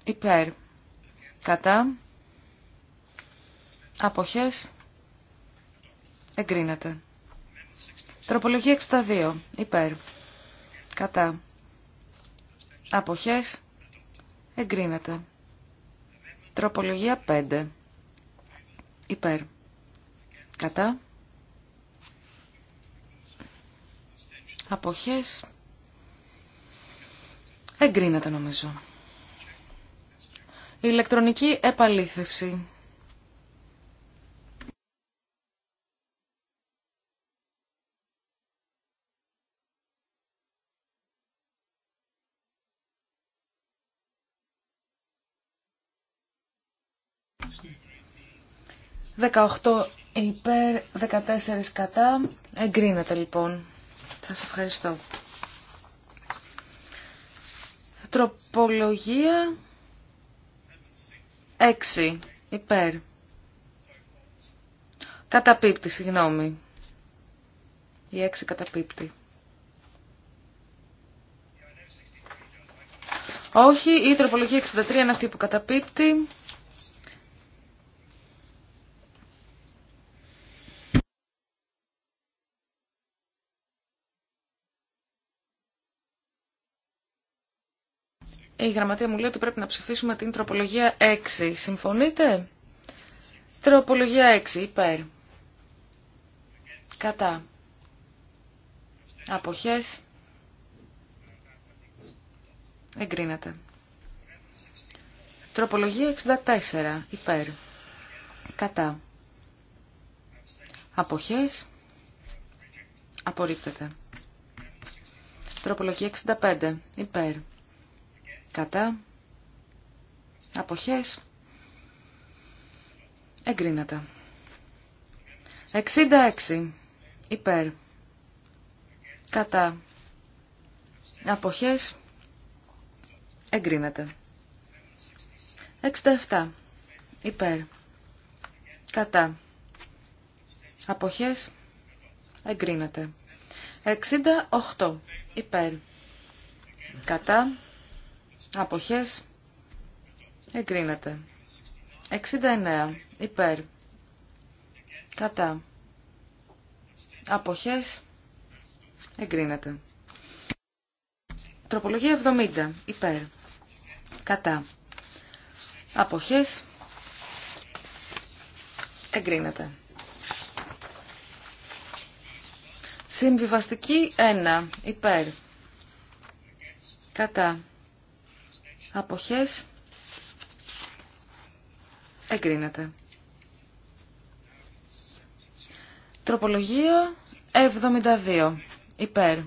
υπέρ κατά αποχές εγκρίνεται. Τροπολογία 62 υπέρ κατά αποχές εγκρίνεται. Τροπολογία 5 Υπέρ. Κατά. Αποχές. Εγκρίνεται νομίζω. Η ηλεκτρονική επαλήθευση. 18 υπέρ, 14 κατά. Εγκρίνεται λοιπόν. Σας ευχαριστώ. Τροπολογία 6 υπέρ. Καταπίπτει, συγγνώμη. Η 6 καταπίπτει. Όχι, η τροπολογία 63 είναι αυτή που καταπίπτει. Η γραμματεία μου λέει ότι πρέπει να ψηφίσουμε την τροπολογία 6. Συμφωνείτε? Τροπολογία 6. Υπέρ. Κατά. Αποχές. Εγκρίνεται. Τροπολογία 64. Υπέρ. Κατά. Αποχές. Απορρίπτεται. Τροπολογία 65. Υπέρ κατά, αποχές, Εγκρίνατα. 66 υπέρ, κατά, αποχές, εγκρίνεται. 67 υπέρ, κατά, αποχές, εγκρίνεται. 68 υπέρ, κατά, Αποχές. Εγκρίνεται. 69. Υπέρ. Κατά. Αποχές. Εγκρίνεται. Τροπολογία 70. Υπέρ. Κατά. Αποχές. Εγκρίνεται. Συμβιβαστική 1. Υπέρ. Κατά αποχές εγκρίνεται. Τροπολογία 72. Υπέρ.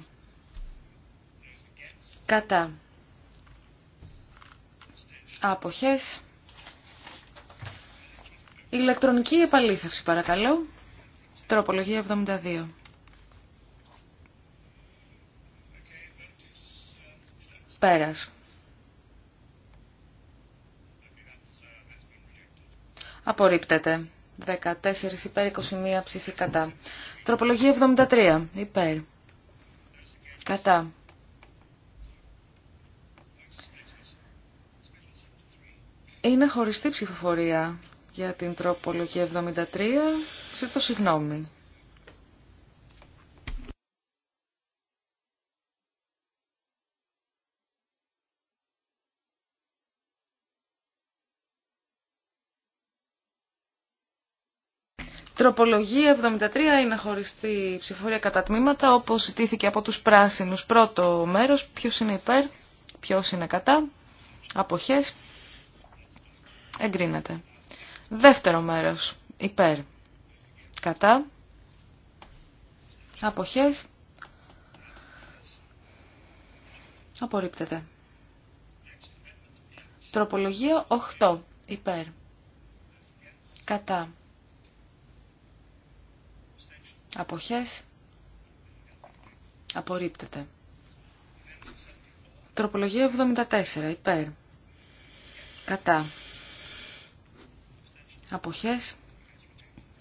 Κατά. Αποχές. Ηλεκτρονική επαλήθευση παρακαλώ. Τροπολογία 72. Πέρας. Απορρίπτεται. 14 υπέρ, 21 ψήφι κατά. Τροπολογία 73 υπέρ. Κατά. Είναι χωριστή ψηφοφορία για την τροπολογία 73. Ζήτω συγγνώμη. Τροπολογία 73 είναι χωριστή ψηφορία κατά τμήματα, όπως ζητήθηκε από τους πράσινους. Πρώτο μέρος, ποιος είναι υπέρ, ποιος είναι κατά, αποχές, εγκρίνεται. Δεύτερο μέρος, υπέρ, κατά, αποχές, απορρίπτεται. Τροπολογία 8, υπέρ, κατά, Αποχές. Απορρίπτεται. Τροπολογία 74. Υπέρ. Κατά. Αποχές.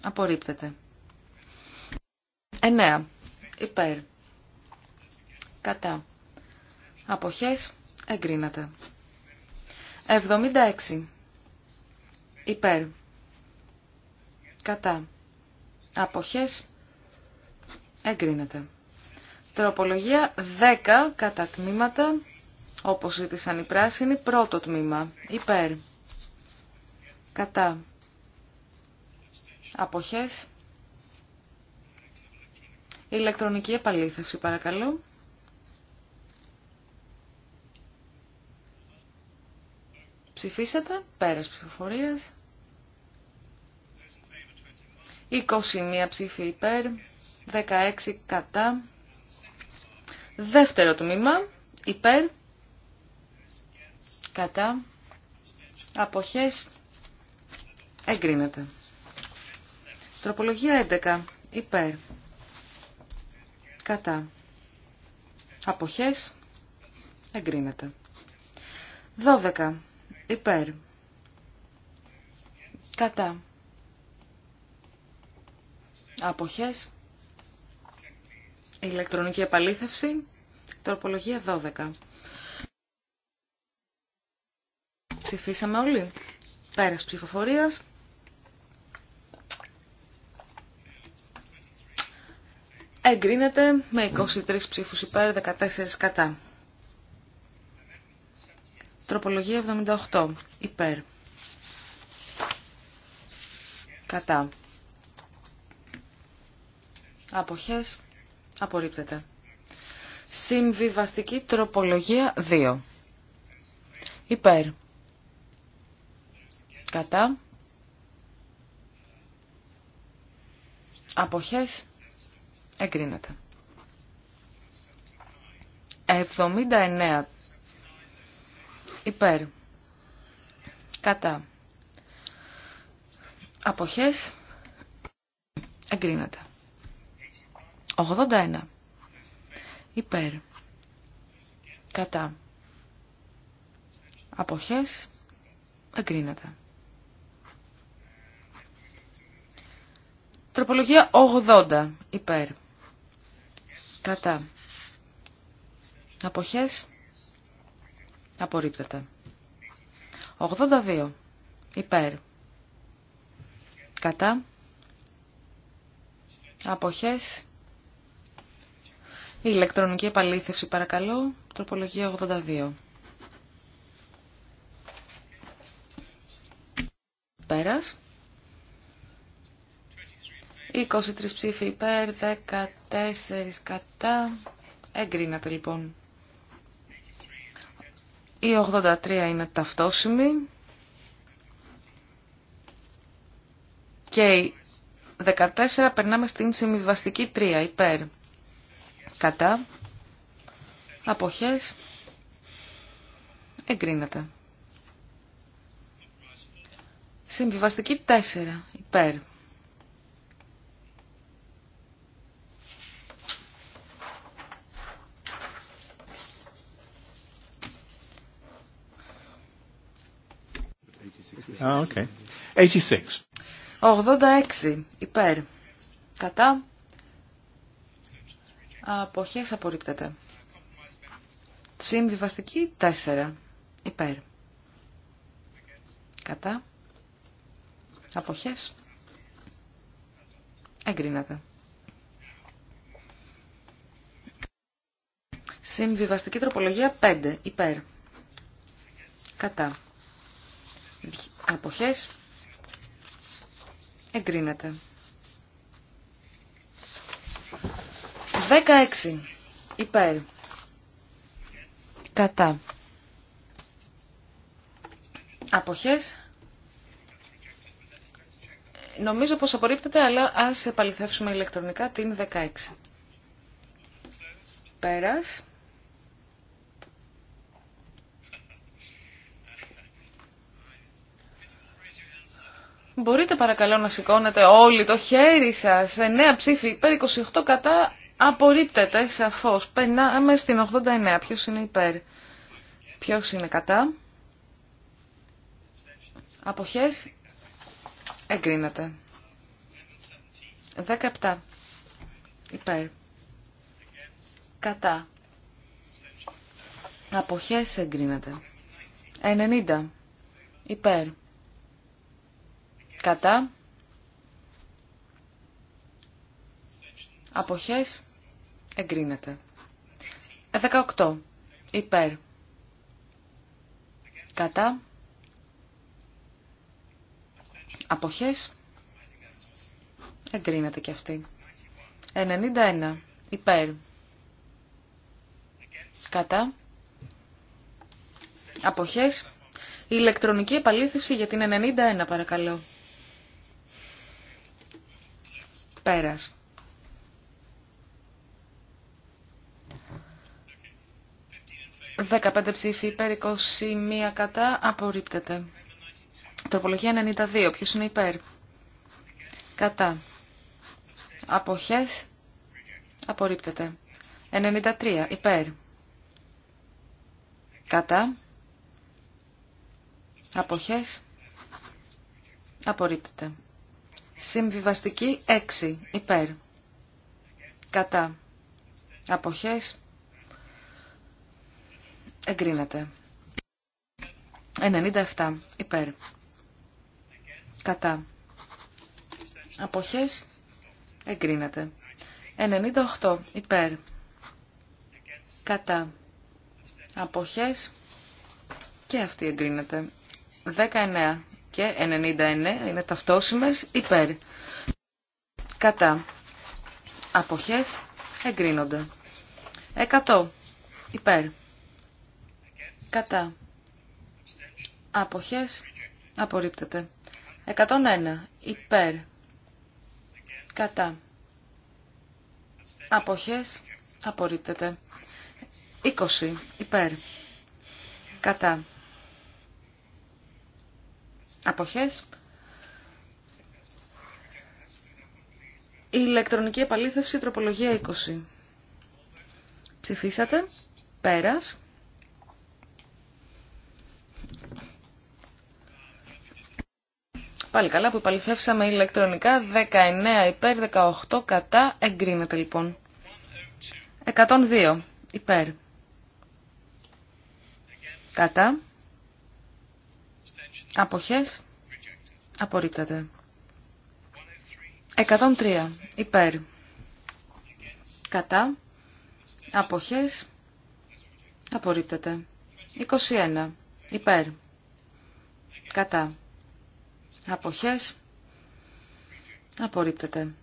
Απορρίπτεται. 9. Υπέρ. Κατά. Αποχές. Εγκρίνεται. 76. Υπέρ. Κατά. Αποχές. Εγκρίνεται. Τροπολογία 10 κατά τμήματα, όπως ζήτησαν οι πράσινοι, πρώτο τμήμα, υπέρ, κατά, αποχές, ηλεκτρονική επαλήθευση παρακαλώ. Ψηφίσατε, πέρας ψηφοφορίας. 21 ψήφοι υπέρ, 16 κατά. Δεύτερο τμήμα, υπέρ, κατά, αποχές, εγκρίνεται. Τροπολογία 11, υπέρ, κατά, αποχές, εγκρίνεται. 12, υπέρ, κατά, αποχές, ηλεκτρονική επαλήθευση, τροπολογία 12. Ψηφίσαμε όλοι. Πέρας ψηφοφορίας. Εγκρίνεται με 23 ψήφους υπέρ, 14 κατά. Τροπολογία 78. Υπέρ. Κατά. Αποχές. Απορρίπτεται. Συμβιβαστική τροπολογία 2. Υπέρ. Κατά. Αποχές. Εγκρίνεται. 79. Υπέρ. Κατά. Αποχές. Εγκρίνεται. 81. Υπέρ. Κατά. Αποχές. Εγκρίνεται. Τροπολογία 80. Υπέρ. Κατά. Αποχές. Απορρίπτεται. 82. Υπέρ. Κατά. Αποχές. Η ηλεκτρονική επαλήθευση παρακαλώ, τροπολογία 82. Πέρας. 23 ψήφοι υπέρ, 14 κατά. Εγκρίνατε λοιπόν. Η 83 είναι ταυτόσιμη. Και η 14 περνάμε στην συμβιβαστική 3 υπέρ κατά, αποχές, εγκρίνεται. Συμβιβαστική 4, υπέρ. Oh, okay. 86. 86, υπέρ. Κατά, Αποχές απορρίπτεται. Συμβιβαστική 4. Υπέρ. Κατά. Αποχές. Εγκρίνεται. Συμβιβαστική τροπολογία 5. Υπέρ. Κατά. Αποχές. Εγκρίνεται. 16. Υπέρ. Κατά. Αποχές. Νομίζω πως απορρίπτεται, αλλά ας επαληθεύσουμε ηλεκτρονικά την 16. Πέρας. Μπορείτε παρακαλώ να σηκώνετε όλοι το χέρι σας. 9 ψήφοι υπέρ 28 κατά Απορρίπτεται σαφώ. Περνάμε στην 89. Ποιο είναι υπέρ. ποιο είναι κατά. Αποχέ. Εγκρίνεται. 17. Υπέρ. Κατά. Αποχέ, εγκρίνεται. 90. Υπέρ. Κατά. Αποχές Εγκρίνεται. 18. Υπέρ. Κατά. Αποχές. Εγκρίνεται και αυτή. 91. Υπέρ. Κατά. Αποχές. Ηλεκτρονική επαλήθευση για την 91 παρακαλώ. Πέρας. 15 ψήφοι υπέρ, 21 κατά, απορρίπτεται. Τροπολογία 92, ποιος είναι υπέρ. Κατά. Αποχές, απορρίπτεται. 93, υπέρ. Κατά. Αποχές, απορρίπτεται. Συμβιβαστική 6, υπέρ. Κατά. Αποχές, Εγκρίνεται. 97. Υπέρ. Κατά. Αποχές. Εγκρίνεται. 98. Υπέρ. Κατά. Αποχές. Και αυτή εγκρίνεται. 19 και 99 είναι ταυτόσιμες. Υπέρ. Κατά. Αποχές. Εγκρίνονται. 100. Υπέρ. Κατά. Αποχές. Απορρίπτεται. 101. Υπέρ. Κατά. Αποχές. Απορρίπτεται. 20. Υπέρ. Κατά. Αποχές. Η ηλεκτρονική επαλήθευση τροπολογία 20. Ψηφίσατε. Πέρας. Πάλι καλά που υπαλληθεύσαμε ηλεκτρονικά. 19 υπέρ, 18 κατά. Εγκρίνεται λοιπόν. 102 υπέρ. Κατά. Αποχές. Απορρίπτεται. 103 υπέρ. Κατά. Αποχές. Απορρίπτεται. 21 υπέρ. Κατά. Αποχές. Απορρίπτεται.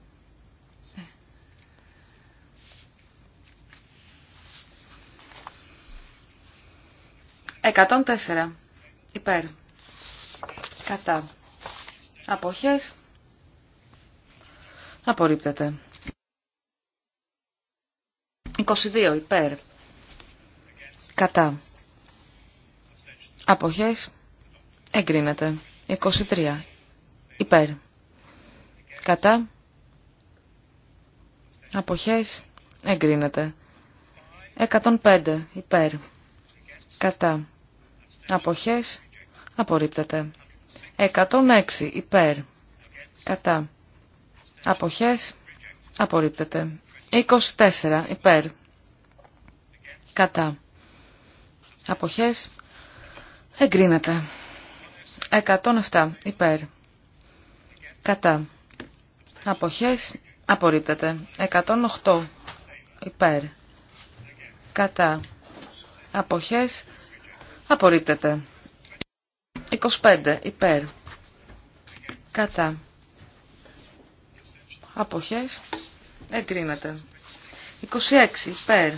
104. Υπέρ. Κατά. Αποχές. Απορρίπτεται. 22. Υπέρ. Κατά. Αποχές. Εγκρίνεται. 23 υπέρ. Κατά. Αποχές εγκρίνεται. 105 υπέρ. Κατά. Αποχές απορρίπτεται. 106 υπέρ. Κατά. Αποχές απορρίπτεται. 24 υπέρ. Κατά. Αποχές εγκρίνεται. 107 υπέρ. Κατά. Αποχές απορρίπτεται. 108 υπέρ. Κατά. Αποχές απορρίπτεται. 25 υπέρ. Κατά. Αποχές εγκρίνεται. 26 υπέρ.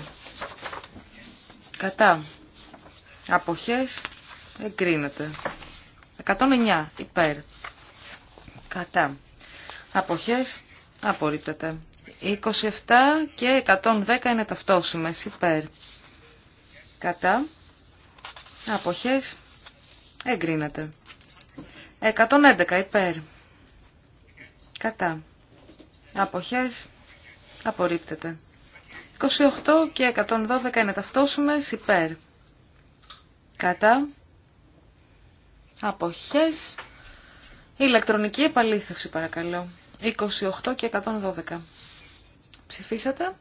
Κατά. Αποχές εγκρίνεται. 109 υπέρ κατά. Αποχές απορρίπτεται. 27 και 110 είναι ταυτόσιμες υπέρ. Κατά. Αποχές εγκρίνεται. 111 υπέρ. Κατά. Αποχές απορρίπτεται. 28 και 112 είναι ταυτόσιμες υπέρ. Κατά. Αποχές Ηλεκτρονική επαλήθευση παρακαλώ. 28 και 112. Ψηφίσατε.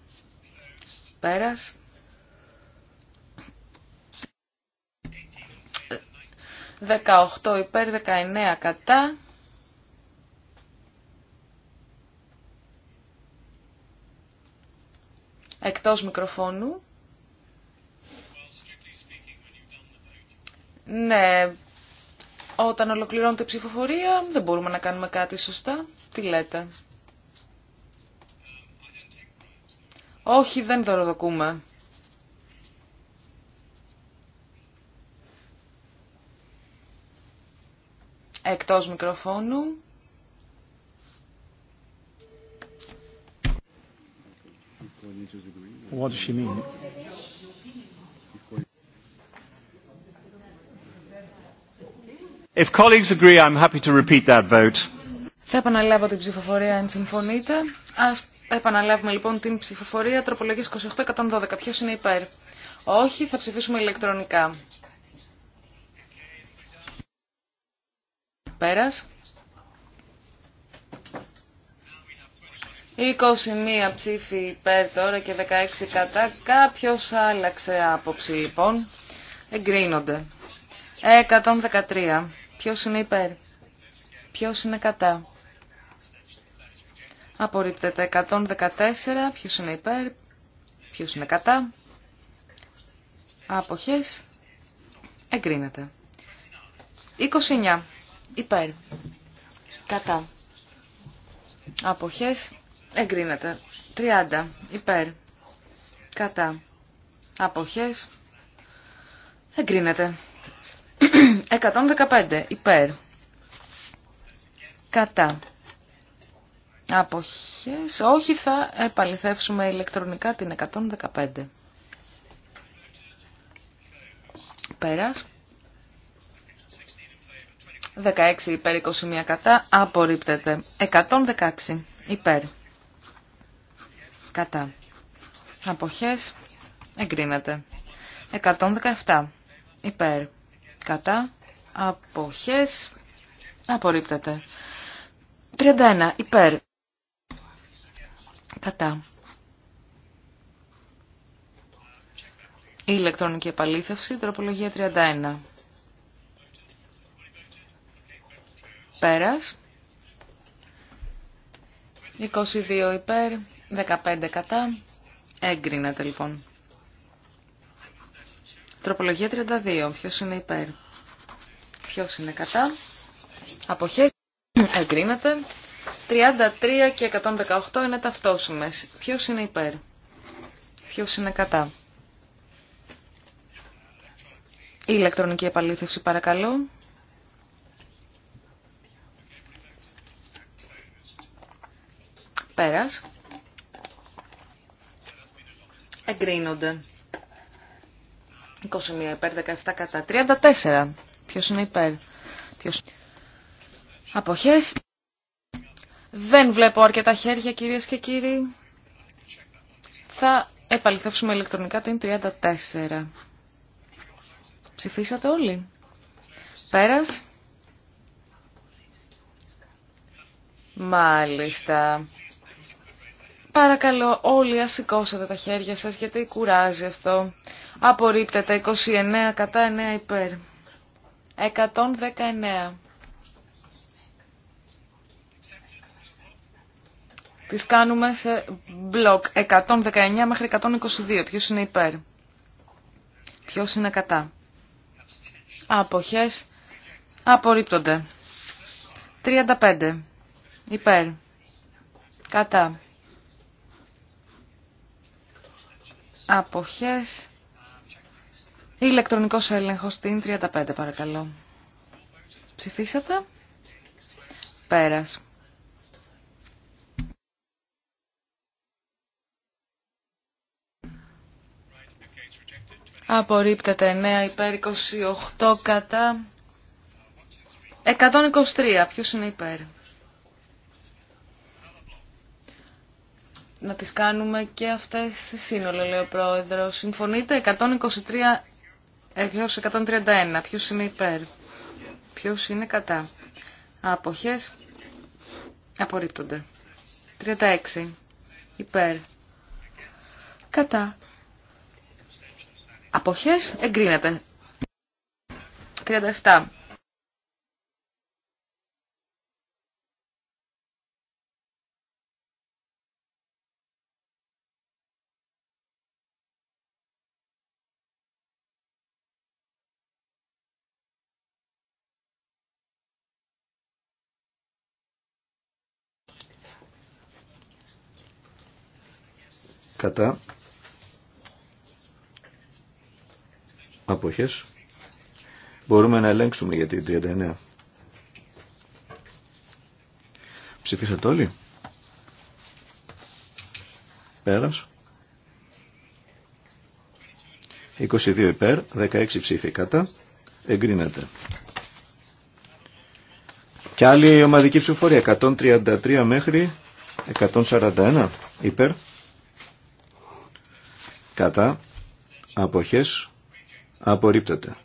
Πέρας. 18 υπέρ 19 κατά. Εκτός μικροφώνου. Ναι, όταν ολοκληρώνεται η ψηφοφορία δεν μπορούμε να κάνουμε κάτι σωστά. Τι λέτε. Όχι, δεν δωροδοκούμε. Εκτός μικροφώνου. What does she mean? If colleagues agree, I'm happy to repeat that vote. Θα επαναλάβω την ψηφοφορία αν συμφωνείτε. Ας επαναλάβουμε λοιπόν την ψηφοφορια τροπολογης τροπολογίας 28-112. Ποιος είναι υπέρ. Όχι, θα ψηφίσουμε ηλεκτρονικά. Πέρας. 21 ψήφοι υπέρ τώρα και 16 κατά. Κάποιος άλλαξε άποψη λοιπόν. Εγκρίνονται. 113. Ποιος είναι υπέρ. Ποιος είναι κατά. Απορρίπτεται 114. Ποιος είναι υπέρ. Ποιος είναι κατά. Αποχές. Εγκρίνεται. 29. Υπέρ. Κατά. Αποχές. Εγκρίνεται. 30. Υπέρ. Κατά. Αποχές. Εγκρίνεται. 115 υπέρ. Κατά. Αποχές. Όχι, θα επαληθεύσουμε ηλεκτρονικά την 115. Πέρας. 16 υπέρ 21 κατά. Απορρίπτεται. 116 υπέρ. Κατά. Αποχές. Εγκρίνεται. 117 υπέρ κατά, αποχές, απορρίπτεται. 31 υπέρ, κατά. Η ηλεκτρονική επαλήθευση, τροπολογία 31. Πέρας. 22 υπέρ, 15 κατά. Έγκρινατε λοιπόν. Τροπολογία 32. Ποιος είναι υπέρ. Ποιος είναι κατά. Αποχές. Εγκρίνεται. 33 και 118 είναι ταυτόσιμες. Ποιος είναι υπέρ. Ποιος είναι κατά. Η ηλεκτρονική επαλήθευση παρακαλώ. Πέρας. Εγκρίνονται. 21 υπέρ, 17 κατά. 34. Ποιος είναι υπέρ. Ποιος... Αποχές. Δεν βλέπω αρκετά χέρια κυρίες και κύριοι. Θα επαληθεύσουμε ηλεκτρονικά την 34. Ψηφίσατε όλοι. Πέρας. Μάλιστα. Παρακαλώ όλοι ας σηκώσετε τα χέρια σας γιατί κουράζει αυτό. Απορρίπτεται 29 κατά 9 υπέρ. 119. Τις κάνουμε σε μπλοκ 119 μέχρι 122. Ποιος είναι υπέρ. Ποιος είναι κατά. Αποχές απορρίπτονται. 35. Υπέρ. Κατά. Αποχές Ηλεκτρονικός έλεγχος στην 35 παρακαλώ. Ψηφίσατε. Πέρας. Απορρίπτεται 9 υπέρ 28 κατά 123. Ποιος είναι υπέρ. Να τις κάνουμε και αυτές σύνολο λέει ο πρόεδρος. Συμφωνείτε 123 έως 131. Ποιος είναι υπέρ. Ποιος είναι κατά. Αποχές απορρίπτονται. 36. Υπέρ. Κατά. Αποχές εγκρίνεται. 37. κατά αποχές μπορούμε να ελέγξουμε για την 39 ψηφίσατε όλοι πέρας 22 υπέρ 16 ψήφι κατά εγκρίνεται και άλλη ομαδική ψηφοφορία 133 μέχρι 141 υπέρ κατά αποχές απορρίπτεται.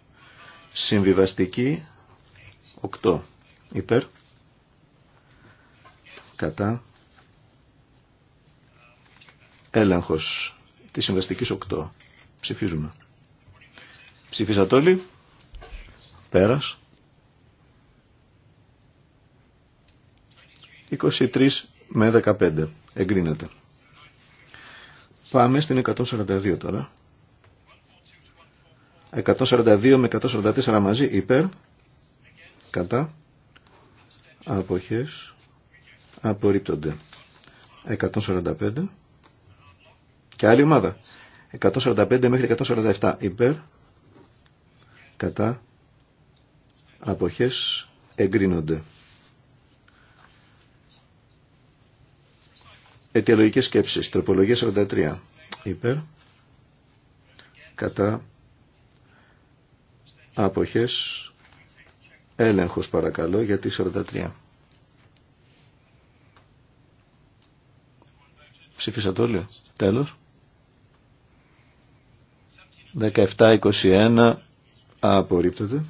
Συμβιβαστική 8 υπέρ κατά έλεγχος της συμβαστικής 8. Ψηφίζουμε. Ψηφίσατε όλοι. Πέρας. 23 με 15. Εγκρίνεται. Πάμε στην 142 τώρα. 142 με 144 μαζί υπέρ. Κατά. Αποχές. Απορρίπτονται. 145. Και άλλη ομάδα. 145 μέχρι 147 υπέρ. Κατά. Αποχές εγκρίνονται. Αιτιολογικές σκέψεις. Τροπολογία 43. Υπέρ. Κατά. Άποχες. Έλεγχος παρακαλώ για τη 43. το ολοι όλοι. Τέλος. 17-21 απορρίπτεται.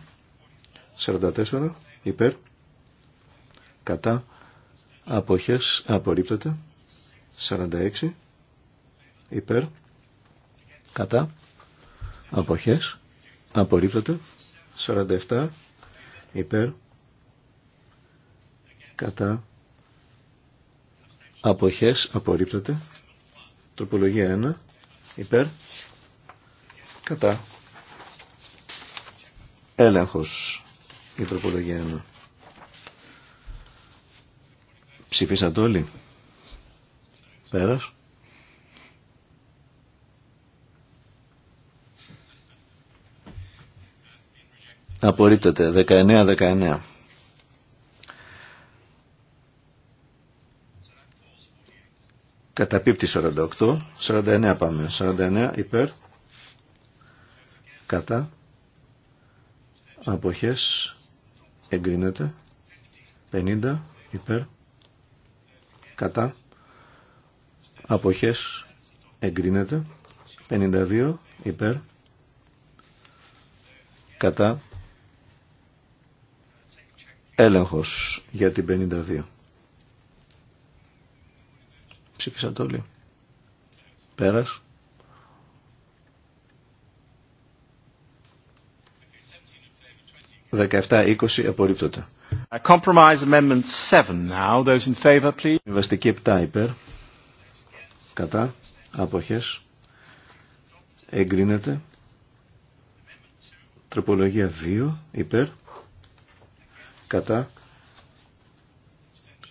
44 υπέρ. Κατά. Αποχές απορρίπτεται. 46 υπέρ κατά αποχές απορρίπτεται 47 υπέρ κατά αποχές απορρίπτεται τροπολογία 1 υπέρ κατά έλεγχος η τροπολογία 1 ψηφίσατε όλοι Πέρας. Απορρίπτεται. 19-19. Καταπίπτει 48. 49 πάμε. 49 υπέρ. Κατά. Αποχές. Εγκρίνεται. 50 υπέρ. Κατά αποχές εγκρίνεται 52 υπέρ κατά έλεγχος για την 52 ψήφισαν το όλοι πέρας ...17-20 απορρίπτωτα. Compromise 7 υπέρ κατά αποχές εγκρίνεται τροπολογία 2 υπέρ κατά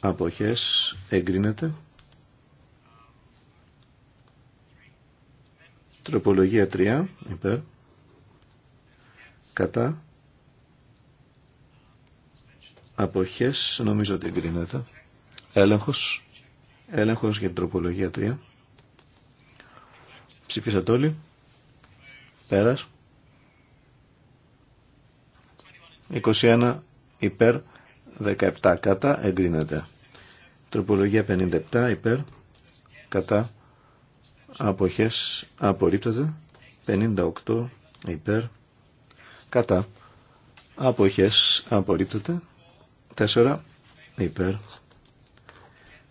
αποχές εγκρίνεται τροπολογία 3 υπέρ κατά αποχές νομίζω ότι εγκρίνεται έλεγχος έλεγχος για την τροπολογία 3 Ψηφίσατε όλοι. Πέρας. 21 υπέρ, 17 κατά, εγκρίνεται. Τροπολογία 57 υπέρ, κατά, αποχές, απορρίπτεται. 58 υπέρ, κατά, αποχές, απορρίπτεται. 4 υπέρ,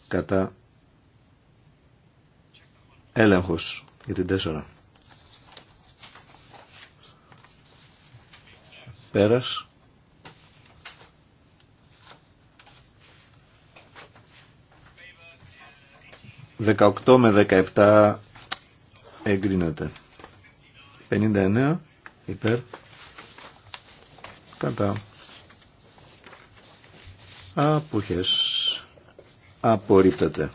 κατά, έλεγχος για την τέσσερα. Πέρας. Δεκαοκτώ με δεκαεπτά εγκρίνεται. Πενήντα εννέα υπέρ. Κατά. Αποχές. Απορρίπτεται.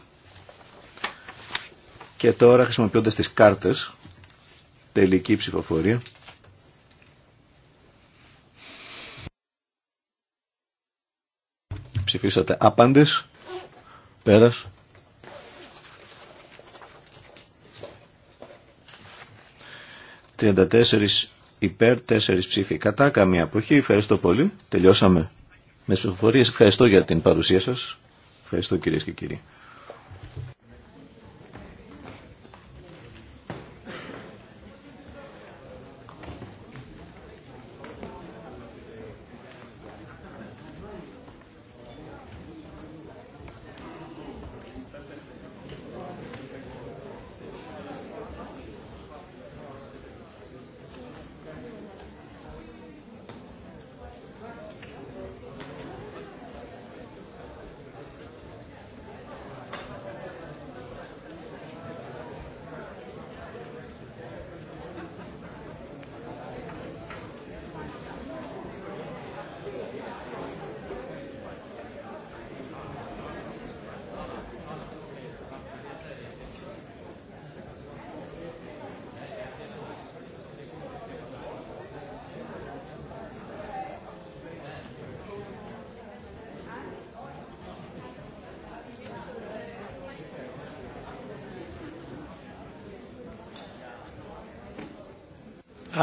Και τώρα χρησιμοποιώντας τις κάρτες, τελική ψηφοφορία. Ψηφίσατε άπαντες, πέρας. «34 υπέρ, 4 ψήφοι κατά, καμία αποχή. Ευχαριστώ πολύ. Τελειώσαμε με τις ψηφοφορίες. Ευχαριστώ για την παρουσία σας. Ευχαριστώ κυρίες και κύριοι.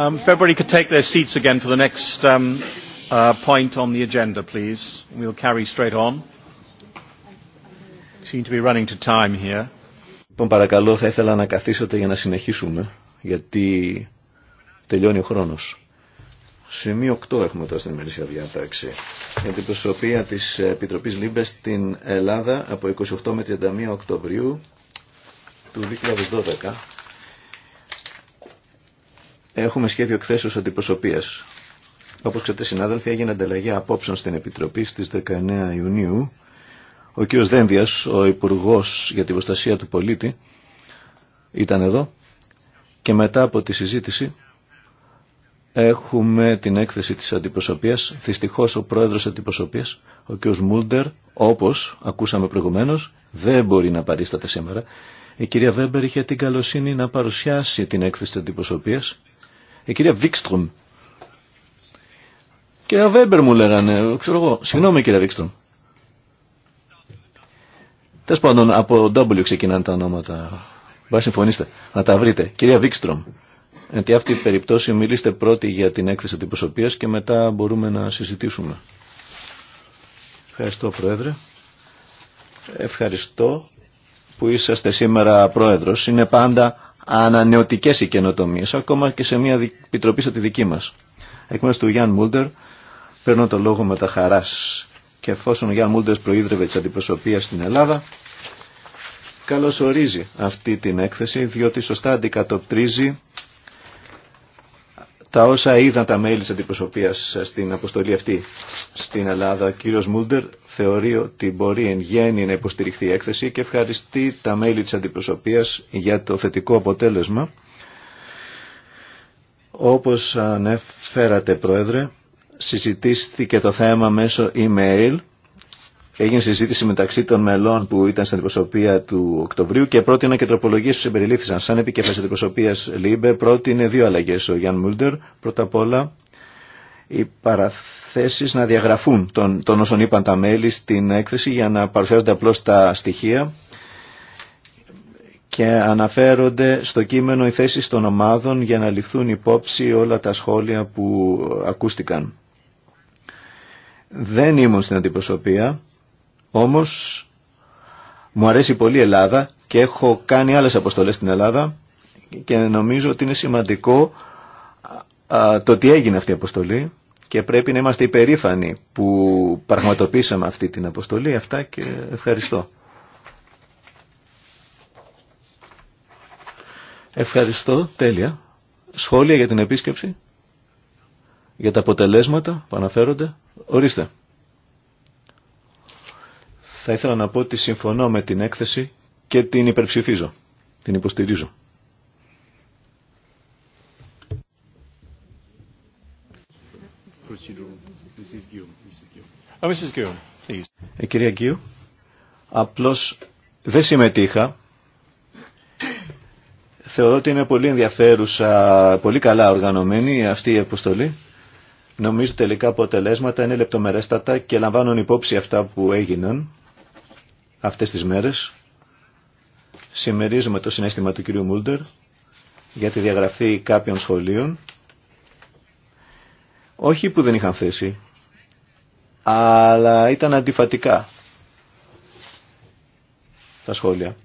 Λοιπόν, παρακαλώ, θα ήθελα να καθίσετε για να συνεχίσουμε, γιατί τελειώνει ο χρόνος. Σημείο 8 έχουμε τώρα στην ημερήσια διάταξη. Για την προσωπία της Επιτροπής Λίμπε στην Ελλάδα από 28 με 31 Οκτωβρίου του 2012. Έχουμε σχέδιο εκθέσεως αντιπροσωπείας. Όπως ξέρετε συνάδελφοι έγινε ανταλλαγή απόψεων στην Επιτροπή στις 19 Ιουνίου. Ο κ. Δένδιας, ο Υπουργός για την Προστασία του Πολίτη, ήταν εδώ και μετά από τη συζήτηση έχουμε την έκθεση της αντιπροσωπείας. Δυστυχώς ο πρόεδρος της αντιπροσωπείας, ο κ. Μούλντερ, όπως ακούσαμε προηγουμένως, δεν μπορεί να παρίσταται σήμερα. Η κυρία Βέμπερ είχε την καλοσύνη να παρουσιάσει την έκθεση της αντιπροσωπείας η ε, κυρία Βίξτρομ. Κυρία Βέμπερ μου λέγανε, ξέρω εγώ. Συγγνώμη κυρία Βίξτρομ. Τέλο πάντων από W ξεκινάνε τα ονόματα. να Να τα βρείτε. Κυρία Βίξτρομ. Γιατί αυτή η περιπτώση μιλήστε πρώτη για την έκθεση αντιπροσωπείας και μετά μπορούμε να συζητήσουμε. Ευχαριστώ Πρόεδρε. Ευχαριστώ που είσαστε σήμερα Πρόεδρος. Είναι πάντα Ανανεωτικέ οι καινοτομίε ακόμα και σε μια επιτροπή σαν τη δική μα. Εκ μέρου του Γιάνν Μούλτερ παίρνω το λόγο με τα χαράς και εφόσον ο Γιάνν Μούλτερ προείδρευε της αντιπροσωπεία στην Ελλάδα, καλώς ορίζει αυτή την έκθεση διότι σωστά αντικατοπτρίζει τα όσα είδαν τα μέλη της αντιπροσωπείας στην αποστολή αυτή στην Ελλάδα. Ο κύριος Μούντερ θεωρεί ότι μπορεί εν γέννη να υποστηριχθεί η έκθεση και ευχαριστεί τα μέλη της αντιπροσωπείας για το θετικό αποτέλεσμα. Όπως ανέφερατε Πρόεδρε, συζητήθηκε το θέμα μέσω email Έγινε συζήτηση μεταξύ των μελών που ήταν στην αντιπροσωπεία του Οκτωβρίου και πρότεινα και τροπολογίε που συμπεριλήφθησαν. Σαν επικεφαλή αντιπροσωπεία ΛΥΜΠΕ πρότεινε δύο αλλαγέ ο Γιάνν Μούλτερ. Πρώτα απ' όλα οι παραθέσει να διαγραφούν των, των όσων είπαν τα μέλη στην έκθεση για να παρουσιάζονται απλώ τα στοιχεία και αναφέρονται στο κείμενο οι θέσει των ομάδων για να ληφθούν υπόψη όλα τα σχόλια που ακούστηκαν. Δεν ήμουν στην αντιπροσωπεία όμως μου αρέσει πολύ η Ελλάδα και έχω κάνει άλλες αποστολές στην Ελλάδα και νομίζω ότι είναι σημαντικό το ότι έγινε αυτή η αποστολή και πρέπει να είμαστε υπερήφανοι που πραγματοποίησαμε αυτή την αποστολή. Αυτά και ευχαριστώ. Ευχαριστώ. Τέλεια. Σχόλια για την επίσκεψη, για τα αποτελέσματα που αναφέρονται. Ορίστε θα ήθελα να πω ότι συμφωνώ με την έκθεση και την υπερψηφίζω, την υποστηρίζω. Ε, κυρία Γκίου, απλώς δεν συμμετείχα. Θεωρώ ότι είναι πολύ ενδιαφέρουσα, πολύ καλά οργανωμένη αυτή η αποστολή. Νομίζω τελικά αποτελέσματα είναι λεπτομερέστατα και λαμβάνουν υπόψη αυτά που έγιναν Αυτές τις μέρες συμμερίζουμε το συνέστημα του κυρίου Μούλτερ για τη διαγραφή κάποιων σχολείων όχι που δεν είχαν θέση αλλά ήταν αντιφατικά τα σχόλια.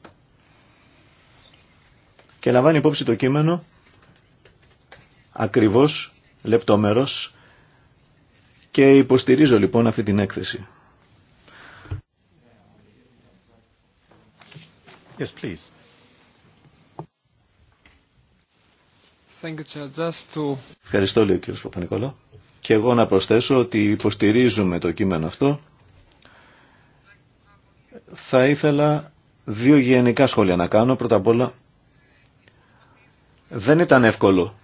Και λαμβάνει υπόψη το κείμενο ακριβώς λεπτόμερος και υποστηρίζω λοιπόν αυτή την έκθεση. Ευχαριστώ, λέει ο κ. παπα Και εγώ να προσθέσω ότι υποστηρίζουμε το κείμενο αυτό. Θα ήθελα δύο γενικά σχόλια να κάνω. Πρώτα απ' όλα, δεν ήταν εύκολο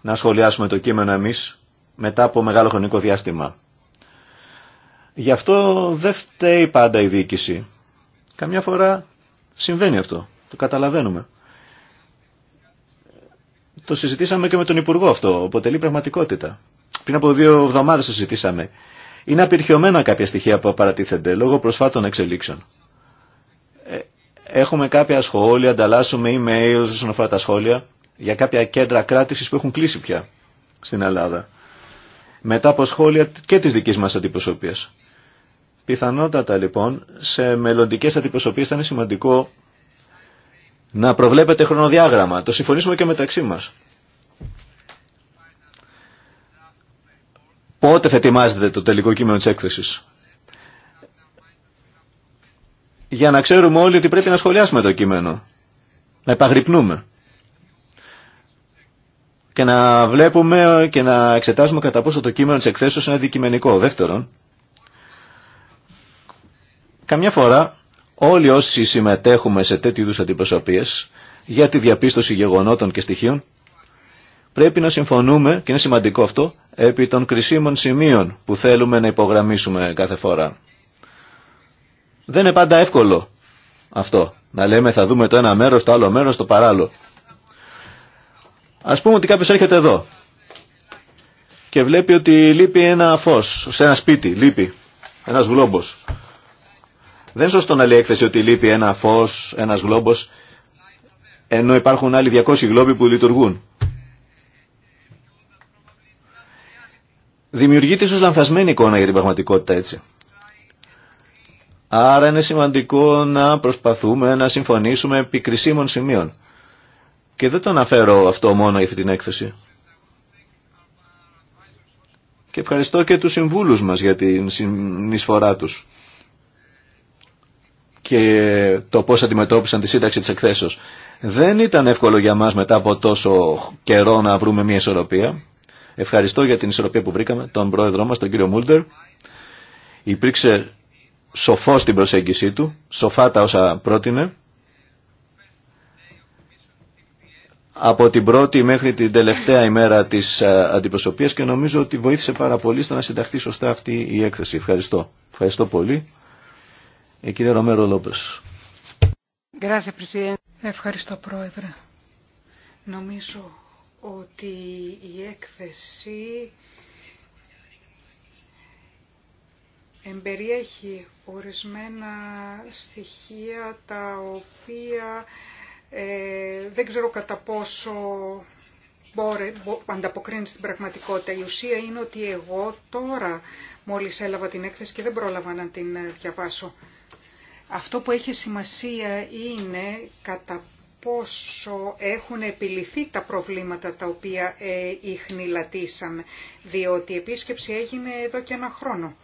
να σχολιάσουμε το κείμενο εμείς μετά από μεγάλο χρονικό διάστημα. Γι' αυτό δεν φταίει πάντα η διοίκηση. Καμιά φορά συμβαίνει αυτό. Το καταλαβαίνουμε. Το συζητήσαμε και με τον Υπουργό αυτό. Αποτελεί πραγματικότητα. Πριν από δύο εβδομάδες το συζητήσαμε. Είναι απειρχιωμένα κάποια στοιχεία που παρατίθενται λόγω προσφάτων εξελίξεων. Ε, έχουμε κάποια σχόλια, ανταλλάσσουμε email όσον αφορά τα σχόλια για κάποια κέντρα κράτηση που έχουν κλείσει πια στην Ελλάδα. Μετά από σχόλια και τη δική μα αντιπροσωπεία. Πιθανότατα λοιπόν σε μελλοντικές αντιπροσωπείες θα είναι σημαντικό να προβλέπετε χρονοδιάγραμμα. Το συμφωνήσουμε και μεταξύ μας. Πότε θα ετοιμάζετε το τελικό κείμενο της έκθεσης. Για να ξέρουμε όλοι ότι πρέπει να σχολιάσουμε το κείμενο. Να επαγρυπνούμε. Και να βλέπουμε και να εξετάζουμε κατά πόσο το κείμενο της εκθέσεως είναι αντικειμενικό. Δεύτερον, Καμιά φορά όλοι όσοι συμμετέχουμε σε τέτοιου είδους αντιπροσωπείες για τη διαπίστωση γεγονότων και στοιχείων πρέπει να συμφωνούμε, και είναι σημαντικό αυτό, επί των κρισίμων σημείων που θέλουμε να υπογραμμίσουμε κάθε φορά. Δεν είναι πάντα εύκολο αυτό, να λέμε θα δούμε το ένα μέρος, το άλλο μέρος, το παράλληλο. Ας πούμε ότι κάποιος έρχεται εδώ και βλέπει ότι λείπει ένα φως, σε ένα σπίτι λείπει ένας γλόμπος. Δεν σωστό να λέει έκθεση ότι λείπει ένα φως, ένας γλόμπο, ενώ υπάρχουν άλλοι 200 γλόμποι που λειτουργούν. Δημιουργείται ίσω λανθασμένη εικόνα για την πραγματικότητα έτσι. Άρα είναι σημαντικό να προσπαθούμε να συμφωνήσουμε επί κρισίμων σημείων. Και δεν το αναφέρω αυτό μόνο για αυτή την έκθεση. Και ευχαριστώ και τους συμβούλους μας για την συνεισφορά τους και το πώς αντιμετώπισαν τη σύνταξη της εκθέσεως. Δεν ήταν εύκολο για μας μετά από τόσο καιρό να βρούμε μια ισορροπία. Ευχαριστώ για την ισορροπία που βρήκαμε, τον πρόεδρό μας, τον κύριο Μούλτερ. Υπήρξε σοφό στην προσέγγιση του, σοφά τα όσα πρότεινε. Από την πρώτη μέχρι την τελευταία ημέρα της ε, αντιπροσωπείας και νομίζω ότι βοήθησε πάρα πολύ στο να συνταχθεί σωστά αυτή η έκθεση. Ευχαριστώ. Ευχαριστώ πολύ. Ε, Ευχαριστώ πρόεδρε. Νομίζω ότι η έκθεση εμπεριέχει ορισμένα στοιχεία τα οποία ε, δεν ξέρω κατά πόσο μπορεί, ανταποκρίνει στην πραγματικότητα. Η ουσία είναι ότι εγώ τώρα μόλις έλαβα την έκθεση και δεν πρόλαβα να την ε, διαβάσω. Αυτό που έχει σημασία είναι κατά πόσο έχουν επιληθεί τα προβλήματα τα οποία ε, διότι η επίσκεψη έγινε εδώ και ένα χρόνο.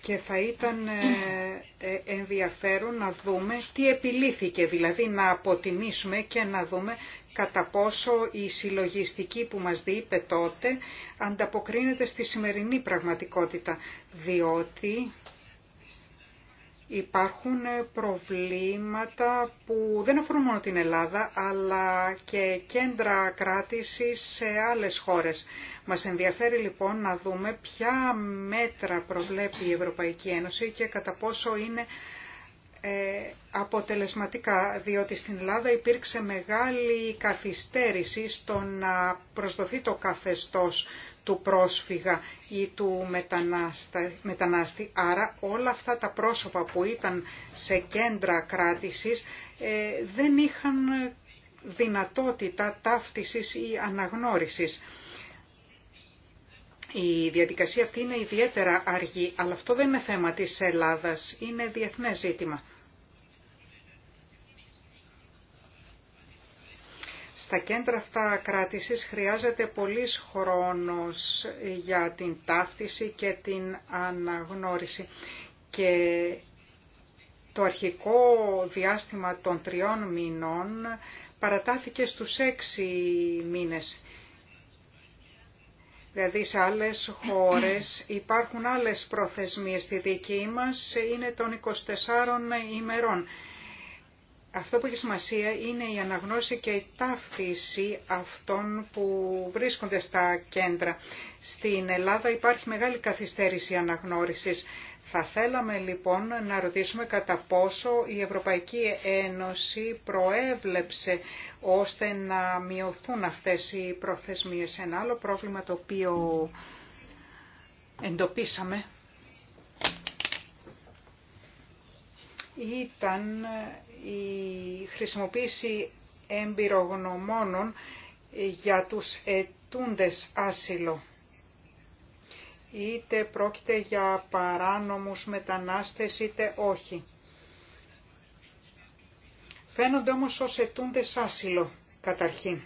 Και θα ήταν ε, ε, ενδιαφέρον να δούμε τι επιλήθηκε, δηλαδή να αποτιμήσουμε και να δούμε κατά πόσο η συλλογιστική που μας διείπε τότε ανταποκρίνεται στη σημερινή πραγματικότητα, διότι Υπάρχουν προβλήματα που δεν αφορούν μόνο την Ελλάδα, αλλά και κέντρα κράτησης σε άλλες χώρες. Μας ενδιαφέρει λοιπόν να δούμε ποια μέτρα προβλέπει η Ευρωπαϊκή Ένωση και κατά πόσο είναι ε, αποτελεσματικά, διότι στην Ελλάδα υπήρξε μεγάλη καθυστέρηση στο να προσδοθεί το καθεστώς του πρόσφυγα ή του μετανάστη. Άρα όλα αυτά τα πρόσωπα που ήταν σε κέντρα κράτησης ε, δεν είχαν δυνατότητα ταύτισης ή αναγνώρισης. Η διαδικασία αυτή είναι ιδιαίτερα αργή, αλλά αυτό δεν είναι θέμα της Ελλάδας, είναι διεθνές ζήτημα. Στα κέντρα αυτά κράτησης χρειάζεται πολύς χρόνος για την ταύτιση και την αναγνώριση. Και το αρχικό διάστημα των τριών μηνών παρατάθηκε στους έξι μήνες. Δηλαδή σε άλλες χώρες υπάρχουν άλλες προθεσμίες. Στη δική μας είναι των 24 ημερών. Αυτό που έχει σημασία είναι η αναγνώριση και η ταύτιση αυτών που βρίσκονται στα κέντρα. Στην Ελλάδα υπάρχει μεγάλη καθυστέρηση αναγνώρισης. Θα θέλαμε λοιπόν να ρωτήσουμε κατά πόσο η Ευρωπαϊκή Ένωση προέβλεψε ώστε να μειωθούν αυτές οι προθεσμίες. Ένα άλλο πρόβλημα το οποίο εντοπίσαμε ήταν η χρησιμοποίηση εμπειρογνωμόνων για τους ετούντες άσυλο. Είτε πρόκειται για παράνομους μετανάστες είτε όχι. Φαίνονται όμως ως ετούντες άσυλο καταρχήν.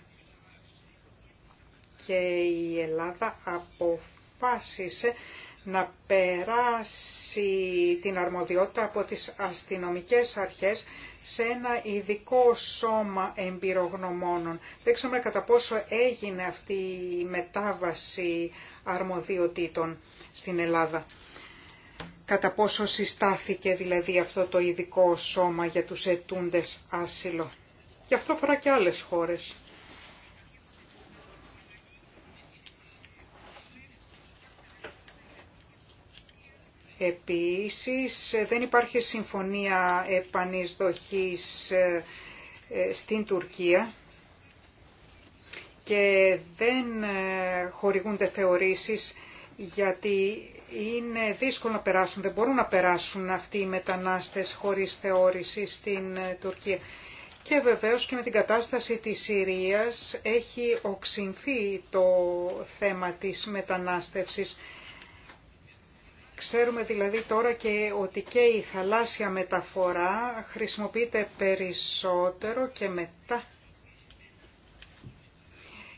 Και η Ελλάδα αποφάσισε να περάσει την αρμοδιότητα από τις αστυνομικές αρχές σε ένα ειδικό σώμα εμπειρογνωμόνων. Δέξαμε κατά πόσο έγινε αυτή η μετάβαση αρμοδιοτήτων στην Ελλάδα. Κατά πόσο συστάθηκε δηλαδή αυτό το ειδικό σώμα για τους ετούντες άσυλο. Γι' αυτό αφορά και άλλες χώρες. Επίσης δεν υπάρχει συμφωνία επανεισδοχής ε, ε, στην Τουρκία και δεν ε, χορηγούνται θεωρήσεις γιατί είναι δύσκολο να περάσουν, δεν μπορούν να περάσουν αυτοί οι μετανάστες χωρίς θεώρηση στην Τουρκία. Και βεβαίως και με την κατάσταση της Συρίας έχει οξυνθεί το θέμα της μετανάστευσης Ξέρουμε δηλαδή τώρα και ότι και η θαλάσσια μεταφορά χρησιμοποιείται περισσότερο και μετά.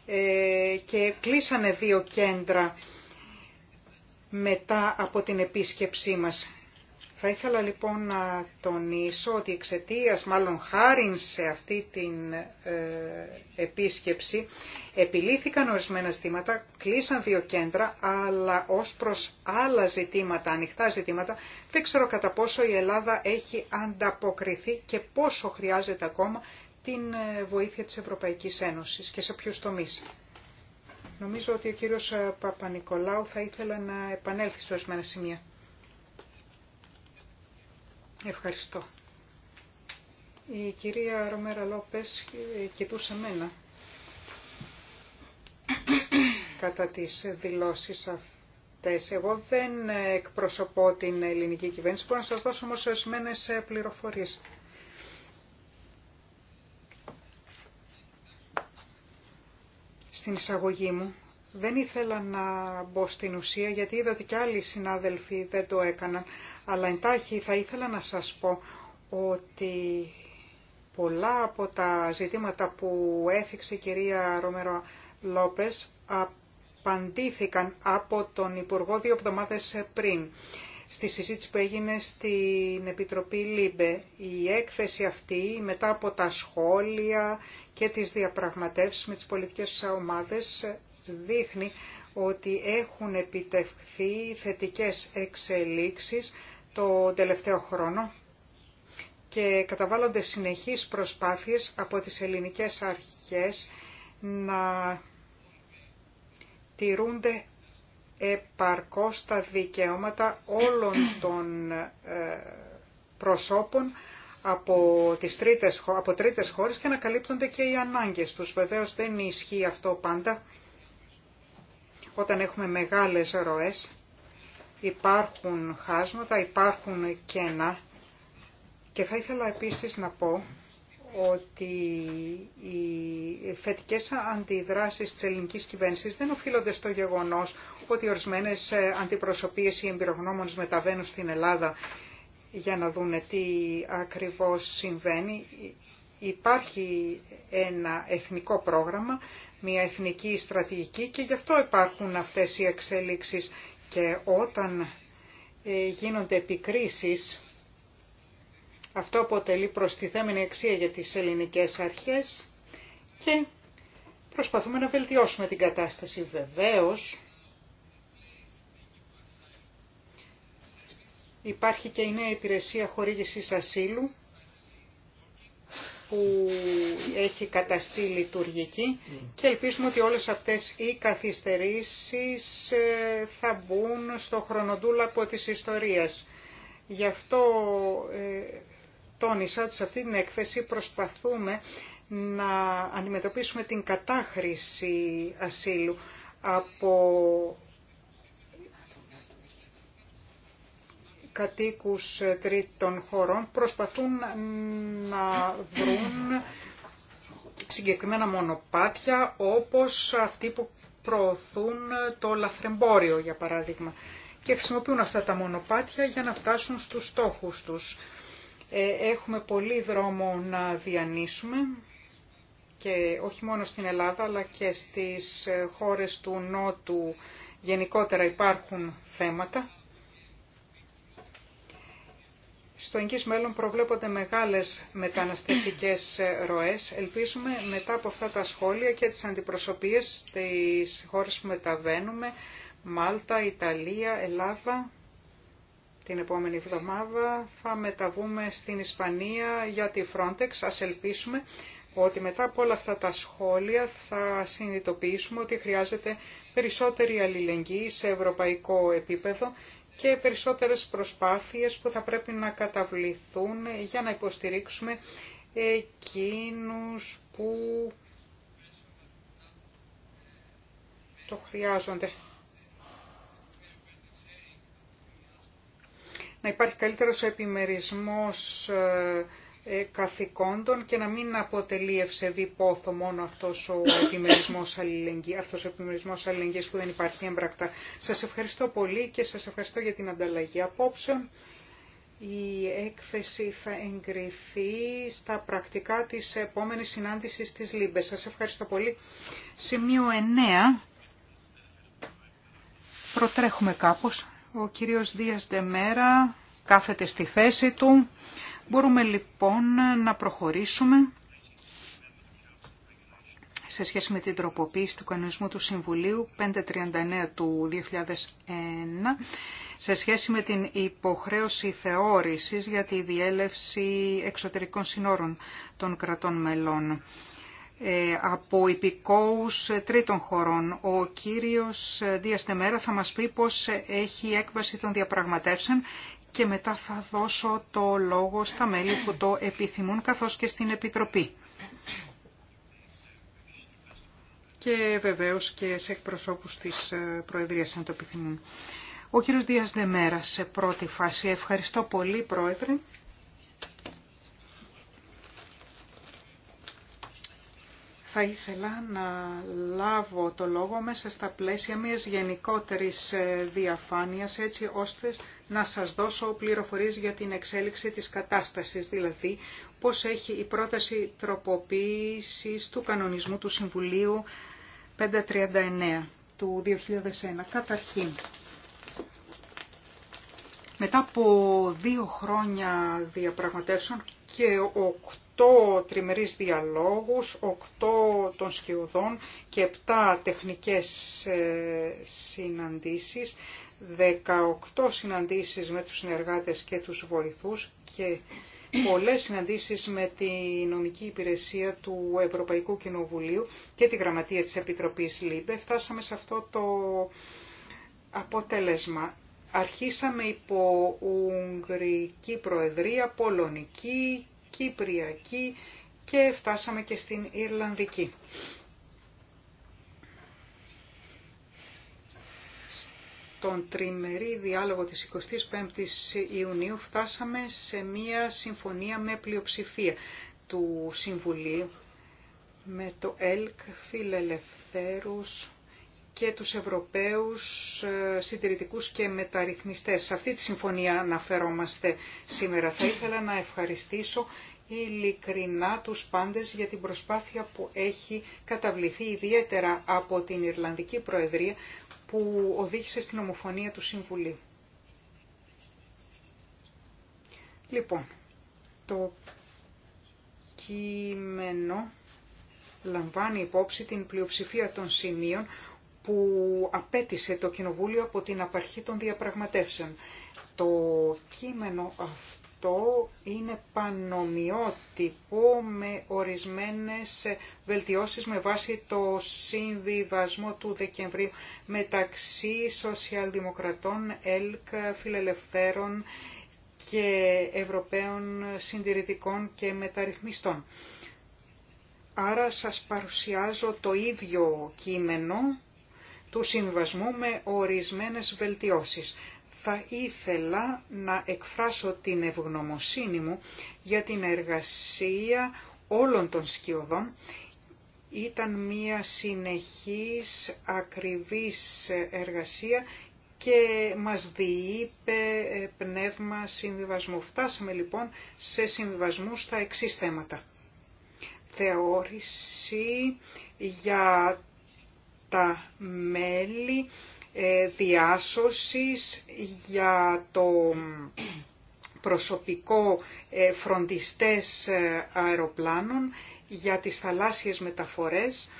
Ε, και κλείσανε δύο κέντρα μετά από την επίσκεψή μας. Θα ήθελα λοιπόν να τονίσω ότι εξαιτία μάλλον χάριν σε αυτή την ε, επίσκεψη επιλήθηκαν ορισμένα ζητήματα, κλείσαν δύο κέντρα, αλλά ως προς άλλα ζητήματα, ανοιχτά ζητήματα, δεν ξέρω κατά πόσο η Ελλάδα έχει ανταποκριθεί και πόσο χρειάζεται ακόμα την ε, βοήθεια της Ευρωπαϊκής Ένωσης και σε ποιους τομείς. Νομίζω ότι ο κύριος ε, Παπα-Νικολάου θα ήθελα να επανέλθει σε ορισμένα σημεία. Ευχαριστώ. Η κυρία Ρομέρα Λόπες ε, κοιτούσε μένα κατά τις δηλώσεις αυτές. Εγώ δεν εκπροσωπώ την ελληνική κυβέρνηση, μπορώ να σας δώσω όμως ορισμένε πληροφορίες. Στην εισαγωγή μου δεν ήθελα να μπω στην ουσία γιατί είδα ότι και άλλοι συνάδελφοι δεν το έκαναν. Αλλά εντάχει θα ήθελα να σας πω ότι πολλά από τα ζητήματα που έθιξε η κυρία Ρομέρο Λόπες απαντήθηκαν από τον Υπουργό δύο εβδομάδες πριν στη συζήτηση που έγινε στην Επιτροπή ΛΥΜΠΕ. Η έκθεση αυτή, μετά από τα σχόλια και τις διαπραγματεύσεις με τις πολιτικές ομάδες, δείχνει ότι έχουν επιτευχθεί θετικές εξελίξεις το τελευταίο χρόνο και καταβάλλονται συνεχείς προσπάθειες από τις ελληνικές αρχές να τηρούνται επαρκώς τα δικαιώματα όλων των ε, προσώπων από, τις τρίτες, από τρίτες χώρες και να καλύπτονται και οι ανάγκες τους. Βεβαίως δεν ισχύει αυτό πάντα όταν έχουμε μεγάλες ροές Υπάρχουν χάσματα, υπάρχουν κένα και θα ήθελα επίσης να πω ότι οι θετικές αντιδράσεις της ελληνικής κυβέρνησης δεν οφείλονται στο γεγονός ότι ορισμένες αντιπροσωπείες ή εμπειρογνώμονες μεταβαίνουν στην Ελλάδα για να δούνε τι ακριβώς συμβαίνει. Υπάρχει ένα εθνικό πρόγραμμα, μια εθνική στρατηγική και γι' αυτό υπάρχουν αυτές οι εξέλιξεις και όταν ε, γίνονται επικρίσεις, αυτό αποτελεί προστιθέμενη αξία για τις ελληνικές αρχές και προσπαθούμε να βελτιώσουμε την κατάσταση. Βεβαίως, υπάρχει και η νέα υπηρεσία χορήγησης ασύλου που έχει καταστεί λειτουργική mm. και ελπίζουμε ότι όλες αυτές οι καθυστερήσεις ε, θα μπουν στο χρονοτούλαπο της ιστορίας. Γι' αυτό ε, τόνισα ότι σε αυτή την έκθεση προσπαθούμε να αντιμετωπίσουμε την κατάχρηση ασύλου από κατοίκους τρίτων χωρών προσπαθούν να βρουν συγκεκριμένα μονοπάτια όπως αυτοί που προωθούν το λαθρεμπόριο για παράδειγμα και χρησιμοποιούν αυτά τα μονοπάτια για να φτάσουν στους στόχους τους. Ε, έχουμε πολύ δρόμο να διανύσουμε και όχι μόνο στην Ελλάδα αλλά και στις χώρες του Νότου γενικότερα υπάρχουν θέματα στο εγγύς μέλλον προβλέπονται μεγάλες μεταναστευτικές ροές. Ελπίζουμε μετά από αυτά τα σχόλια και τις αντιπροσωπείες στις χώρες που μεταβαίνουμε, Μάλτα, Ιταλία, Ελλάδα, την επόμενη εβδομάδα θα μεταβούμε στην Ισπανία για τη Frontex. Ας ελπίσουμε ότι μετά από όλα αυτά τα σχόλια θα συνειδητοποιήσουμε ότι χρειάζεται περισσότερη αλληλεγγύη σε ευρωπαϊκό επίπεδο και περισσότερες προσπάθειες που θα πρέπει να καταβληθούν για να υποστηρίξουμε εκείνους που το χρειάζονται. Να υπάρχει καλύτερος επιμερισμός ε, ε, καθηκόντων και να μην αποτελεί ευσεβή πόθο μόνο αυτός ο επιμερισμός, αλληλεγγύης, αυτός ο επιμερισμός αλληλεγγύης που δεν υπάρχει έμπρακτα. Σας ευχαριστώ πολύ και σας ευχαριστώ για την ανταλλαγή απόψεων. Η έκθεση θα εγκριθεί στα πρακτικά της επόμενης συνάντησης της ΛΥΜΠΕΣ. Σας ευχαριστώ πολύ. Σημείο 9. Προτρέχουμε κάπως. Ο κύριος Δίας Δεμέρα κάθεται στη θέση του. Μπορούμε λοιπόν να προχωρήσουμε σε σχέση με την τροποποίηση του κανονισμού του Συμβουλίου 539 του 2001 σε σχέση με την υποχρέωση θεώρησης για τη διέλευση εξωτερικών συνόρων των κρατών μελών ε, από υπηκόους τρίτων χωρών. Ο κύριος Δίας Τεμέρα θα μας πει πώς έχει η έκβαση των διαπραγματεύσεων και μετά θα δώσω το λόγο στα μέλη που το επιθυμούν καθώς και στην Επιτροπή. Και βεβαίως και σε εκπροσώπους της ε, Προεδρίας αν το επιθυμούν. Ο κύριος Δίας Δεμέρα σε πρώτη φάση. Ευχαριστώ πολύ Πρόεδρε. Θα ήθελα να λάβω το λόγο μέσα στα πλαίσια μιας γενικότερης ε, διαφάνειας έτσι ώστε να σας δώσω πληροφορίες για την εξέλιξη της κατάστασης, δηλαδή πώς έχει η πρόταση τροποποίησης του κανονισμού του Συμβουλίου 539 του 2001. Καταρχήν, μετά από δύο χρόνια διαπραγματεύσεων και οκτώ 8 τριμερείς διαλόγους, 8 των σκιουδών και 7 τεχνικές ε, συναντήσεις, 18 συναντήσεις με τους συνεργάτες και τους βοηθούς και πολλές συναντήσεις με τη νομική υπηρεσία του Ευρωπαϊκού Κοινοβουλίου και τη γραμματεία της Επιτροπής ΛΥΜΠΕ. Φτάσαμε σε αυτό το αποτέλεσμα. Αρχίσαμε υπό Ουγγρική Προεδρία, Πολωνική Κυπριακή και φτάσαμε και στην Ιρλανδική. Τον τριμερή διάλογο της 25ης Ιουνίου φτάσαμε σε μία συμφωνία με πλειοψηφία του Συμβουλίου με το ΕΛΚ, Φιλελευθέρους και τους Ευρωπαίους ε, συντηρητικούς και μεταρρυθμιστές. Σε αυτή τη συμφωνία αναφερόμαστε σήμερα. Θα ήθελα να ευχαριστήσω ειλικρινά τους πάντες για την προσπάθεια που έχει καταβληθεί ιδιαίτερα από την Ιρλανδική Προεδρία που οδήγησε στην ομοφωνία του Συμβουλίου. Λοιπόν, το κείμενο λαμβάνει υπόψη την πλειοψηφία των σημείων που απέτησε το Κοινοβούλιο από την απαρχή των διαπραγματεύσεων. Το κείμενο αυτό αυτό είναι πανομοιότυπο με ορισμένες βελτιώσεις με βάση το συμβιβασμό του Δεκεμβρίου μεταξύ σοσιαλδημοκρατών, ΕΛΚ, φιλελευθέρων και Ευρωπαίων συντηρητικών και μεταρρυθμιστών. Άρα σας παρουσιάζω το ίδιο κείμενο του συμβιβασμού με ορισμένες βελτιώσεις θα ήθελα να εκφράσω την ευγνωμοσύνη μου για την εργασία όλων των σκιωδών. Ήταν μία συνεχής ακριβής εργασία και μας διείπε πνεύμα συμβιβασμού. Φτάσαμε λοιπόν σε συμβιβασμού στα εξή θέματα. Θεώρηση για τα μέλη διάσωσης για το προσωπικό ε, φροντιστές ε, αεροπλάνων, για τις θαλάσσιες μεταφορές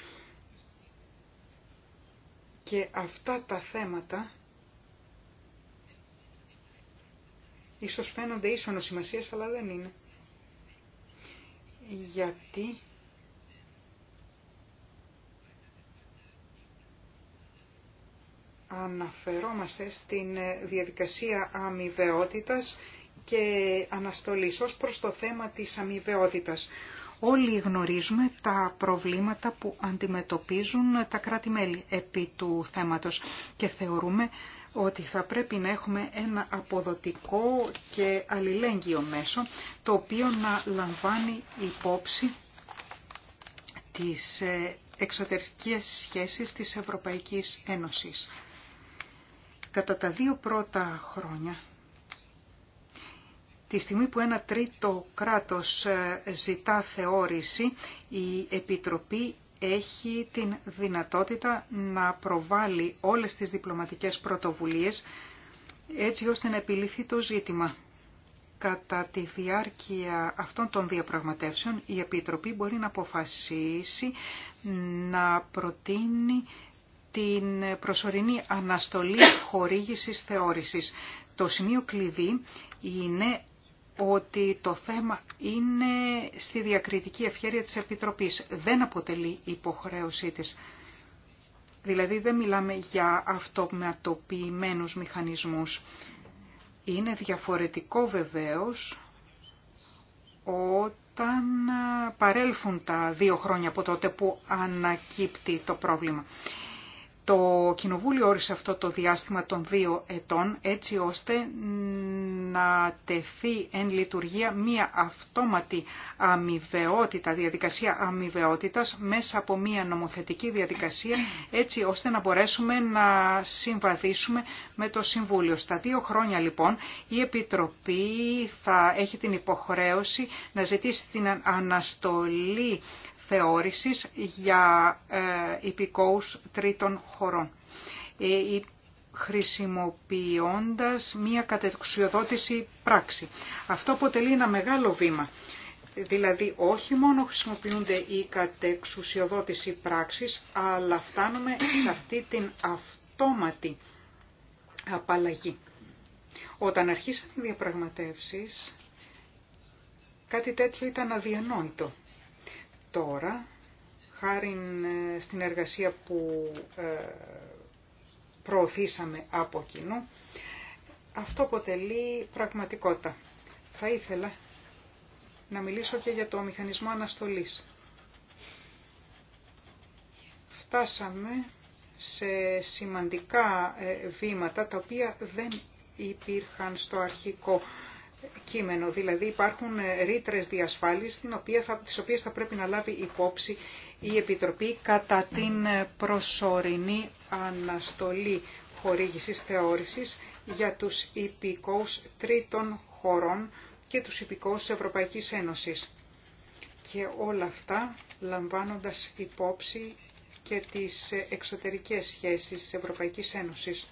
και αυτά τα θέματα ίσως φαίνονται ίσονο σημασίας αλλά δεν είναι. Γιατί αναφερόμαστε στην ε, διαδικασία αμοιβαιότητας και αναστολής ως προς το θέμα της αμοιβαιότητας. Όλοι γνωρίζουμε τα προβλήματα που αντιμετωπίζουν τα κράτη-μέλη επί του θέματος και θεωρούμε ότι θα πρέπει να έχουμε ένα αποδοτικό και αλληλέγγυο μέσο το οποίο να λαμβάνει υπόψη τις ε, εξωτερικές σχέσεις της Ευρωπαϊκής Ένωσης. Κατά τα δύο πρώτα χρόνια, τη στιγμή που ένα τρίτο κράτος ε, ζητά θεώρηση, η Επιτροπή έχει την δυνατότητα να προβάλλει όλες τις διπλωματικές πρωτοβουλίες έτσι ώστε να επιλυθεί το ζήτημα. Κατά τη διάρκεια αυτών των διαπραγματεύσεων η Επιτροπή μπορεί να αποφασίσει να προτείνει την προσωρινή αναστολή χορήγησης θεώρησης. Το σημείο κλειδί είναι ότι το θέμα είναι στη διακριτική ευχαίρεια της Επιτροπής. Δεν αποτελεί υποχρέωσή της. Δηλαδή δεν μιλάμε για αυτοματοποιημένους μηχανισμούς. Είναι διαφορετικό βεβαίως όταν παρέλθουν τα δύο χρόνια από τότε που ανακύπτει το πρόβλημα. Το Κοινοβούλιο όρισε αυτό το διάστημα των δύο ετών έτσι ώστε να τεθεί εν λειτουργία μία αυτόματη αμοιβαιότητα, διαδικασία αμοιβαιότητας μέσα από μία νομοθετική διαδικασία έτσι ώστε να μπορέσουμε να συμβαδίσουμε με το Συμβούλιο. Στα δύο χρόνια λοιπόν η Επιτροπή θα έχει την υποχρέωση να ζητήσει την αναστολή θεώρησης για ε, υπηκόους τρίτων χωρών ε, χρησιμοποιώντας μία κατεξιοδότηση πράξη. Αυτό αποτελεί ένα μεγάλο βήμα. Δηλαδή όχι μόνο χρησιμοποιούνται οι κατεξουσιοδότηση πράξεις αλλά φτάνουμε σε αυτή την αυτόματη απαλλαγή. Όταν αρχίσαν οι διαπραγματεύσεις, κάτι τέτοιο ήταν αδιανόητο τώρα, χάρη στην εργασία που ε, προωθήσαμε από κοινού, αυτό αποτελεί πραγματικότητα. Θα ήθελα να μιλήσω και για το μηχανισμό αναστολής. Φτάσαμε σε σημαντικά ε, βήματα τα οποία δεν υπήρχαν στο αρχικό κείμενο. Δηλαδή υπάρχουν ε, ρήτρες διασφάλισης την οποία θα, τις οποίες θα πρέπει να λάβει υπόψη η Επιτροπή κατά την ε, προσωρινή αναστολή χορήγησης θεώρησης για τους υπηκόους τρίτων χωρών και τους υπηκόους της Ευρωπαϊκής Ένωσης. Και όλα αυτά λαμβάνοντας υπόψη και τις ε, εξωτερικές σχέσεις της Ευρωπαϊκής Ένωσης.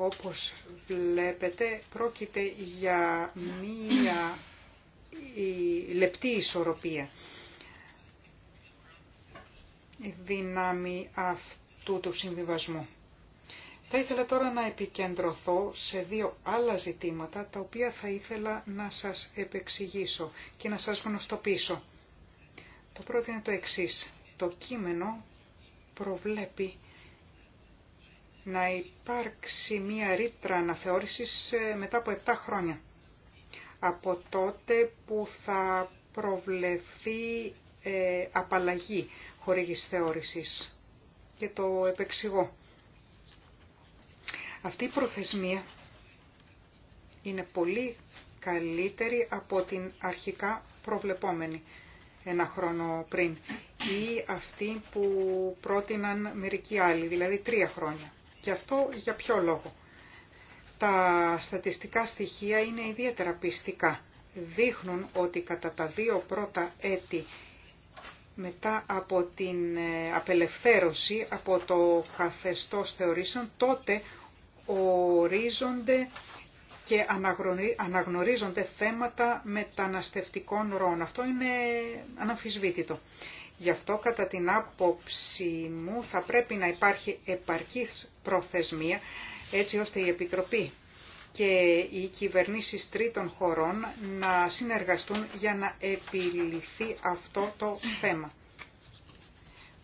Όπως βλέπετε, πρόκειται για μία λεπτή ισορροπία. δύναμη αυτού του συμβιβασμού. Θα ήθελα τώρα να επικεντρωθώ σε δύο άλλα ζητήματα, τα οποία θα ήθελα να σας επεξηγήσω και να σας γνωστοποιήσω. Το πρώτο είναι το εξής. Το κείμενο προβλέπει να υπάρξει μία ρήτρα αναθεώρησης ε, μετά από 7 χρόνια. Από τότε που θα προβλεφθεί ε, απαλλαγή χορήγης θεώρησης. Και το επεξηγώ. Αυτή η προθεσμία είναι πολύ καλύτερη από την αρχικά προβλεπόμενη ένα χρόνο πριν ή αυτή που πρότειναν μερικοί άλλοι, δηλαδή τρία χρόνια. Και αυτό για ποιο λόγο. Τα στατιστικά στοιχεία είναι ιδιαίτερα πιστικά. Δείχνουν ότι κατά τα δύο πρώτα έτη μετά από την ε, απελευθέρωση από το καθεστώς θεωρήσεων, τότε ορίζονται και αναγνωρίζονται θέματα μεταναστευτικών ροών. Αυτό είναι αναμφισβήτητο. Γι' αυτό κατά την άποψη μου θα πρέπει να υπάρχει επαρκής προθεσμία έτσι ώστε η Επιτροπή και οι κυβερνήσεις τρίτων χωρών να συνεργαστούν για να επιληθεί αυτό το θέμα.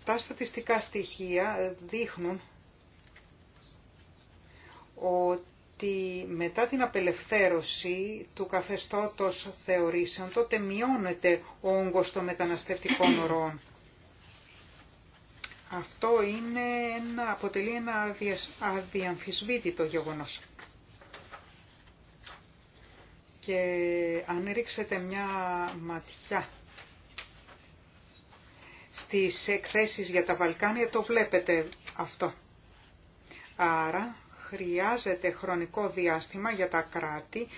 Τα στατιστικά στοιχεία δείχνουν ότι ότι μετά την απελευθέρωση του καθεστώτος θεωρήσεων, τότε μειώνεται ο όγκος των μεταναστευτικών ορών. Αυτό είναι αποτελεί ένα αδιαμφισβήτητο γεγονός. Και αν ρίξετε μια ματιά στις εκθέσεις για τα Βαλκάνια, το βλέπετε αυτό. Άρα χρειάζεται χρονικό διάστημα για τα κράτη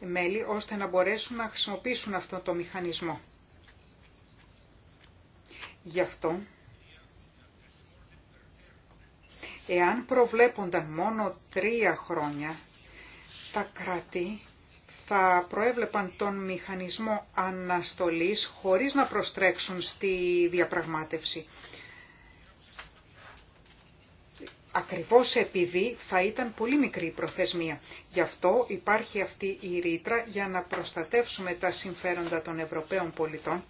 μέλη ώστε να μπορέσουν να χρησιμοποιήσουν αυτό το μηχανισμό. Γι' αυτό, εάν προβλέπονταν μόνο τρία χρόνια, τα κράτη θα προέβλεπαν τον μηχανισμό αναστολής χωρίς να προστρέξουν στη διαπραγμάτευση ακριβώς επειδή θα ήταν πολύ μικρή η προθεσμία. Γι' αυτό υπάρχει αυτή η ρήτρα για να προστατεύσουμε τα συμφέροντα των Ευρωπαίων πολιτών,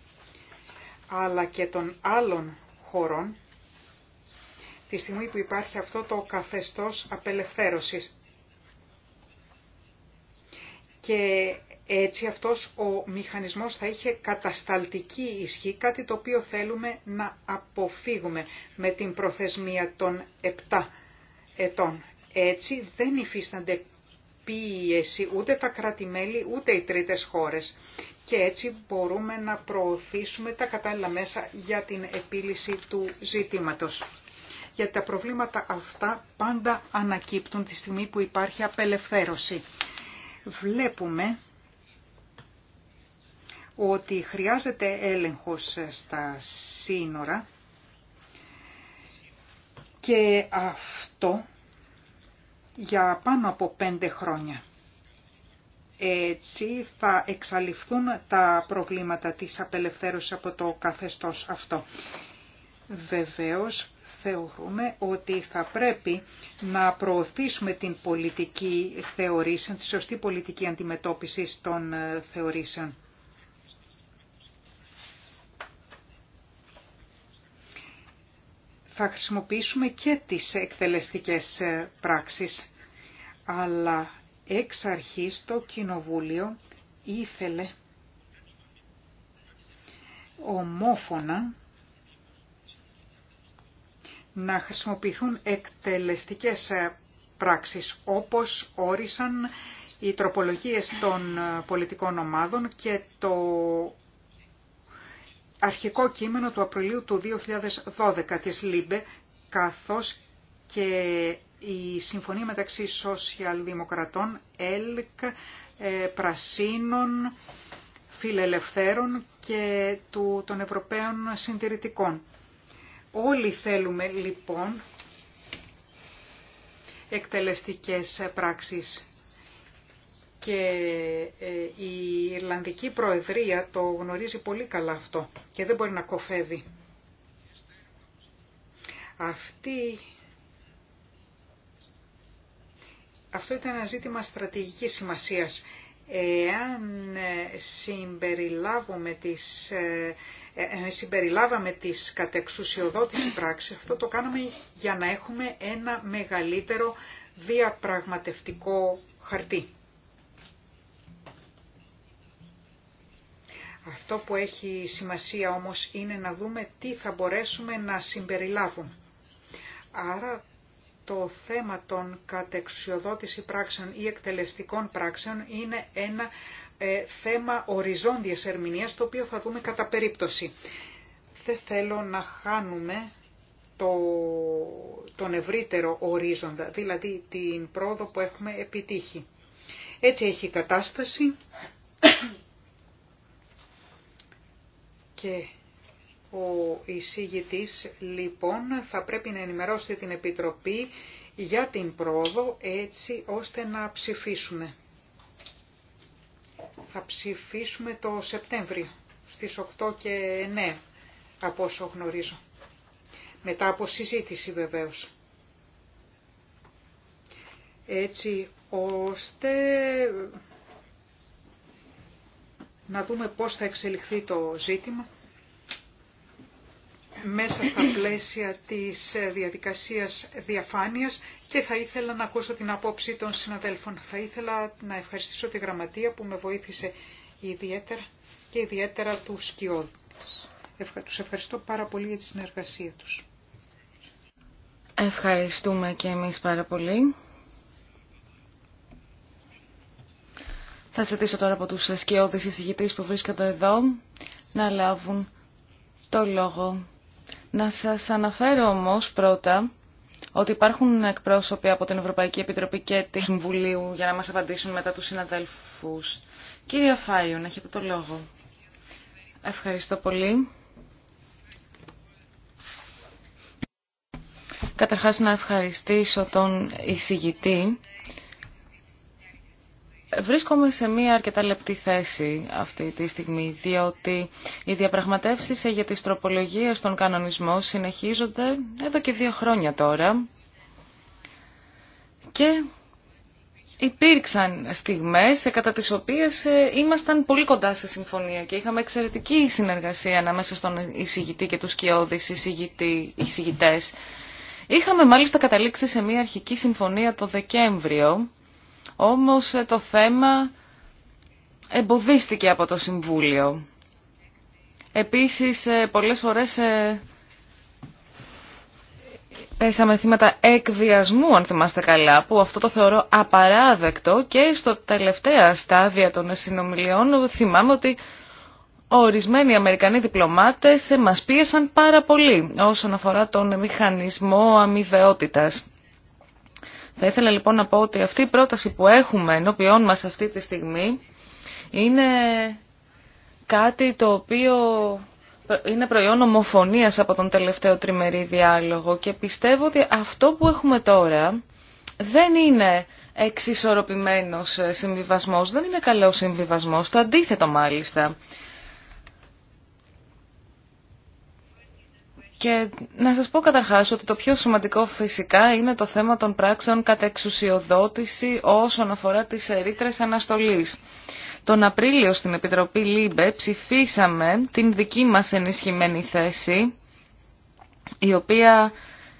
αλλά και των άλλων χωρών, τη στιγμή που υπάρχει αυτό το καθεστώς απελευθέρωσης. Και έτσι αυτός ο μηχανισμός θα είχε κατασταλτική ισχύ, κάτι το οποίο θέλουμε να αποφύγουμε με την προθεσμία των 7 ετών. Έτσι δεν υφίστανται πίεση ούτε τα κρατη ούτε οι τρίτες χώρες και έτσι μπορούμε να προωθήσουμε τα κατάλληλα μέσα για την επίλυση του ζητήματος. Γιατί τα προβλήματα αυτά πάντα ανακύπτουν τη στιγμή που υπάρχει απελευθέρωση. Βλέπουμε ότι χρειάζεται έλεγχος στα σύνορα και αυτό για πάνω από πέντε χρόνια. Έτσι θα εξαλειφθούν τα προβλήματα της απελευθέρωσης από το καθεστώς αυτό. Βεβαίως θεωρούμε ότι θα πρέπει να προωθήσουμε την πολιτική θεωρήσεων, τη σωστή πολιτική αντιμετώπιση των θεωρήσεων. θα χρησιμοποιήσουμε και τις εκτελεστικές ε, πράξεις. Αλλά εξ αρχής το Κοινοβούλιο ήθελε ομόφωνα να χρησιμοποιηθούν εκτελεστικές ε, πράξεις όπως όρισαν οι τροπολογίες των ε, πολιτικών ομάδων και το αρχικό κείμενο του Απριλίου του 2012 της ΛΥΜΠΕ, καθώς και η συμφωνία μεταξύ σοσιαλδημοκρατών, ΕΛΚ, ε, Πρασίνων, Φιλελευθέρων και του, των Ευρωπαίων Συντηρητικών. Όλοι θέλουμε λοιπόν εκτελεστικές πράξεις και ε, η Ιρλανδική Προεδρία το γνωρίζει πολύ καλά αυτό και δεν μπορεί να κοφεύει. Αυτή... Αυτό ήταν ένα ζήτημα στρατηγικής σημασίας. Εάν ε, συμπεριλάβουμε τις, ε, ε, συμπεριλάβαμε τις κατεξουσιοδότηση πράξη, αυτό το κάναμε για να έχουμε ένα μεγαλύτερο διαπραγματευτικό χαρτί. Αυτό που έχει σημασία όμως είναι να δούμε τι θα μπορέσουμε να συμπεριλάβουμε. Άρα το θέμα των κατεξουσιοδότηση πράξεων ή εκτελεστικών πράξεων είναι ένα ε, θέμα οριζόντιας ερμηνείας το οποίο θα δούμε κατά περίπτωση. Δεν θέλω να χάνουμε το, τον ευρύτερο ορίζοντα, δηλαδή την πρόοδο που έχουμε επιτύχει. Έτσι έχει η κατάσταση και ο εισηγητής λοιπόν θα πρέπει να ενημερώσει την Επιτροπή για την πρόοδο έτσι ώστε να ψηφίσουμε. Θα ψηφίσουμε το Σεπτέμβριο στις 8 και 9 από όσο γνωρίζω. Μετά από συζήτηση βεβαίως. Έτσι ώστε να δούμε πώς θα εξελιχθεί το ζήτημα μέσα στα πλαίσια της ε, διαδικασίας διαφάνειας και θα ήθελα να ακούσω την απόψη των συναδέλφων. Θα ήθελα να ευχαριστήσω τη γραμματεία που με βοήθησε ιδιαίτερα και ιδιαίτερα του Σκιώδη. Τους ευχαριστώ πάρα πολύ για τη συνεργασία τους. Ευχαριστούμε και εμείς πάρα πολύ. Θα ζητήσω τώρα από τους σκιώδης εισηγητές που βρίσκονται εδώ να λάβουν το λόγο να σας αναφέρω όμως πρώτα ότι υπάρχουν εκπρόσωποι από την Ευρωπαϊκή Επιτροπή και τη Συμβουλίου για να μας απαντήσουν μετά τους συναδέλφους. Κύριε Φάιον, έχετε το λόγο. Ευχαριστώ πολύ. Καταρχάς να ευχαριστήσω τον εισηγητή Βρίσκομαι σε μια αρκετά λεπτή θέση αυτή τη στιγμή, διότι οι διαπραγματεύσεις για τις τροπολογίες των κανονισμών συνεχίζονται εδώ και δύο χρόνια τώρα και υπήρξαν στιγμές κατά τις οποίες ε, ήμασταν πολύ κοντά σε συμφωνία και είχαμε εξαιρετική συνεργασία ανάμεσα στον εισηγητή και τους κοιόδης εισηγητές. Είχαμε μάλιστα καταλήξει σε μια αρχική συμφωνία το Δεκέμβριο όμως ε, το θέμα εμποδίστηκε από το Συμβούλιο. Επίσης, ε, πολλές φορές ε, πέσαμε θύματα εκβιασμού, αν θυμάστε καλά, που αυτό το θεωρώ απαράδεκτο και στο τελευταία στάδια των συνομιλιών θυμάμαι ότι ορισμένοι Αμερικανοί διπλωμάτες μας πίεσαν πάρα πολύ όσον αφορά τον μηχανισμό αμοιβαιότητας. Θα ήθελα λοιπόν να πω ότι αυτή η πρόταση που έχουμε ενώπιόν μας αυτή τη στιγμή είναι κάτι το οποίο είναι προϊόν ομοφωνίας από τον τελευταίο τριμερή διάλογο και πιστεύω ότι αυτό που έχουμε τώρα δεν είναι εξισορροπημένος συμβιβασμός, δεν είναι καλός συμβιβασμός, το αντίθετο μάλιστα. Και να σας πω καταρχάς ότι το πιο σημαντικό φυσικά είναι το θέμα των πράξεων κατά εξουσιοδότηση όσον αφορά τις ερήτρες αναστολής. Τον Απρίλιο στην Επιτροπή ΛΥΜΠΕ ψηφίσαμε την δική μας ενισχυμένη θέση, η οποία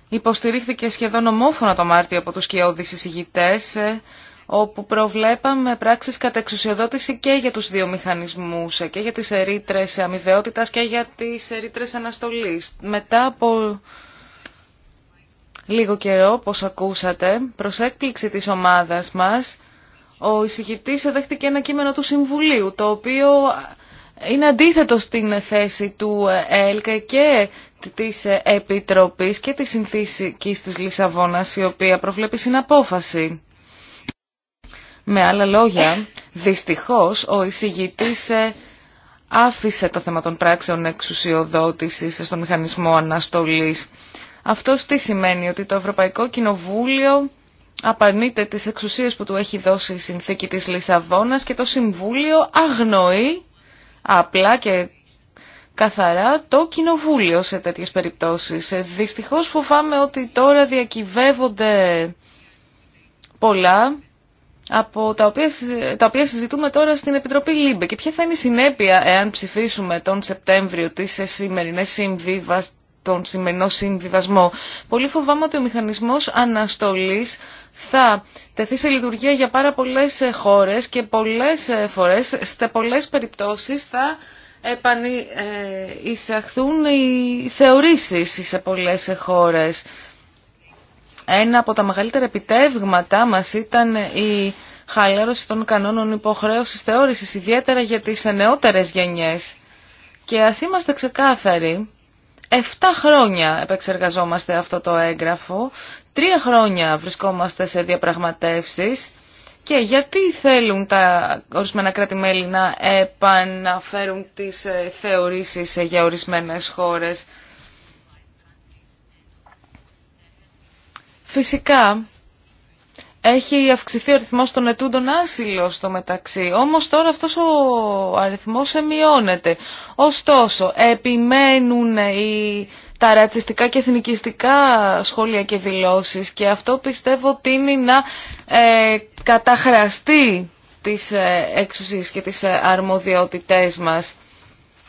υποστηρίχθηκε σχεδόν ομόφωνα το Μάρτιο από τους κοιόδης εισηγητές, ε, όπου προβλέπαμε πράξεις κατά εξουσιοδότηση και για τους δύο μηχανισμούς, και για τις ερήτρες αμοιβαιότητας και για τις ερήτρες αναστολής. Μετά από λίγο καιρό, όπως ακούσατε, προς έκπληξη της ομάδας μας, ο εισηγητής δέχτηκε ένα κείμενο του Συμβουλίου, το οποίο είναι αντίθετο στην θέση του ΕΛΚ και της Επιτροπής και της συνθήκης της Λισαβόνας, η οποία προβλέπει συναπόφαση. Με άλλα λόγια, δυστυχώς ο εισηγητής ε, άφησε το θέμα των πράξεων εξουσιοδότησης στον μηχανισμό αναστολής. Αυτό τι σημαίνει, ότι το Ευρωπαϊκό Κοινοβούλιο απανείται τις εξουσίες που του έχει δώσει η συνθήκη της Λισαβόνας και το Συμβούλιο αγνοεί απλά και καθαρά το Κοινοβούλιο σε τέτοιες περιπτώσεις. Ε, δυστυχώς φοβάμαι ότι τώρα διακυβεύονται πολλά από τα οποία, τα οποία συζητούμε τώρα στην Επιτροπή ΛΥΜΠΕ και ποια θα είναι η συνέπεια εάν ψηφίσουμε τον Σεπτέμβριο σε σημερινές συμβίβας, τον σημερινό συμβιβασμό. Πολύ φοβάμαι ότι ο μηχανισμός αναστολής θα τεθεί σε λειτουργία για πάρα πολλές ε, χώρες και πολλές ε, φορές, σε πολλές περιπτώσεις θα επανεισαχθούν ε, οι θεωρήσεις σε πολλές χώρες. Ένα από τα μεγαλύτερα επιτεύγματα μας ήταν η χαλάρωση των κανόνων υποχρέωσης θεώρησης, ιδιαίτερα για τις νεότερες γενιές. Και ας είμαστε ξεκάθαροι, 7 χρόνια επεξεργαζόμαστε αυτό το έγγραφο, 3 χρόνια βρισκόμαστε σε διαπραγματεύσεις και γιατί θέλουν τα ορισμένα κράτη-μέλη να επαναφέρουν τις ε, θεωρήσεις ε, για ορισμένες χώρες Φυσικά, έχει αυξηθεί ο αριθμός των ετούντων άσυλο στο μεταξύ, όμως τώρα αυτός ο αριθμός μειώνεται. Ωστόσο, επιμένουν οι, τα ρατσιστικά και εθνικιστικά σχόλια και δηλώσεις και αυτό πιστεύω τίνει να ε, καταχραστεί τις ε, εξουσίες και τις ε, αρμοδιότητές μας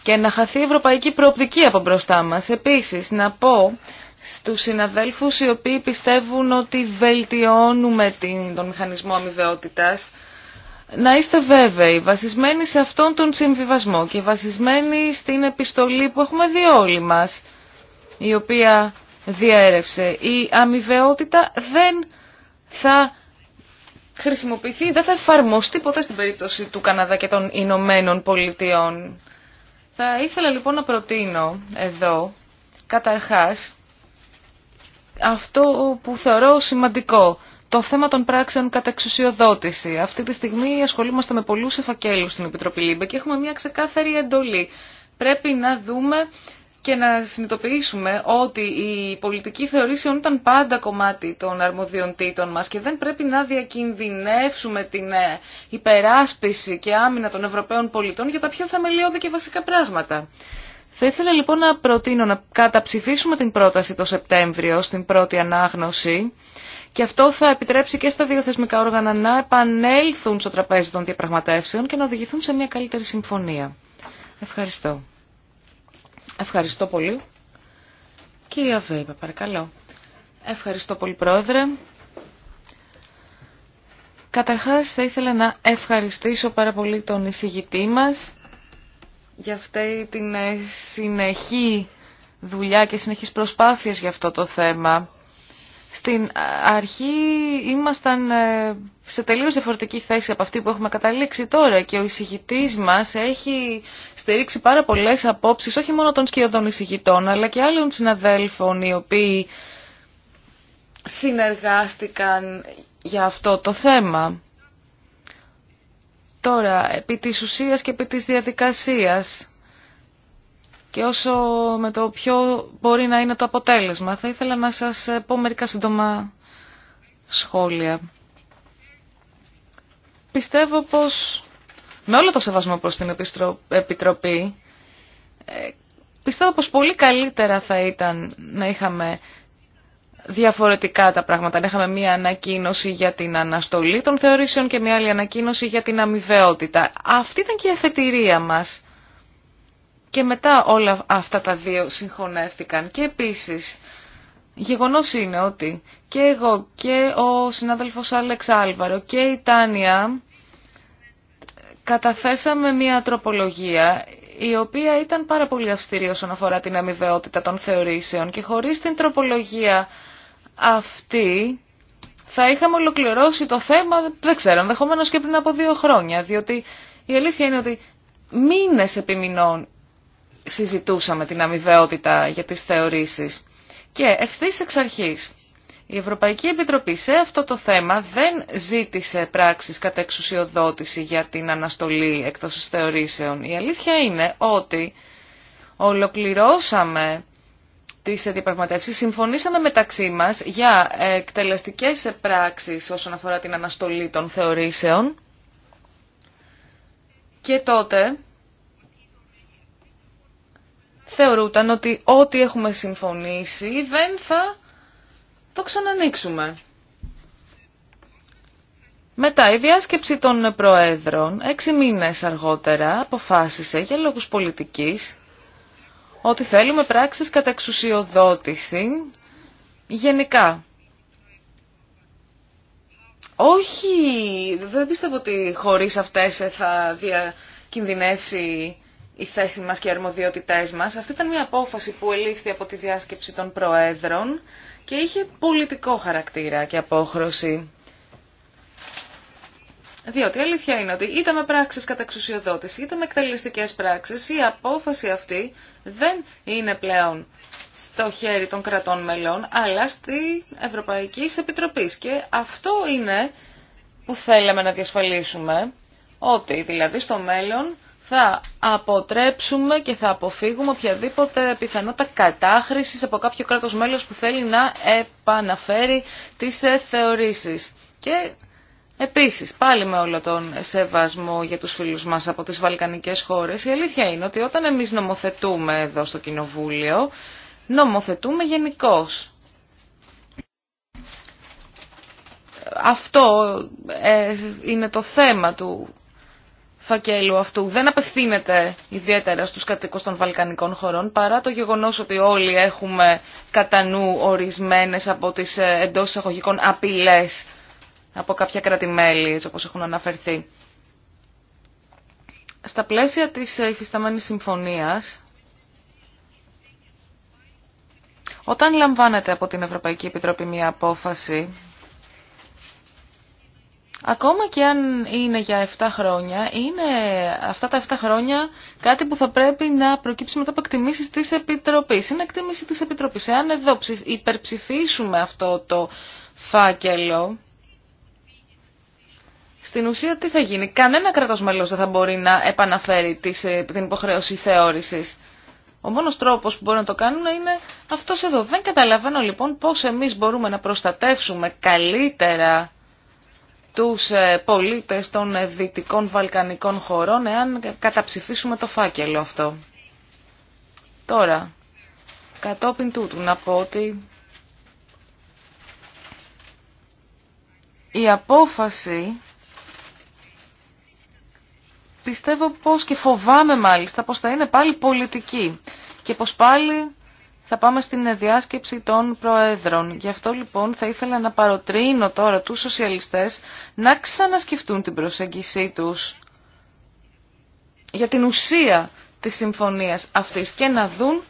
και να χαθεί η ευρωπαϊκή προοπτική από μπροστά μας. Επίσης, να πω στους συναδέλφους οι οποίοι πιστεύουν ότι βελτιώνουμε τον μηχανισμό αμοιβαιότητας να είστε βέβαιοι, βασισμένοι σε αυτόν τον συμβιβασμό και βασισμένοι στην επιστολή που έχουμε δει όλοι μας, η οποία διέρευσε. Η αμοιβαιότητα δεν θα χρησιμοποιηθεί, δεν θα εφαρμοστεί ποτέ στην περίπτωση του Καναδά και των Ηνωμένων Πολιτειών. Θα ήθελα λοιπόν να προτείνω εδώ, καταρχάς, αυτό που θεωρώ σημαντικό. Το θέμα των πράξεων κατά εξουσιοδότηση. Αυτή τη στιγμή ασχολούμαστε με πολλούς εφακέλους στην Επιτροπή ΛΥΜΠΕ και έχουμε μια ξεκάθαρη εντολή. Πρέπει να δούμε και να συνειδητοποιήσουμε ότι η πολιτική θεωρήσεων ήταν πάντα κομμάτι των αρμοδιοντήτων μας και δεν πρέπει να διακινδυνεύσουμε την ε, υπεράσπιση και άμυνα των Ευρωπαίων πολιτών για τα πιο θεμελιώδη και βασικά πράγματα. Θα ήθελα λοιπόν να προτείνω να καταψηφίσουμε την πρόταση το Σεπτέμβριο στην πρώτη ανάγνωση και αυτό θα επιτρέψει και στα δύο θεσμικά όργανα να επανέλθουν στο τραπέζι των διαπραγματεύσεων και να οδηγηθούν σε μια καλύτερη συμφωνία. Ευχαριστώ. Ευχαριστώ πολύ. Κυρία Βέιπα, παρακαλώ. Ευχαριστώ πολύ, Πρόεδρε. Καταρχάς, θα ήθελα να ευχαριστήσω πάρα πολύ τον εισηγητή μας για αυτή την ε, συνεχή δουλειά και συνεχής προσπάθειες για αυτό το θέμα. Στην ε, αρχή ήμασταν ε, σε τελείως διαφορετική θέση από αυτή που έχουμε καταλήξει τώρα και ο εισηγητής μας έχει στηρίξει πάρα πολλές απόψεις όχι μόνο των σκιωδών εισηγητών αλλά και άλλων συναδέλφων οι οποίοι συνεργάστηκαν για αυτό το θέμα. Τώρα, επί της ουσίας και επί της διαδικασίας και όσο με το ποιο μπορεί να είναι το αποτέλεσμα, θα ήθελα να σας πω μερικά σύντομα σχόλια. Πιστεύω πως με όλο το σεβασμό προς την Επιτροπή, ε, πιστεύω πως πολύ καλύτερα θα ήταν να είχαμε διαφορετικά τα πράγματα. Έχαμε μία ανακοίνωση για την αναστολή των θεωρήσεων και μία άλλη ανακοίνωση για την αμοιβαιότητα. Αυτή ήταν και η εφετηρία μας. Και μετά όλα αυτά τα δύο συγχωνεύτηκαν. Και επίσης, γεγονός είναι ότι και εγώ και ο συνάδελφος Άλεξ Άλβαρο και η Τάνια καταθέσαμε μία τροπολογία η οποία ήταν πάρα πολύ αυστηρή όσον αφορά την αμοιβαιότητα των θεωρήσεων και χωρίς την τροπολογία αυτή θα είχαμε ολοκληρώσει το θέμα, δεν ξέρω, ενδεχομένω και πριν από δύο χρόνια, διότι η αλήθεια είναι ότι μήνες επιμηνών συζητούσαμε την αμοιβαιότητα για τις θεωρήσεις. Και ευθύ εξ αρχής, η Ευρωπαϊκή Επιτροπή σε αυτό το θέμα δεν ζήτησε πράξεις κατά εξουσιοδότηση για την αναστολή εκτός θεωρήσεων. Η αλήθεια είναι ότι ολοκληρώσαμε τις διαπραγματεύσεις συμφωνήσαμε μεταξύ μας για εκτελεστικές πράξεις όσον αφορά την αναστολή των θεωρήσεων και τότε θεωρούταν ότι ό,τι έχουμε συμφωνήσει δεν θα το ξανανοίξουμε. Μετά η διάσκεψη των Προέδρων, έξι μήνες αργότερα, αποφάσισε για λόγους πολιτικής ότι θέλουμε πράξεις κατά εξουσιοδότηση γενικά. Όχι, δεν πιστεύω ότι χωρίς αυτές θα διακινδυνεύσει η θέση μας και οι αρμοδιότητές μας. Αυτή ήταν μια απόφαση που ελήφθη από τη διάσκεψη των Προέδρων και είχε πολιτικό χαρακτήρα και απόχρωση. Διότι η αλήθεια είναι ότι είτε με πράξεις κατά εξουσιοδότηση, είτε με εκτελεστικές πράξεις, η απόφαση αυτή δεν είναι πλέον στο χέρι των κρατών μελών, αλλά στη Ευρωπαϊκή Επιτροπή. Και αυτό είναι που θέλαμε να διασφαλίσουμε, ότι δηλαδή στο μέλλον θα αποτρέψουμε και θα αποφύγουμε οποιαδήποτε πιθανότητα κατάχρησης από κάποιο κράτος μέλος που θέλει να επαναφέρει τις θεωρήσεις. Και Επίσης, πάλι με όλο τον σεβασμό για τους φίλους μας από τις βαλκανικές χώρες, η αλήθεια είναι ότι όταν εμείς νομοθετούμε εδώ στο Κοινοβούλιο, νομοθετούμε γενικώ. Αυτό ε, είναι το θέμα του φακέλου αυτού. Δεν απευθύνεται ιδιαίτερα στους κατοίκους των Βαλκανικών χωρών, παρά το γεγονός ότι όλοι έχουμε κατά νου ορισμένες από τις ε, εντός εισαγωγικών απειλές από κάποια κράτη-μέλη, έτσι όπως έχουν αναφερθεί. Στα πλαίσια της υφισταμένης συμφωνίας, όταν λαμβάνεται από την Ευρωπαϊκή Επιτροπή μια απόφαση, ακόμα και αν είναι για 7 χρόνια, είναι αυτά τα 7 χρόνια κάτι που θα πρέπει να προκύψει μετά από εκτιμήσεις της Επιτροπής. Είναι εκτίμηση της Επιτροπής. Εάν εδώ υπερψηφίσουμε αυτό το φάκελο, στην ουσία τι θα γίνει. Κανένα κρατός μέλος δεν θα μπορεί να επαναφέρει ε, την υποχρέωση θεώρησης. Ο μόνος τρόπος που μπορεί να το κάνουν είναι αυτός εδώ. Δεν καταλαβαίνω λοιπόν πώς εμείς μπορούμε να προστατεύσουμε καλύτερα τους ε, πολίτες των ε, δυτικών βαλκανικών χωρών εάν καταψηφίσουμε το φάκελο αυτό. Τώρα, κατόπιν τούτου να πω ότι η απόφαση πιστεύω πως και φοβάμαι μάλιστα πως θα είναι πάλι πολιτική και πως πάλι θα πάμε στην διάσκεψη των Προέδρων. Γι' αυτό λοιπόν θα ήθελα να παροτρύνω τώρα τους σοσιαλιστές να ξανασκεφτούν την προσέγγισή τους για την ουσία της συμφωνίας αυτής και να δουν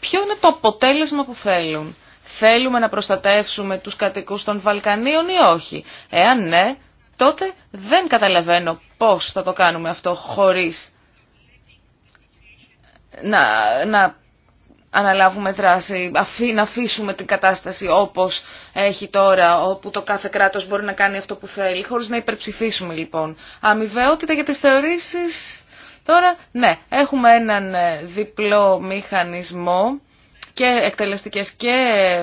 ποιο είναι το αποτέλεσμα που θέλουν. Θέλουμε να προστατεύσουμε τους κατοικούς των Βαλκανίων ή όχι. Εάν ναι, τότε δεν καταλαβαίνω πώς θα το κάνουμε αυτό χωρίς να, να αναλάβουμε δράση, να αφήσουμε την κατάσταση όπως έχει τώρα, όπου το κάθε κράτος μπορεί να κάνει αυτό που θέλει, χωρίς να υπερψηφίσουμε λοιπόν. Αμοιβαιότητα για τις θεωρήσεις, τώρα ναι, έχουμε έναν ε, διπλό μηχανισμό και εκτελεστικές και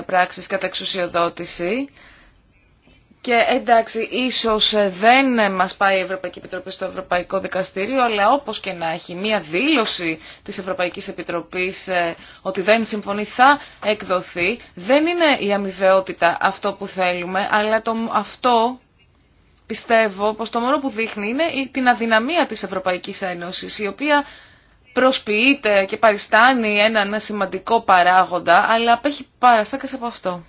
πράξεις κατά εξουσιοδότηση, και εντάξει, ίσως ε, δεν ε, μας πάει η Ευρωπαϊκή Επιτροπή στο Ευρωπαϊκό Δικαστήριο, αλλά όπως και να έχει μία δήλωση της Ευρωπαϊκής Επιτροπής ε, ότι δεν συμφωνεί θα εκδοθεί. Δεν είναι η αμοιβαιότητα αυτό που θέλουμε, αλλά το, αυτό πιστεύω πως το μόνο που δείχνει είναι την αδυναμία της Ευρωπαϊκής Ένωσης, η οποία προσποιείται και παριστάνει έναν σημαντικό παράγοντα, αλλά απέχει παρασάκας από αυτό.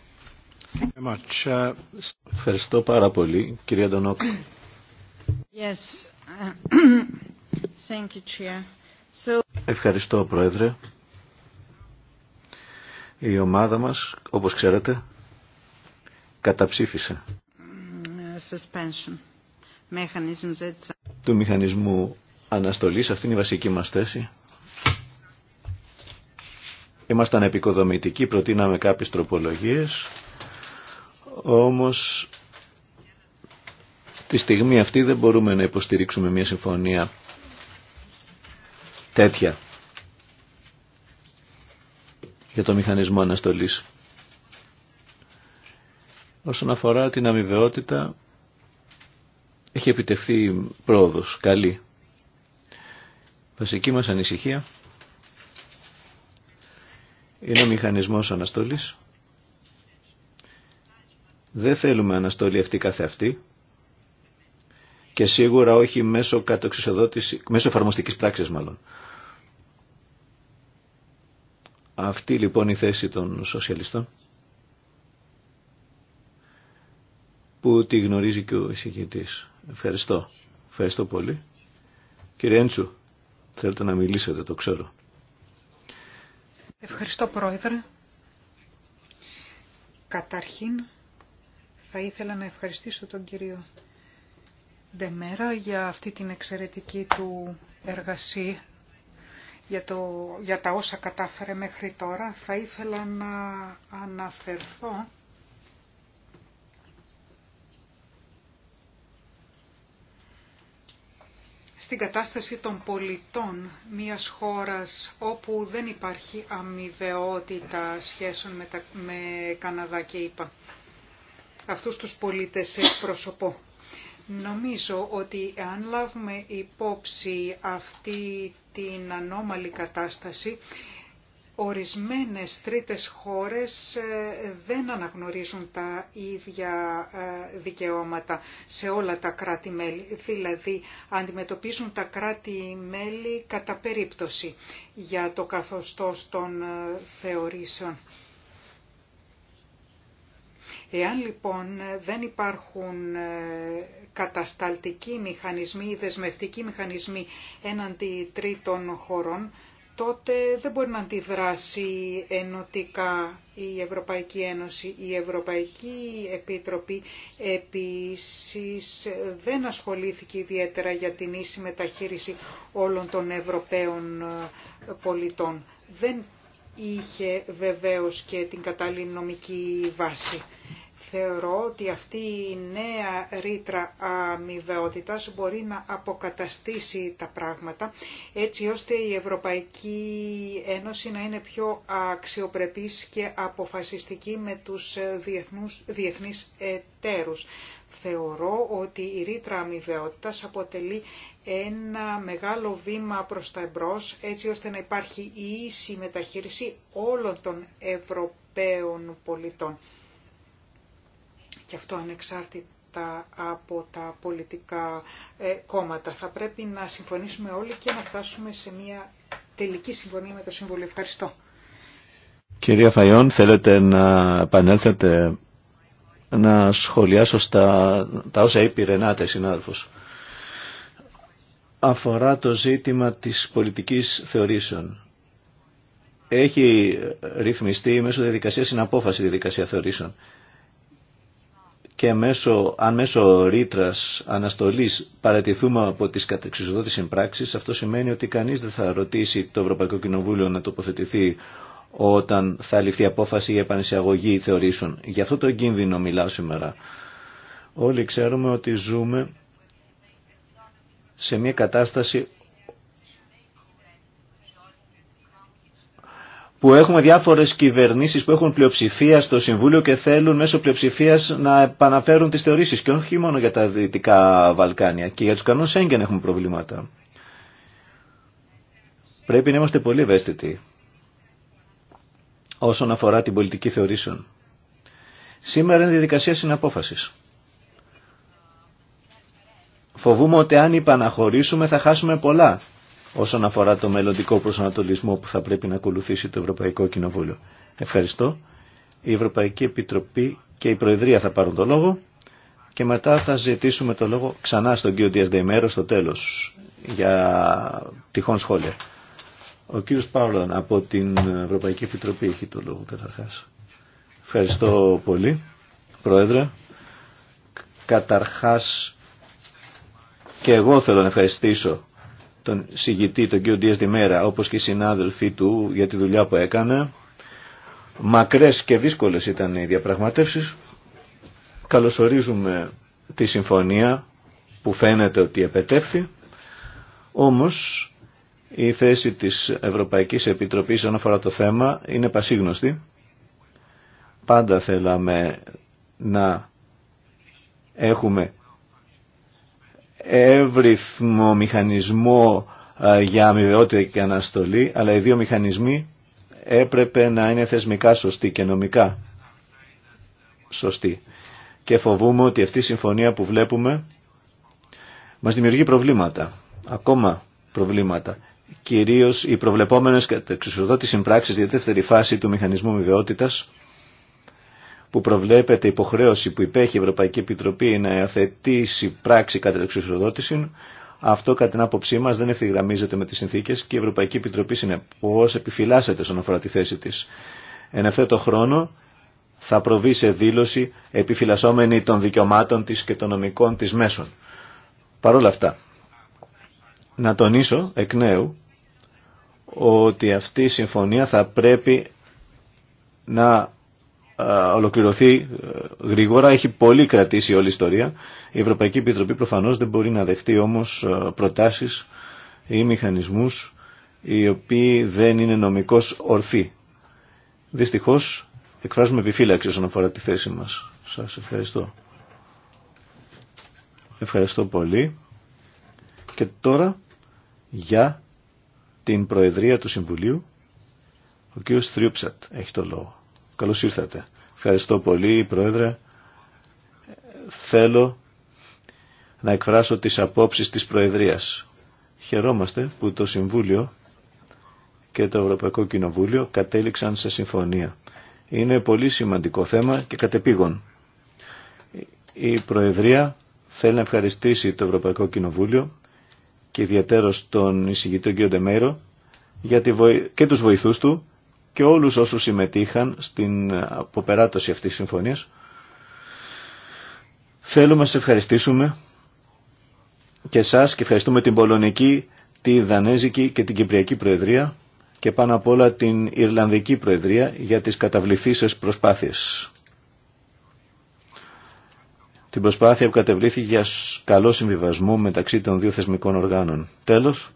Ευχαριστώ πάρα πολύ, κυρία Ντονόκ. Yes. Thank Ευχαριστώ, Πρόεδρε. Η ομάδα μας, όπως ξέρετε, καταψήφισε Suspension. του μηχανισμού αναστολής. Αυτή είναι η βασική μας θέση. Ήμασταν επικοδομητικοί, προτείναμε κάποιες τροπολογίες όμως τη στιγμή αυτή δεν μπορούμε να υποστηρίξουμε μια συμφωνία τέτοια για το μηχανισμό αναστολής. Όσον αφορά την αμοιβαιότητα, έχει επιτευχθεί πρόοδος, καλή. Βασική μας ανησυχία είναι ο μηχανισμός αναστολής δεν θέλουμε αναστολή αυτή καθεαυτή και σίγουρα όχι μέσω κατοξισοδότηση, μέσω εφαρμοστικής πράξης μάλλον. Αυτή λοιπόν η θέση των σοσιαλιστών που τη γνωρίζει και ο εισηγητής. Ευχαριστώ. Ευχαριστώ πολύ. Κύριε Έντσου, θέλετε να μιλήσετε, το ξέρω. Ευχαριστώ Πρόεδρε. Καταρχήν θα ήθελα να ευχαριστήσω τον κύριο Ντεμέρα για αυτή την εξαιρετική του εργασία, για, το, για τα όσα κατάφερε μέχρι τώρα. Θα ήθελα να αναφερθώ στην κατάσταση των πολιτών μιας χώρας όπου δεν υπάρχει αμοιβαιότητα σχέσεων με, τα, με Καναδά και ΙΠΑ αυτούς τους πολίτες πρόσωπο. Νομίζω ότι αν λάβουμε υπόψη αυτή την ανώμαλη κατάσταση, ορισμένες τρίτες χώρες ε, δεν αναγνωρίζουν τα ίδια ε, δικαιώματα σε όλα τα κράτη-μέλη. Δηλαδή αντιμετωπίζουν τα κράτη-μέλη κατά περίπτωση για το καθοστός των ε, θεωρήσεων. Εάν λοιπόν δεν υπάρχουν ε, κατασταλτικοί μηχανισμοί ή δεσμευτικοί μηχανισμοί έναντι τρίτων χωρών, τότε δεν μπορεί να αντιδράσει ενωτικά η Ευρωπαϊκή Ένωση. Η Ευρωπαϊκή Επίτροπη επίσης δεν ασχολήθηκε ιδιαίτερα για την ίση μεταχείριση όλων των Ευρωπαίων ε, πολιτών. Δεν είχε βεβαίως και την κατάλληλη νομική βάση θεωρώ ότι αυτή η νέα ρήτρα αμοιβαιότητας μπορεί να αποκαταστήσει τα πράγματα έτσι ώστε η Ευρωπαϊκή Ένωση να είναι πιο αξιοπρεπής και αποφασιστική με τους διεθνούς, διεθνείς εταίρους. Θεωρώ ότι η ρήτρα αμοιβαιότητας αποτελεί ένα μεγάλο βήμα προς τα εμπρός έτσι ώστε να υπάρχει η ίση μεταχείριση όλων των Ευρωπαίων πολιτών και αυτό ανεξάρτητα από τα πολιτικά ε, κόμματα. Θα πρέπει να συμφωνήσουμε όλοι και να φτάσουμε σε μια τελική συμφωνία με το σύμβολο. Ευχαριστώ. Κυρία Φαϊόν, θέλετε να επανέλθετε να σχολιάσω στα τα όσα είπε η Ρενάτε, συνάδελφος. Αφορά το ζήτημα της πολιτικής θεωρήσεων. Έχει ρυθμιστεί μέσω διαδικασία συναπόφαση διαδικασία θεωρήσεων και αν μέσω ρήτρα αναστολής παρατηθούμε από τις κατεξουσιοδότης συμπράξεις, αυτό σημαίνει ότι κανείς δεν θα ρωτήσει το Ευρωπαϊκό Κοινοβούλιο να τοποθετηθεί όταν θα ληφθεί απόφαση για επανεισαγωγή θεωρήσεων. Γι' αυτό το κίνδυνο μιλάω σήμερα. Όλοι ξέρουμε ότι ζούμε σε μια κατάσταση που έχουμε διάφορες κυβερνήσεις που έχουν πλειοψηφία στο Συμβούλιο και θέλουν μέσω πλειοψηφίας να επαναφέρουν τις θεωρήσεις και όχι μόνο για τα Δυτικά Βαλκάνια και για τους κανόνες έγκαινα έχουμε προβλήματα. Πρέπει να είμαστε πολύ ευαίσθητοι όσον αφορά την πολιτική θεωρήσεων. Σήμερα είναι διαδικασία συναπόφαση. Φοβούμαι ότι αν υπαναχωρήσουμε θα χάσουμε πολλά όσον αφορά το μελλοντικό προσανατολισμό που θα πρέπει να ακολουθήσει το Ευρωπαϊκό Κοινοβούλιο. Ευχαριστώ. Η Ευρωπαϊκή Επιτροπή και η Προεδρία θα πάρουν το λόγο και μετά θα ζητήσουμε το λόγο ξανά στον κύριο Διασδεημέρο στο τέλος για τυχόν σχόλια. Ο κύριος Παύλων από την Ευρωπαϊκή Επιτροπή έχει το λόγο καταρχάς. Ευχαριστώ πολύ, Πρόεδρε. Καταρχάς και εγώ θέλω να ευχαριστήσω τον συγητή, τον κύριο Ντίας Δημέρα, όπως και οι συνάδελφοί του για τη δουλειά που έκανε. Μακρές και δύσκολες ήταν οι διαπραγματεύσεις. Καλωσορίζουμε τη συμφωνία που φαίνεται ότι επετέφθη. Όμως η θέση της Ευρωπαϊκής Επιτροπής όσον αφορά το θέμα είναι πασίγνωστη. Πάντα θέλαμε να έχουμε εύρυθμο μηχανισμό για αμοιβαιότητα και αναστολή, αλλά οι δύο μηχανισμοί έπρεπε να είναι θεσμικά σωστοί και νομικά σωστοί. Και φοβούμε ότι αυτή η συμφωνία που βλέπουμε μας δημιουργεί προβλήματα, ακόμα προβλήματα. Κυρίως οι προβλεπόμενες εξουσιοδότηση συμπράξεις για τη δεύτερη φάση του μηχανισμού αμοιβαιότητας που προβλέπεται υποχρέωση που υπέχει η Ευρωπαϊκή Επιτροπή να αθετήσει πράξη κατά εξουσιοδότηση, αυτό κατά την άποψή μα δεν ευθυγραμμίζεται με τις συνθήκες και η Ευρωπαϊκή Επιτροπή συνεπώς επιφυλάσσεται στον αφορά τη θέση τη. Εν ευθέτω χρόνο θα προβεί σε δήλωση επιφυλασσόμενη των δικαιωμάτων της και των νομικών της μέσων. Παρ' όλα αυτά, να τονίσω εκ νέου ότι αυτή η συμφωνία θα πρέπει να ολοκληρωθεί ε, γρήγορα. Έχει πολύ κρατήσει όλη η ιστορία. Η Ευρωπαϊκή Επιτροπή προφανώς δεν μπορεί να δεχτεί όμως ε, προτάσεις ή μηχανισμούς οι οποίοι δεν είναι νομικώς ορθοί. Δυστυχώς εκφράζουμε επιφύλαξη όσον αφορά τη θέση μας. Σας ευχαριστώ. Ευχαριστώ πολύ. Και τώρα για την Προεδρία του Συμβουλίου ο κ. Στριουψατ έχει το λόγο. Καλώς ήρθατε. Ευχαριστώ πολύ, Πρόεδρε. Θέλω να εκφράσω τις απόψεις της Προεδρίας. Χαιρόμαστε που το Συμβούλιο και το Ευρωπαϊκό Κοινοβούλιο κατέληξαν σε συμφωνία. Είναι πολύ σημαντικό θέμα και κατεπήγον. Η Προεδρία θέλει να ευχαριστήσει το Ευρωπαϊκό Κοινοβούλιο και ιδιαίτερο τον εισηγητή κ. Ντεμέρο και τους βοηθούς του και όλους όσους συμμετείχαν στην αποπεράτωση αυτής της συμφωνίας. Θέλουμε να σας ευχαριστήσουμε και σας και ευχαριστούμε την Πολωνική, τη Δανέζικη και την Κυπριακή Προεδρία και πάνω απ' όλα την Ιρλανδική Προεδρία για τις καταβληθήσεις προσπάθειες. Την προσπάθεια που κατεβλήθηκε για καλό συμβιβασμό μεταξύ των δύο θεσμικών οργάνων. Τέλος,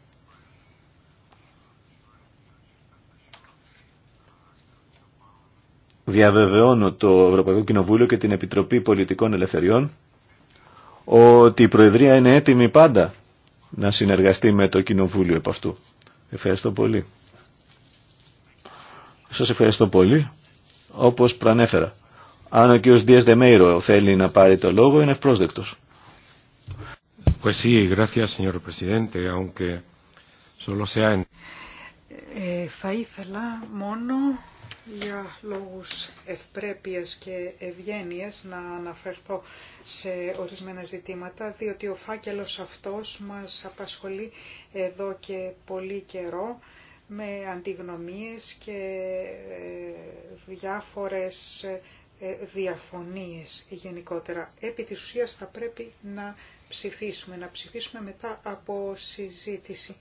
διαβεβαιώνω το Ευρωπαϊκό Κοινοβούλιο και την Επιτροπή Πολιτικών Ελευθεριών ότι η Προεδρία είναι έτοιμη πάντα να συνεργαστεί με το Κοινοβούλιο επ' αυτού. Ευχαριστώ πολύ. Σας ευχαριστώ πολύ. Όπως προανέφερα, αν ο κ. Δίας Δεμέιρο θέλει να πάρει το λόγο, είναι ευπρόσδεκτος. Ε, θα ήθελα μόνο για λόγους ευπρέπειας και ευγένειας να αναφερθώ σε ορισμένα ζητήματα, διότι ο φάκελος αυτός μας απασχολεί εδώ και πολύ καιρό με αντιγνωμίες και ε, διάφορες ε, διαφωνίες γενικότερα. Επί της ουσίας θα πρέπει να ψηφίσουμε, να ψηφίσουμε μετά από συζήτηση.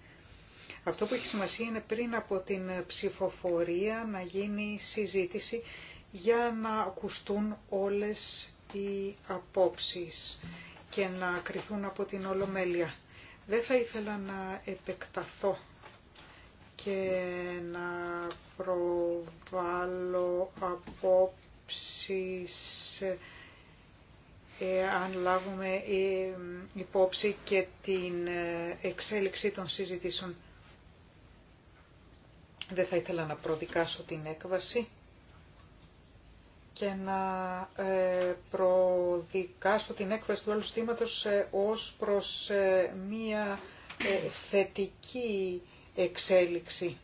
Αυτό που έχει σημασία είναι πριν από την ψηφοφορία να γίνει συζήτηση για να ακουστούν όλες οι απόψεις και να κριθούν από την Ολομέλεια. Δεν θα ήθελα να επεκταθώ και να προβάλλω απόψεις ε, αν λάβουμε ε, ε, υπόψη και την εξέλιξη των συζητήσεων. Δεν θα ήθελα να προδικάσω την έκβαση και να ε, προδικάσω την έκβαση του άλλου στήματος ε, ως προς ε, μία θετική εξέλιξη.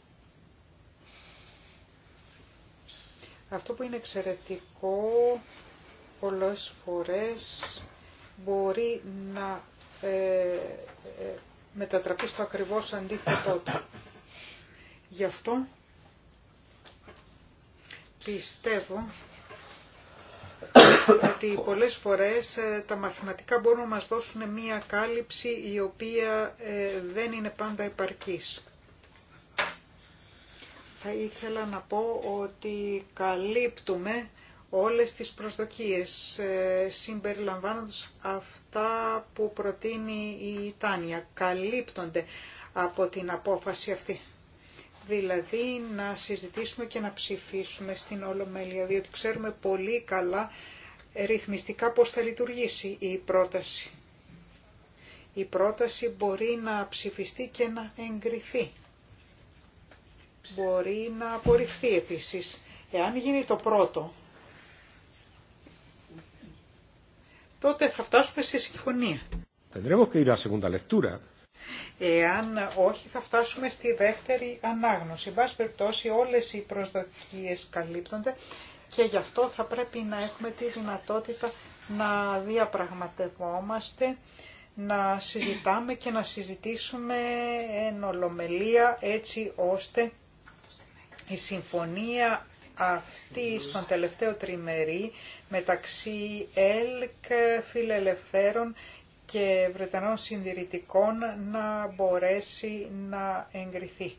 Αυτό που είναι εξαιρετικό πολλές φορές μπορεί να μετατραπεί στο ακριβώς αντίθετό του. Γι' αυτό πιστεύω ότι πολλές φορές ε, τα μαθηματικά μπορούν να μας δώσουν μία κάλυψη η οποία ε, δεν είναι πάντα επαρκής. Θα ήθελα να πω ότι καλύπτουμε όλες τις προσδοκίες ε, συμπεριλαμβάνοντας αυτά που προτείνει η Τάνια. Καλύπτονται από την απόφαση αυτή δηλαδή να συζητήσουμε και να ψηφίσουμε στην Ολομέλεια, διότι ξέρουμε πολύ καλά ρυθμιστικά πώς θα λειτουργήσει η πρόταση. Η πρόταση μπορεί να ψηφιστεί και να εγκριθεί. Μπορεί να απορριφθεί επίσης. Εάν γίνει το πρώτο, τότε θα φτάσουμε σε συμφωνία. Tendremos que ir a segunda Εάν όχι θα φτάσουμε στη δεύτερη ανάγνωση. Μπας περιπτώσει όλες οι προσδοκίες καλύπτονται και γι' αυτό θα πρέπει να έχουμε τη δυνατότητα να διαπραγματευόμαστε, να συζητάμε και να συζητήσουμε εν ολομελία έτσι ώστε η συμφωνία αυτή στον τελευταίο τριμερί μεταξύ ΕΛΚ, Φιλελευθέρων και Βρετανών συντηρητικών να μπορέσει να εγκριθεί.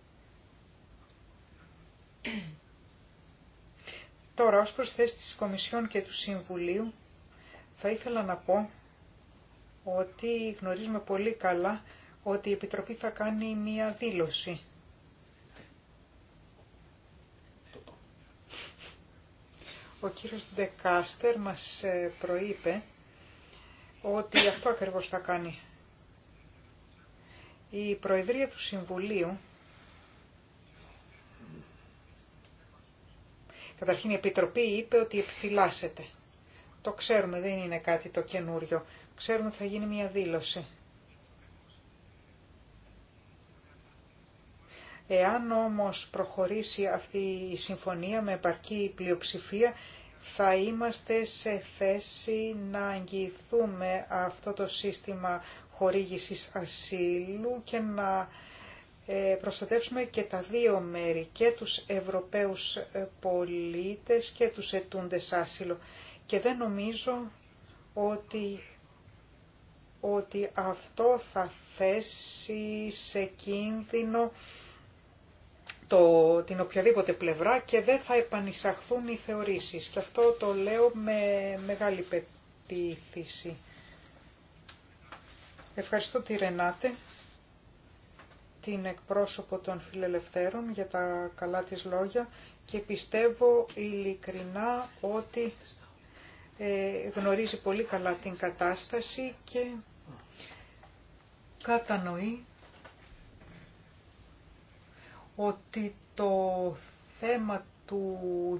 Τώρα, ως προς θέση της Κομισιόν και του Συμβουλίου, θα ήθελα να πω ότι γνωρίζουμε πολύ καλά ότι η Επιτροπή θα κάνει μία δήλωση. Ο κύριος Ντεκάστερ μας ε, προείπε ότι αυτό ακριβώς θα κάνει. Η Προεδρία του Συμβουλίου, καταρχήν η Επιτροπή είπε ότι επιφυλάσσεται. Το ξέρουμε, δεν είναι κάτι το καινούριο. Ξέρουμε ότι θα γίνει μια δήλωση. Εάν όμως προχωρήσει αυτή η συμφωνία με επαρκή πλειοψηφία, θα είμαστε σε θέση να αγγιθούμε αυτό το σύστημα χορήγησης ασύλου και να ε, προστατεύσουμε και τα δύο μέρη, και τους Ευρωπαίους ε, πολίτες και τους ετούντες άσυλο. Και δεν νομίζω ότι, ότι αυτό θα θέσει σε κίνδυνο το, την οποιαδήποτε πλευρά και δεν θα επανισαχθούν οι θεωρήσεις. Και αυτό το λέω με μεγάλη πεποίθηση. Ευχαριστώ τη Ρενάτε, την εκπρόσωπο των φιλελευθέρων για τα καλά της λόγια και πιστεύω ειλικρινά ότι ε, γνωρίζει πολύ καλά την κατάσταση και κατανοεί ότι το θέμα του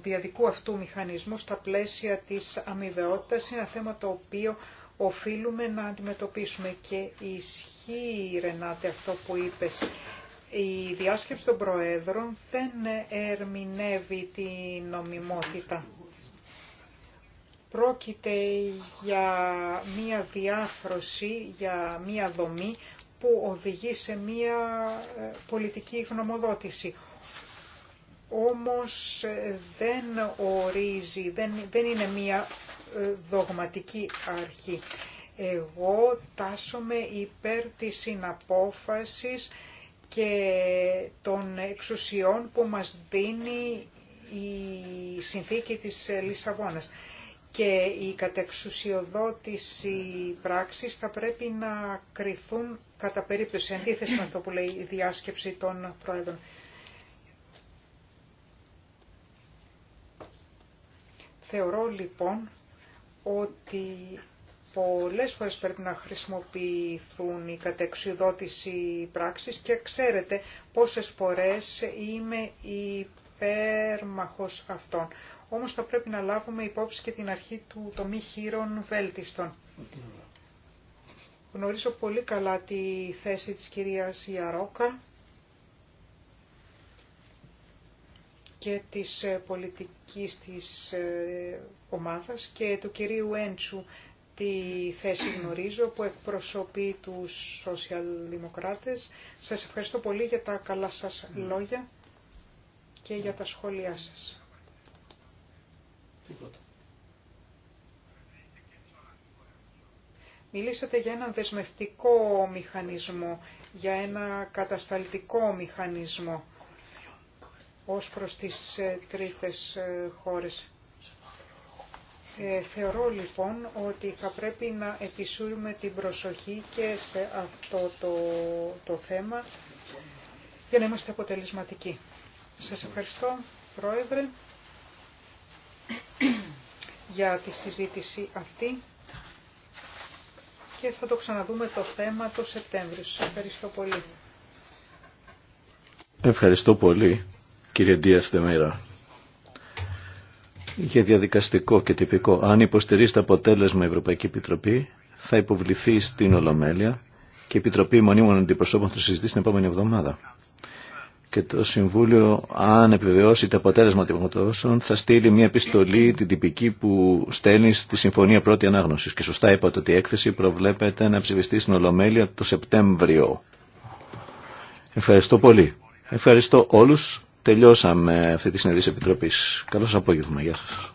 διαδικού αυτού μηχανισμού στα πλαίσια της αμοιβαιότητας είναι ένα θέμα το οποίο οφείλουμε να αντιμετωπίσουμε και ισχύει Ρενάτε αυτό που είπες η διάσκεψη των Προέδρων δεν ερμηνεύει την νομιμότητα. Πρόκειται για μία διάφρωση, για μία δομή που οδηγεί σε μία ε, πολιτική γνωμοδότηση. Όμως ε, δεν ορίζει, δεν, είναι μία ε, δογματική αρχή. Εγώ τάσομαι υπέρ της συναπόφασης και των εξουσιών που μας δίνει η συνθήκη της Λισαβόνας και η κατεξουσιοδότηση πράξης θα πρέπει να κριθούν κατά περίπτωση, αντίθεση με αυτό που λέει η διάσκεψη των Πρόεδρων. Θεωρώ λοιπόν ότι πολλές φορές πρέπει να χρησιμοποιηθούν η κατεξουσιοδότηση πράξης και ξέρετε πόσες φορές είμαι υπέρμαχος αυτών. Όμως θα πρέπει να λάβουμε υπόψη και την αρχή του το μη χείρων βέλτιστον. Γνωρίζω πολύ καλά τη θέση της κυρίας Ιαρόκα και της ε, πολιτικής της ε, ομάδας και του κυρίου Έντσου τη θέση γνωρίζω που εκπροσωπεί τους σοσιαλδημοκράτες. Σας ευχαριστώ πολύ για τα καλά σας ναι. λόγια και για τα σχόλιά σας. Μιλήσατε για έναν δεσμευτικό μηχανισμό, για ένα κατασταλτικό μηχανισμό ως προς τις ε, τρίτες ε, χώρες. Ε, θεωρώ λοιπόν ότι θα πρέπει να επισούρουμε την προσοχή και σε αυτό το, το θέμα για να είμαστε αποτελεσματικοί. Σας ευχαριστώ, Πρόεδρε για τη συζήτηση αυτή και θα το ξαναδούμε το θέμα το Σεπτέμβριο. ευχαριστώ πολύ. Ευχαριστώ πολύ κύριε Ντίας Δεμέρα για διαδικαστικό και τυπικό. Αν υποστηρίζει το αποτέλεσμα η Ευρωπαϊκή Επιτροπή θα υποβληθεί στην Ολομέλεια και η Επιτροπή Μονίμων Αντιπροσώπων θα συζητήσει την επόμενη εβδομάδα και το Συμβούλιο, αν επιβεβαιώσει το αποτέλεσμα των θα στείλει μια επιστολή την τυπική που στέλνει στη Συμφωνία Πρώτη Ανάγνωση. Και σωστά είπατε ότι η έκθεση προβλέπεται να ψηφιστεί στην Ολομέλεια το Σεπτέμβριο. Ευχαριστώ πολύ. Ευχαριστώ όλους. Τελειώσαμε αυτή τη συνεδρία επιτροπής. Καλό σας απόγευμα. Γεια σας.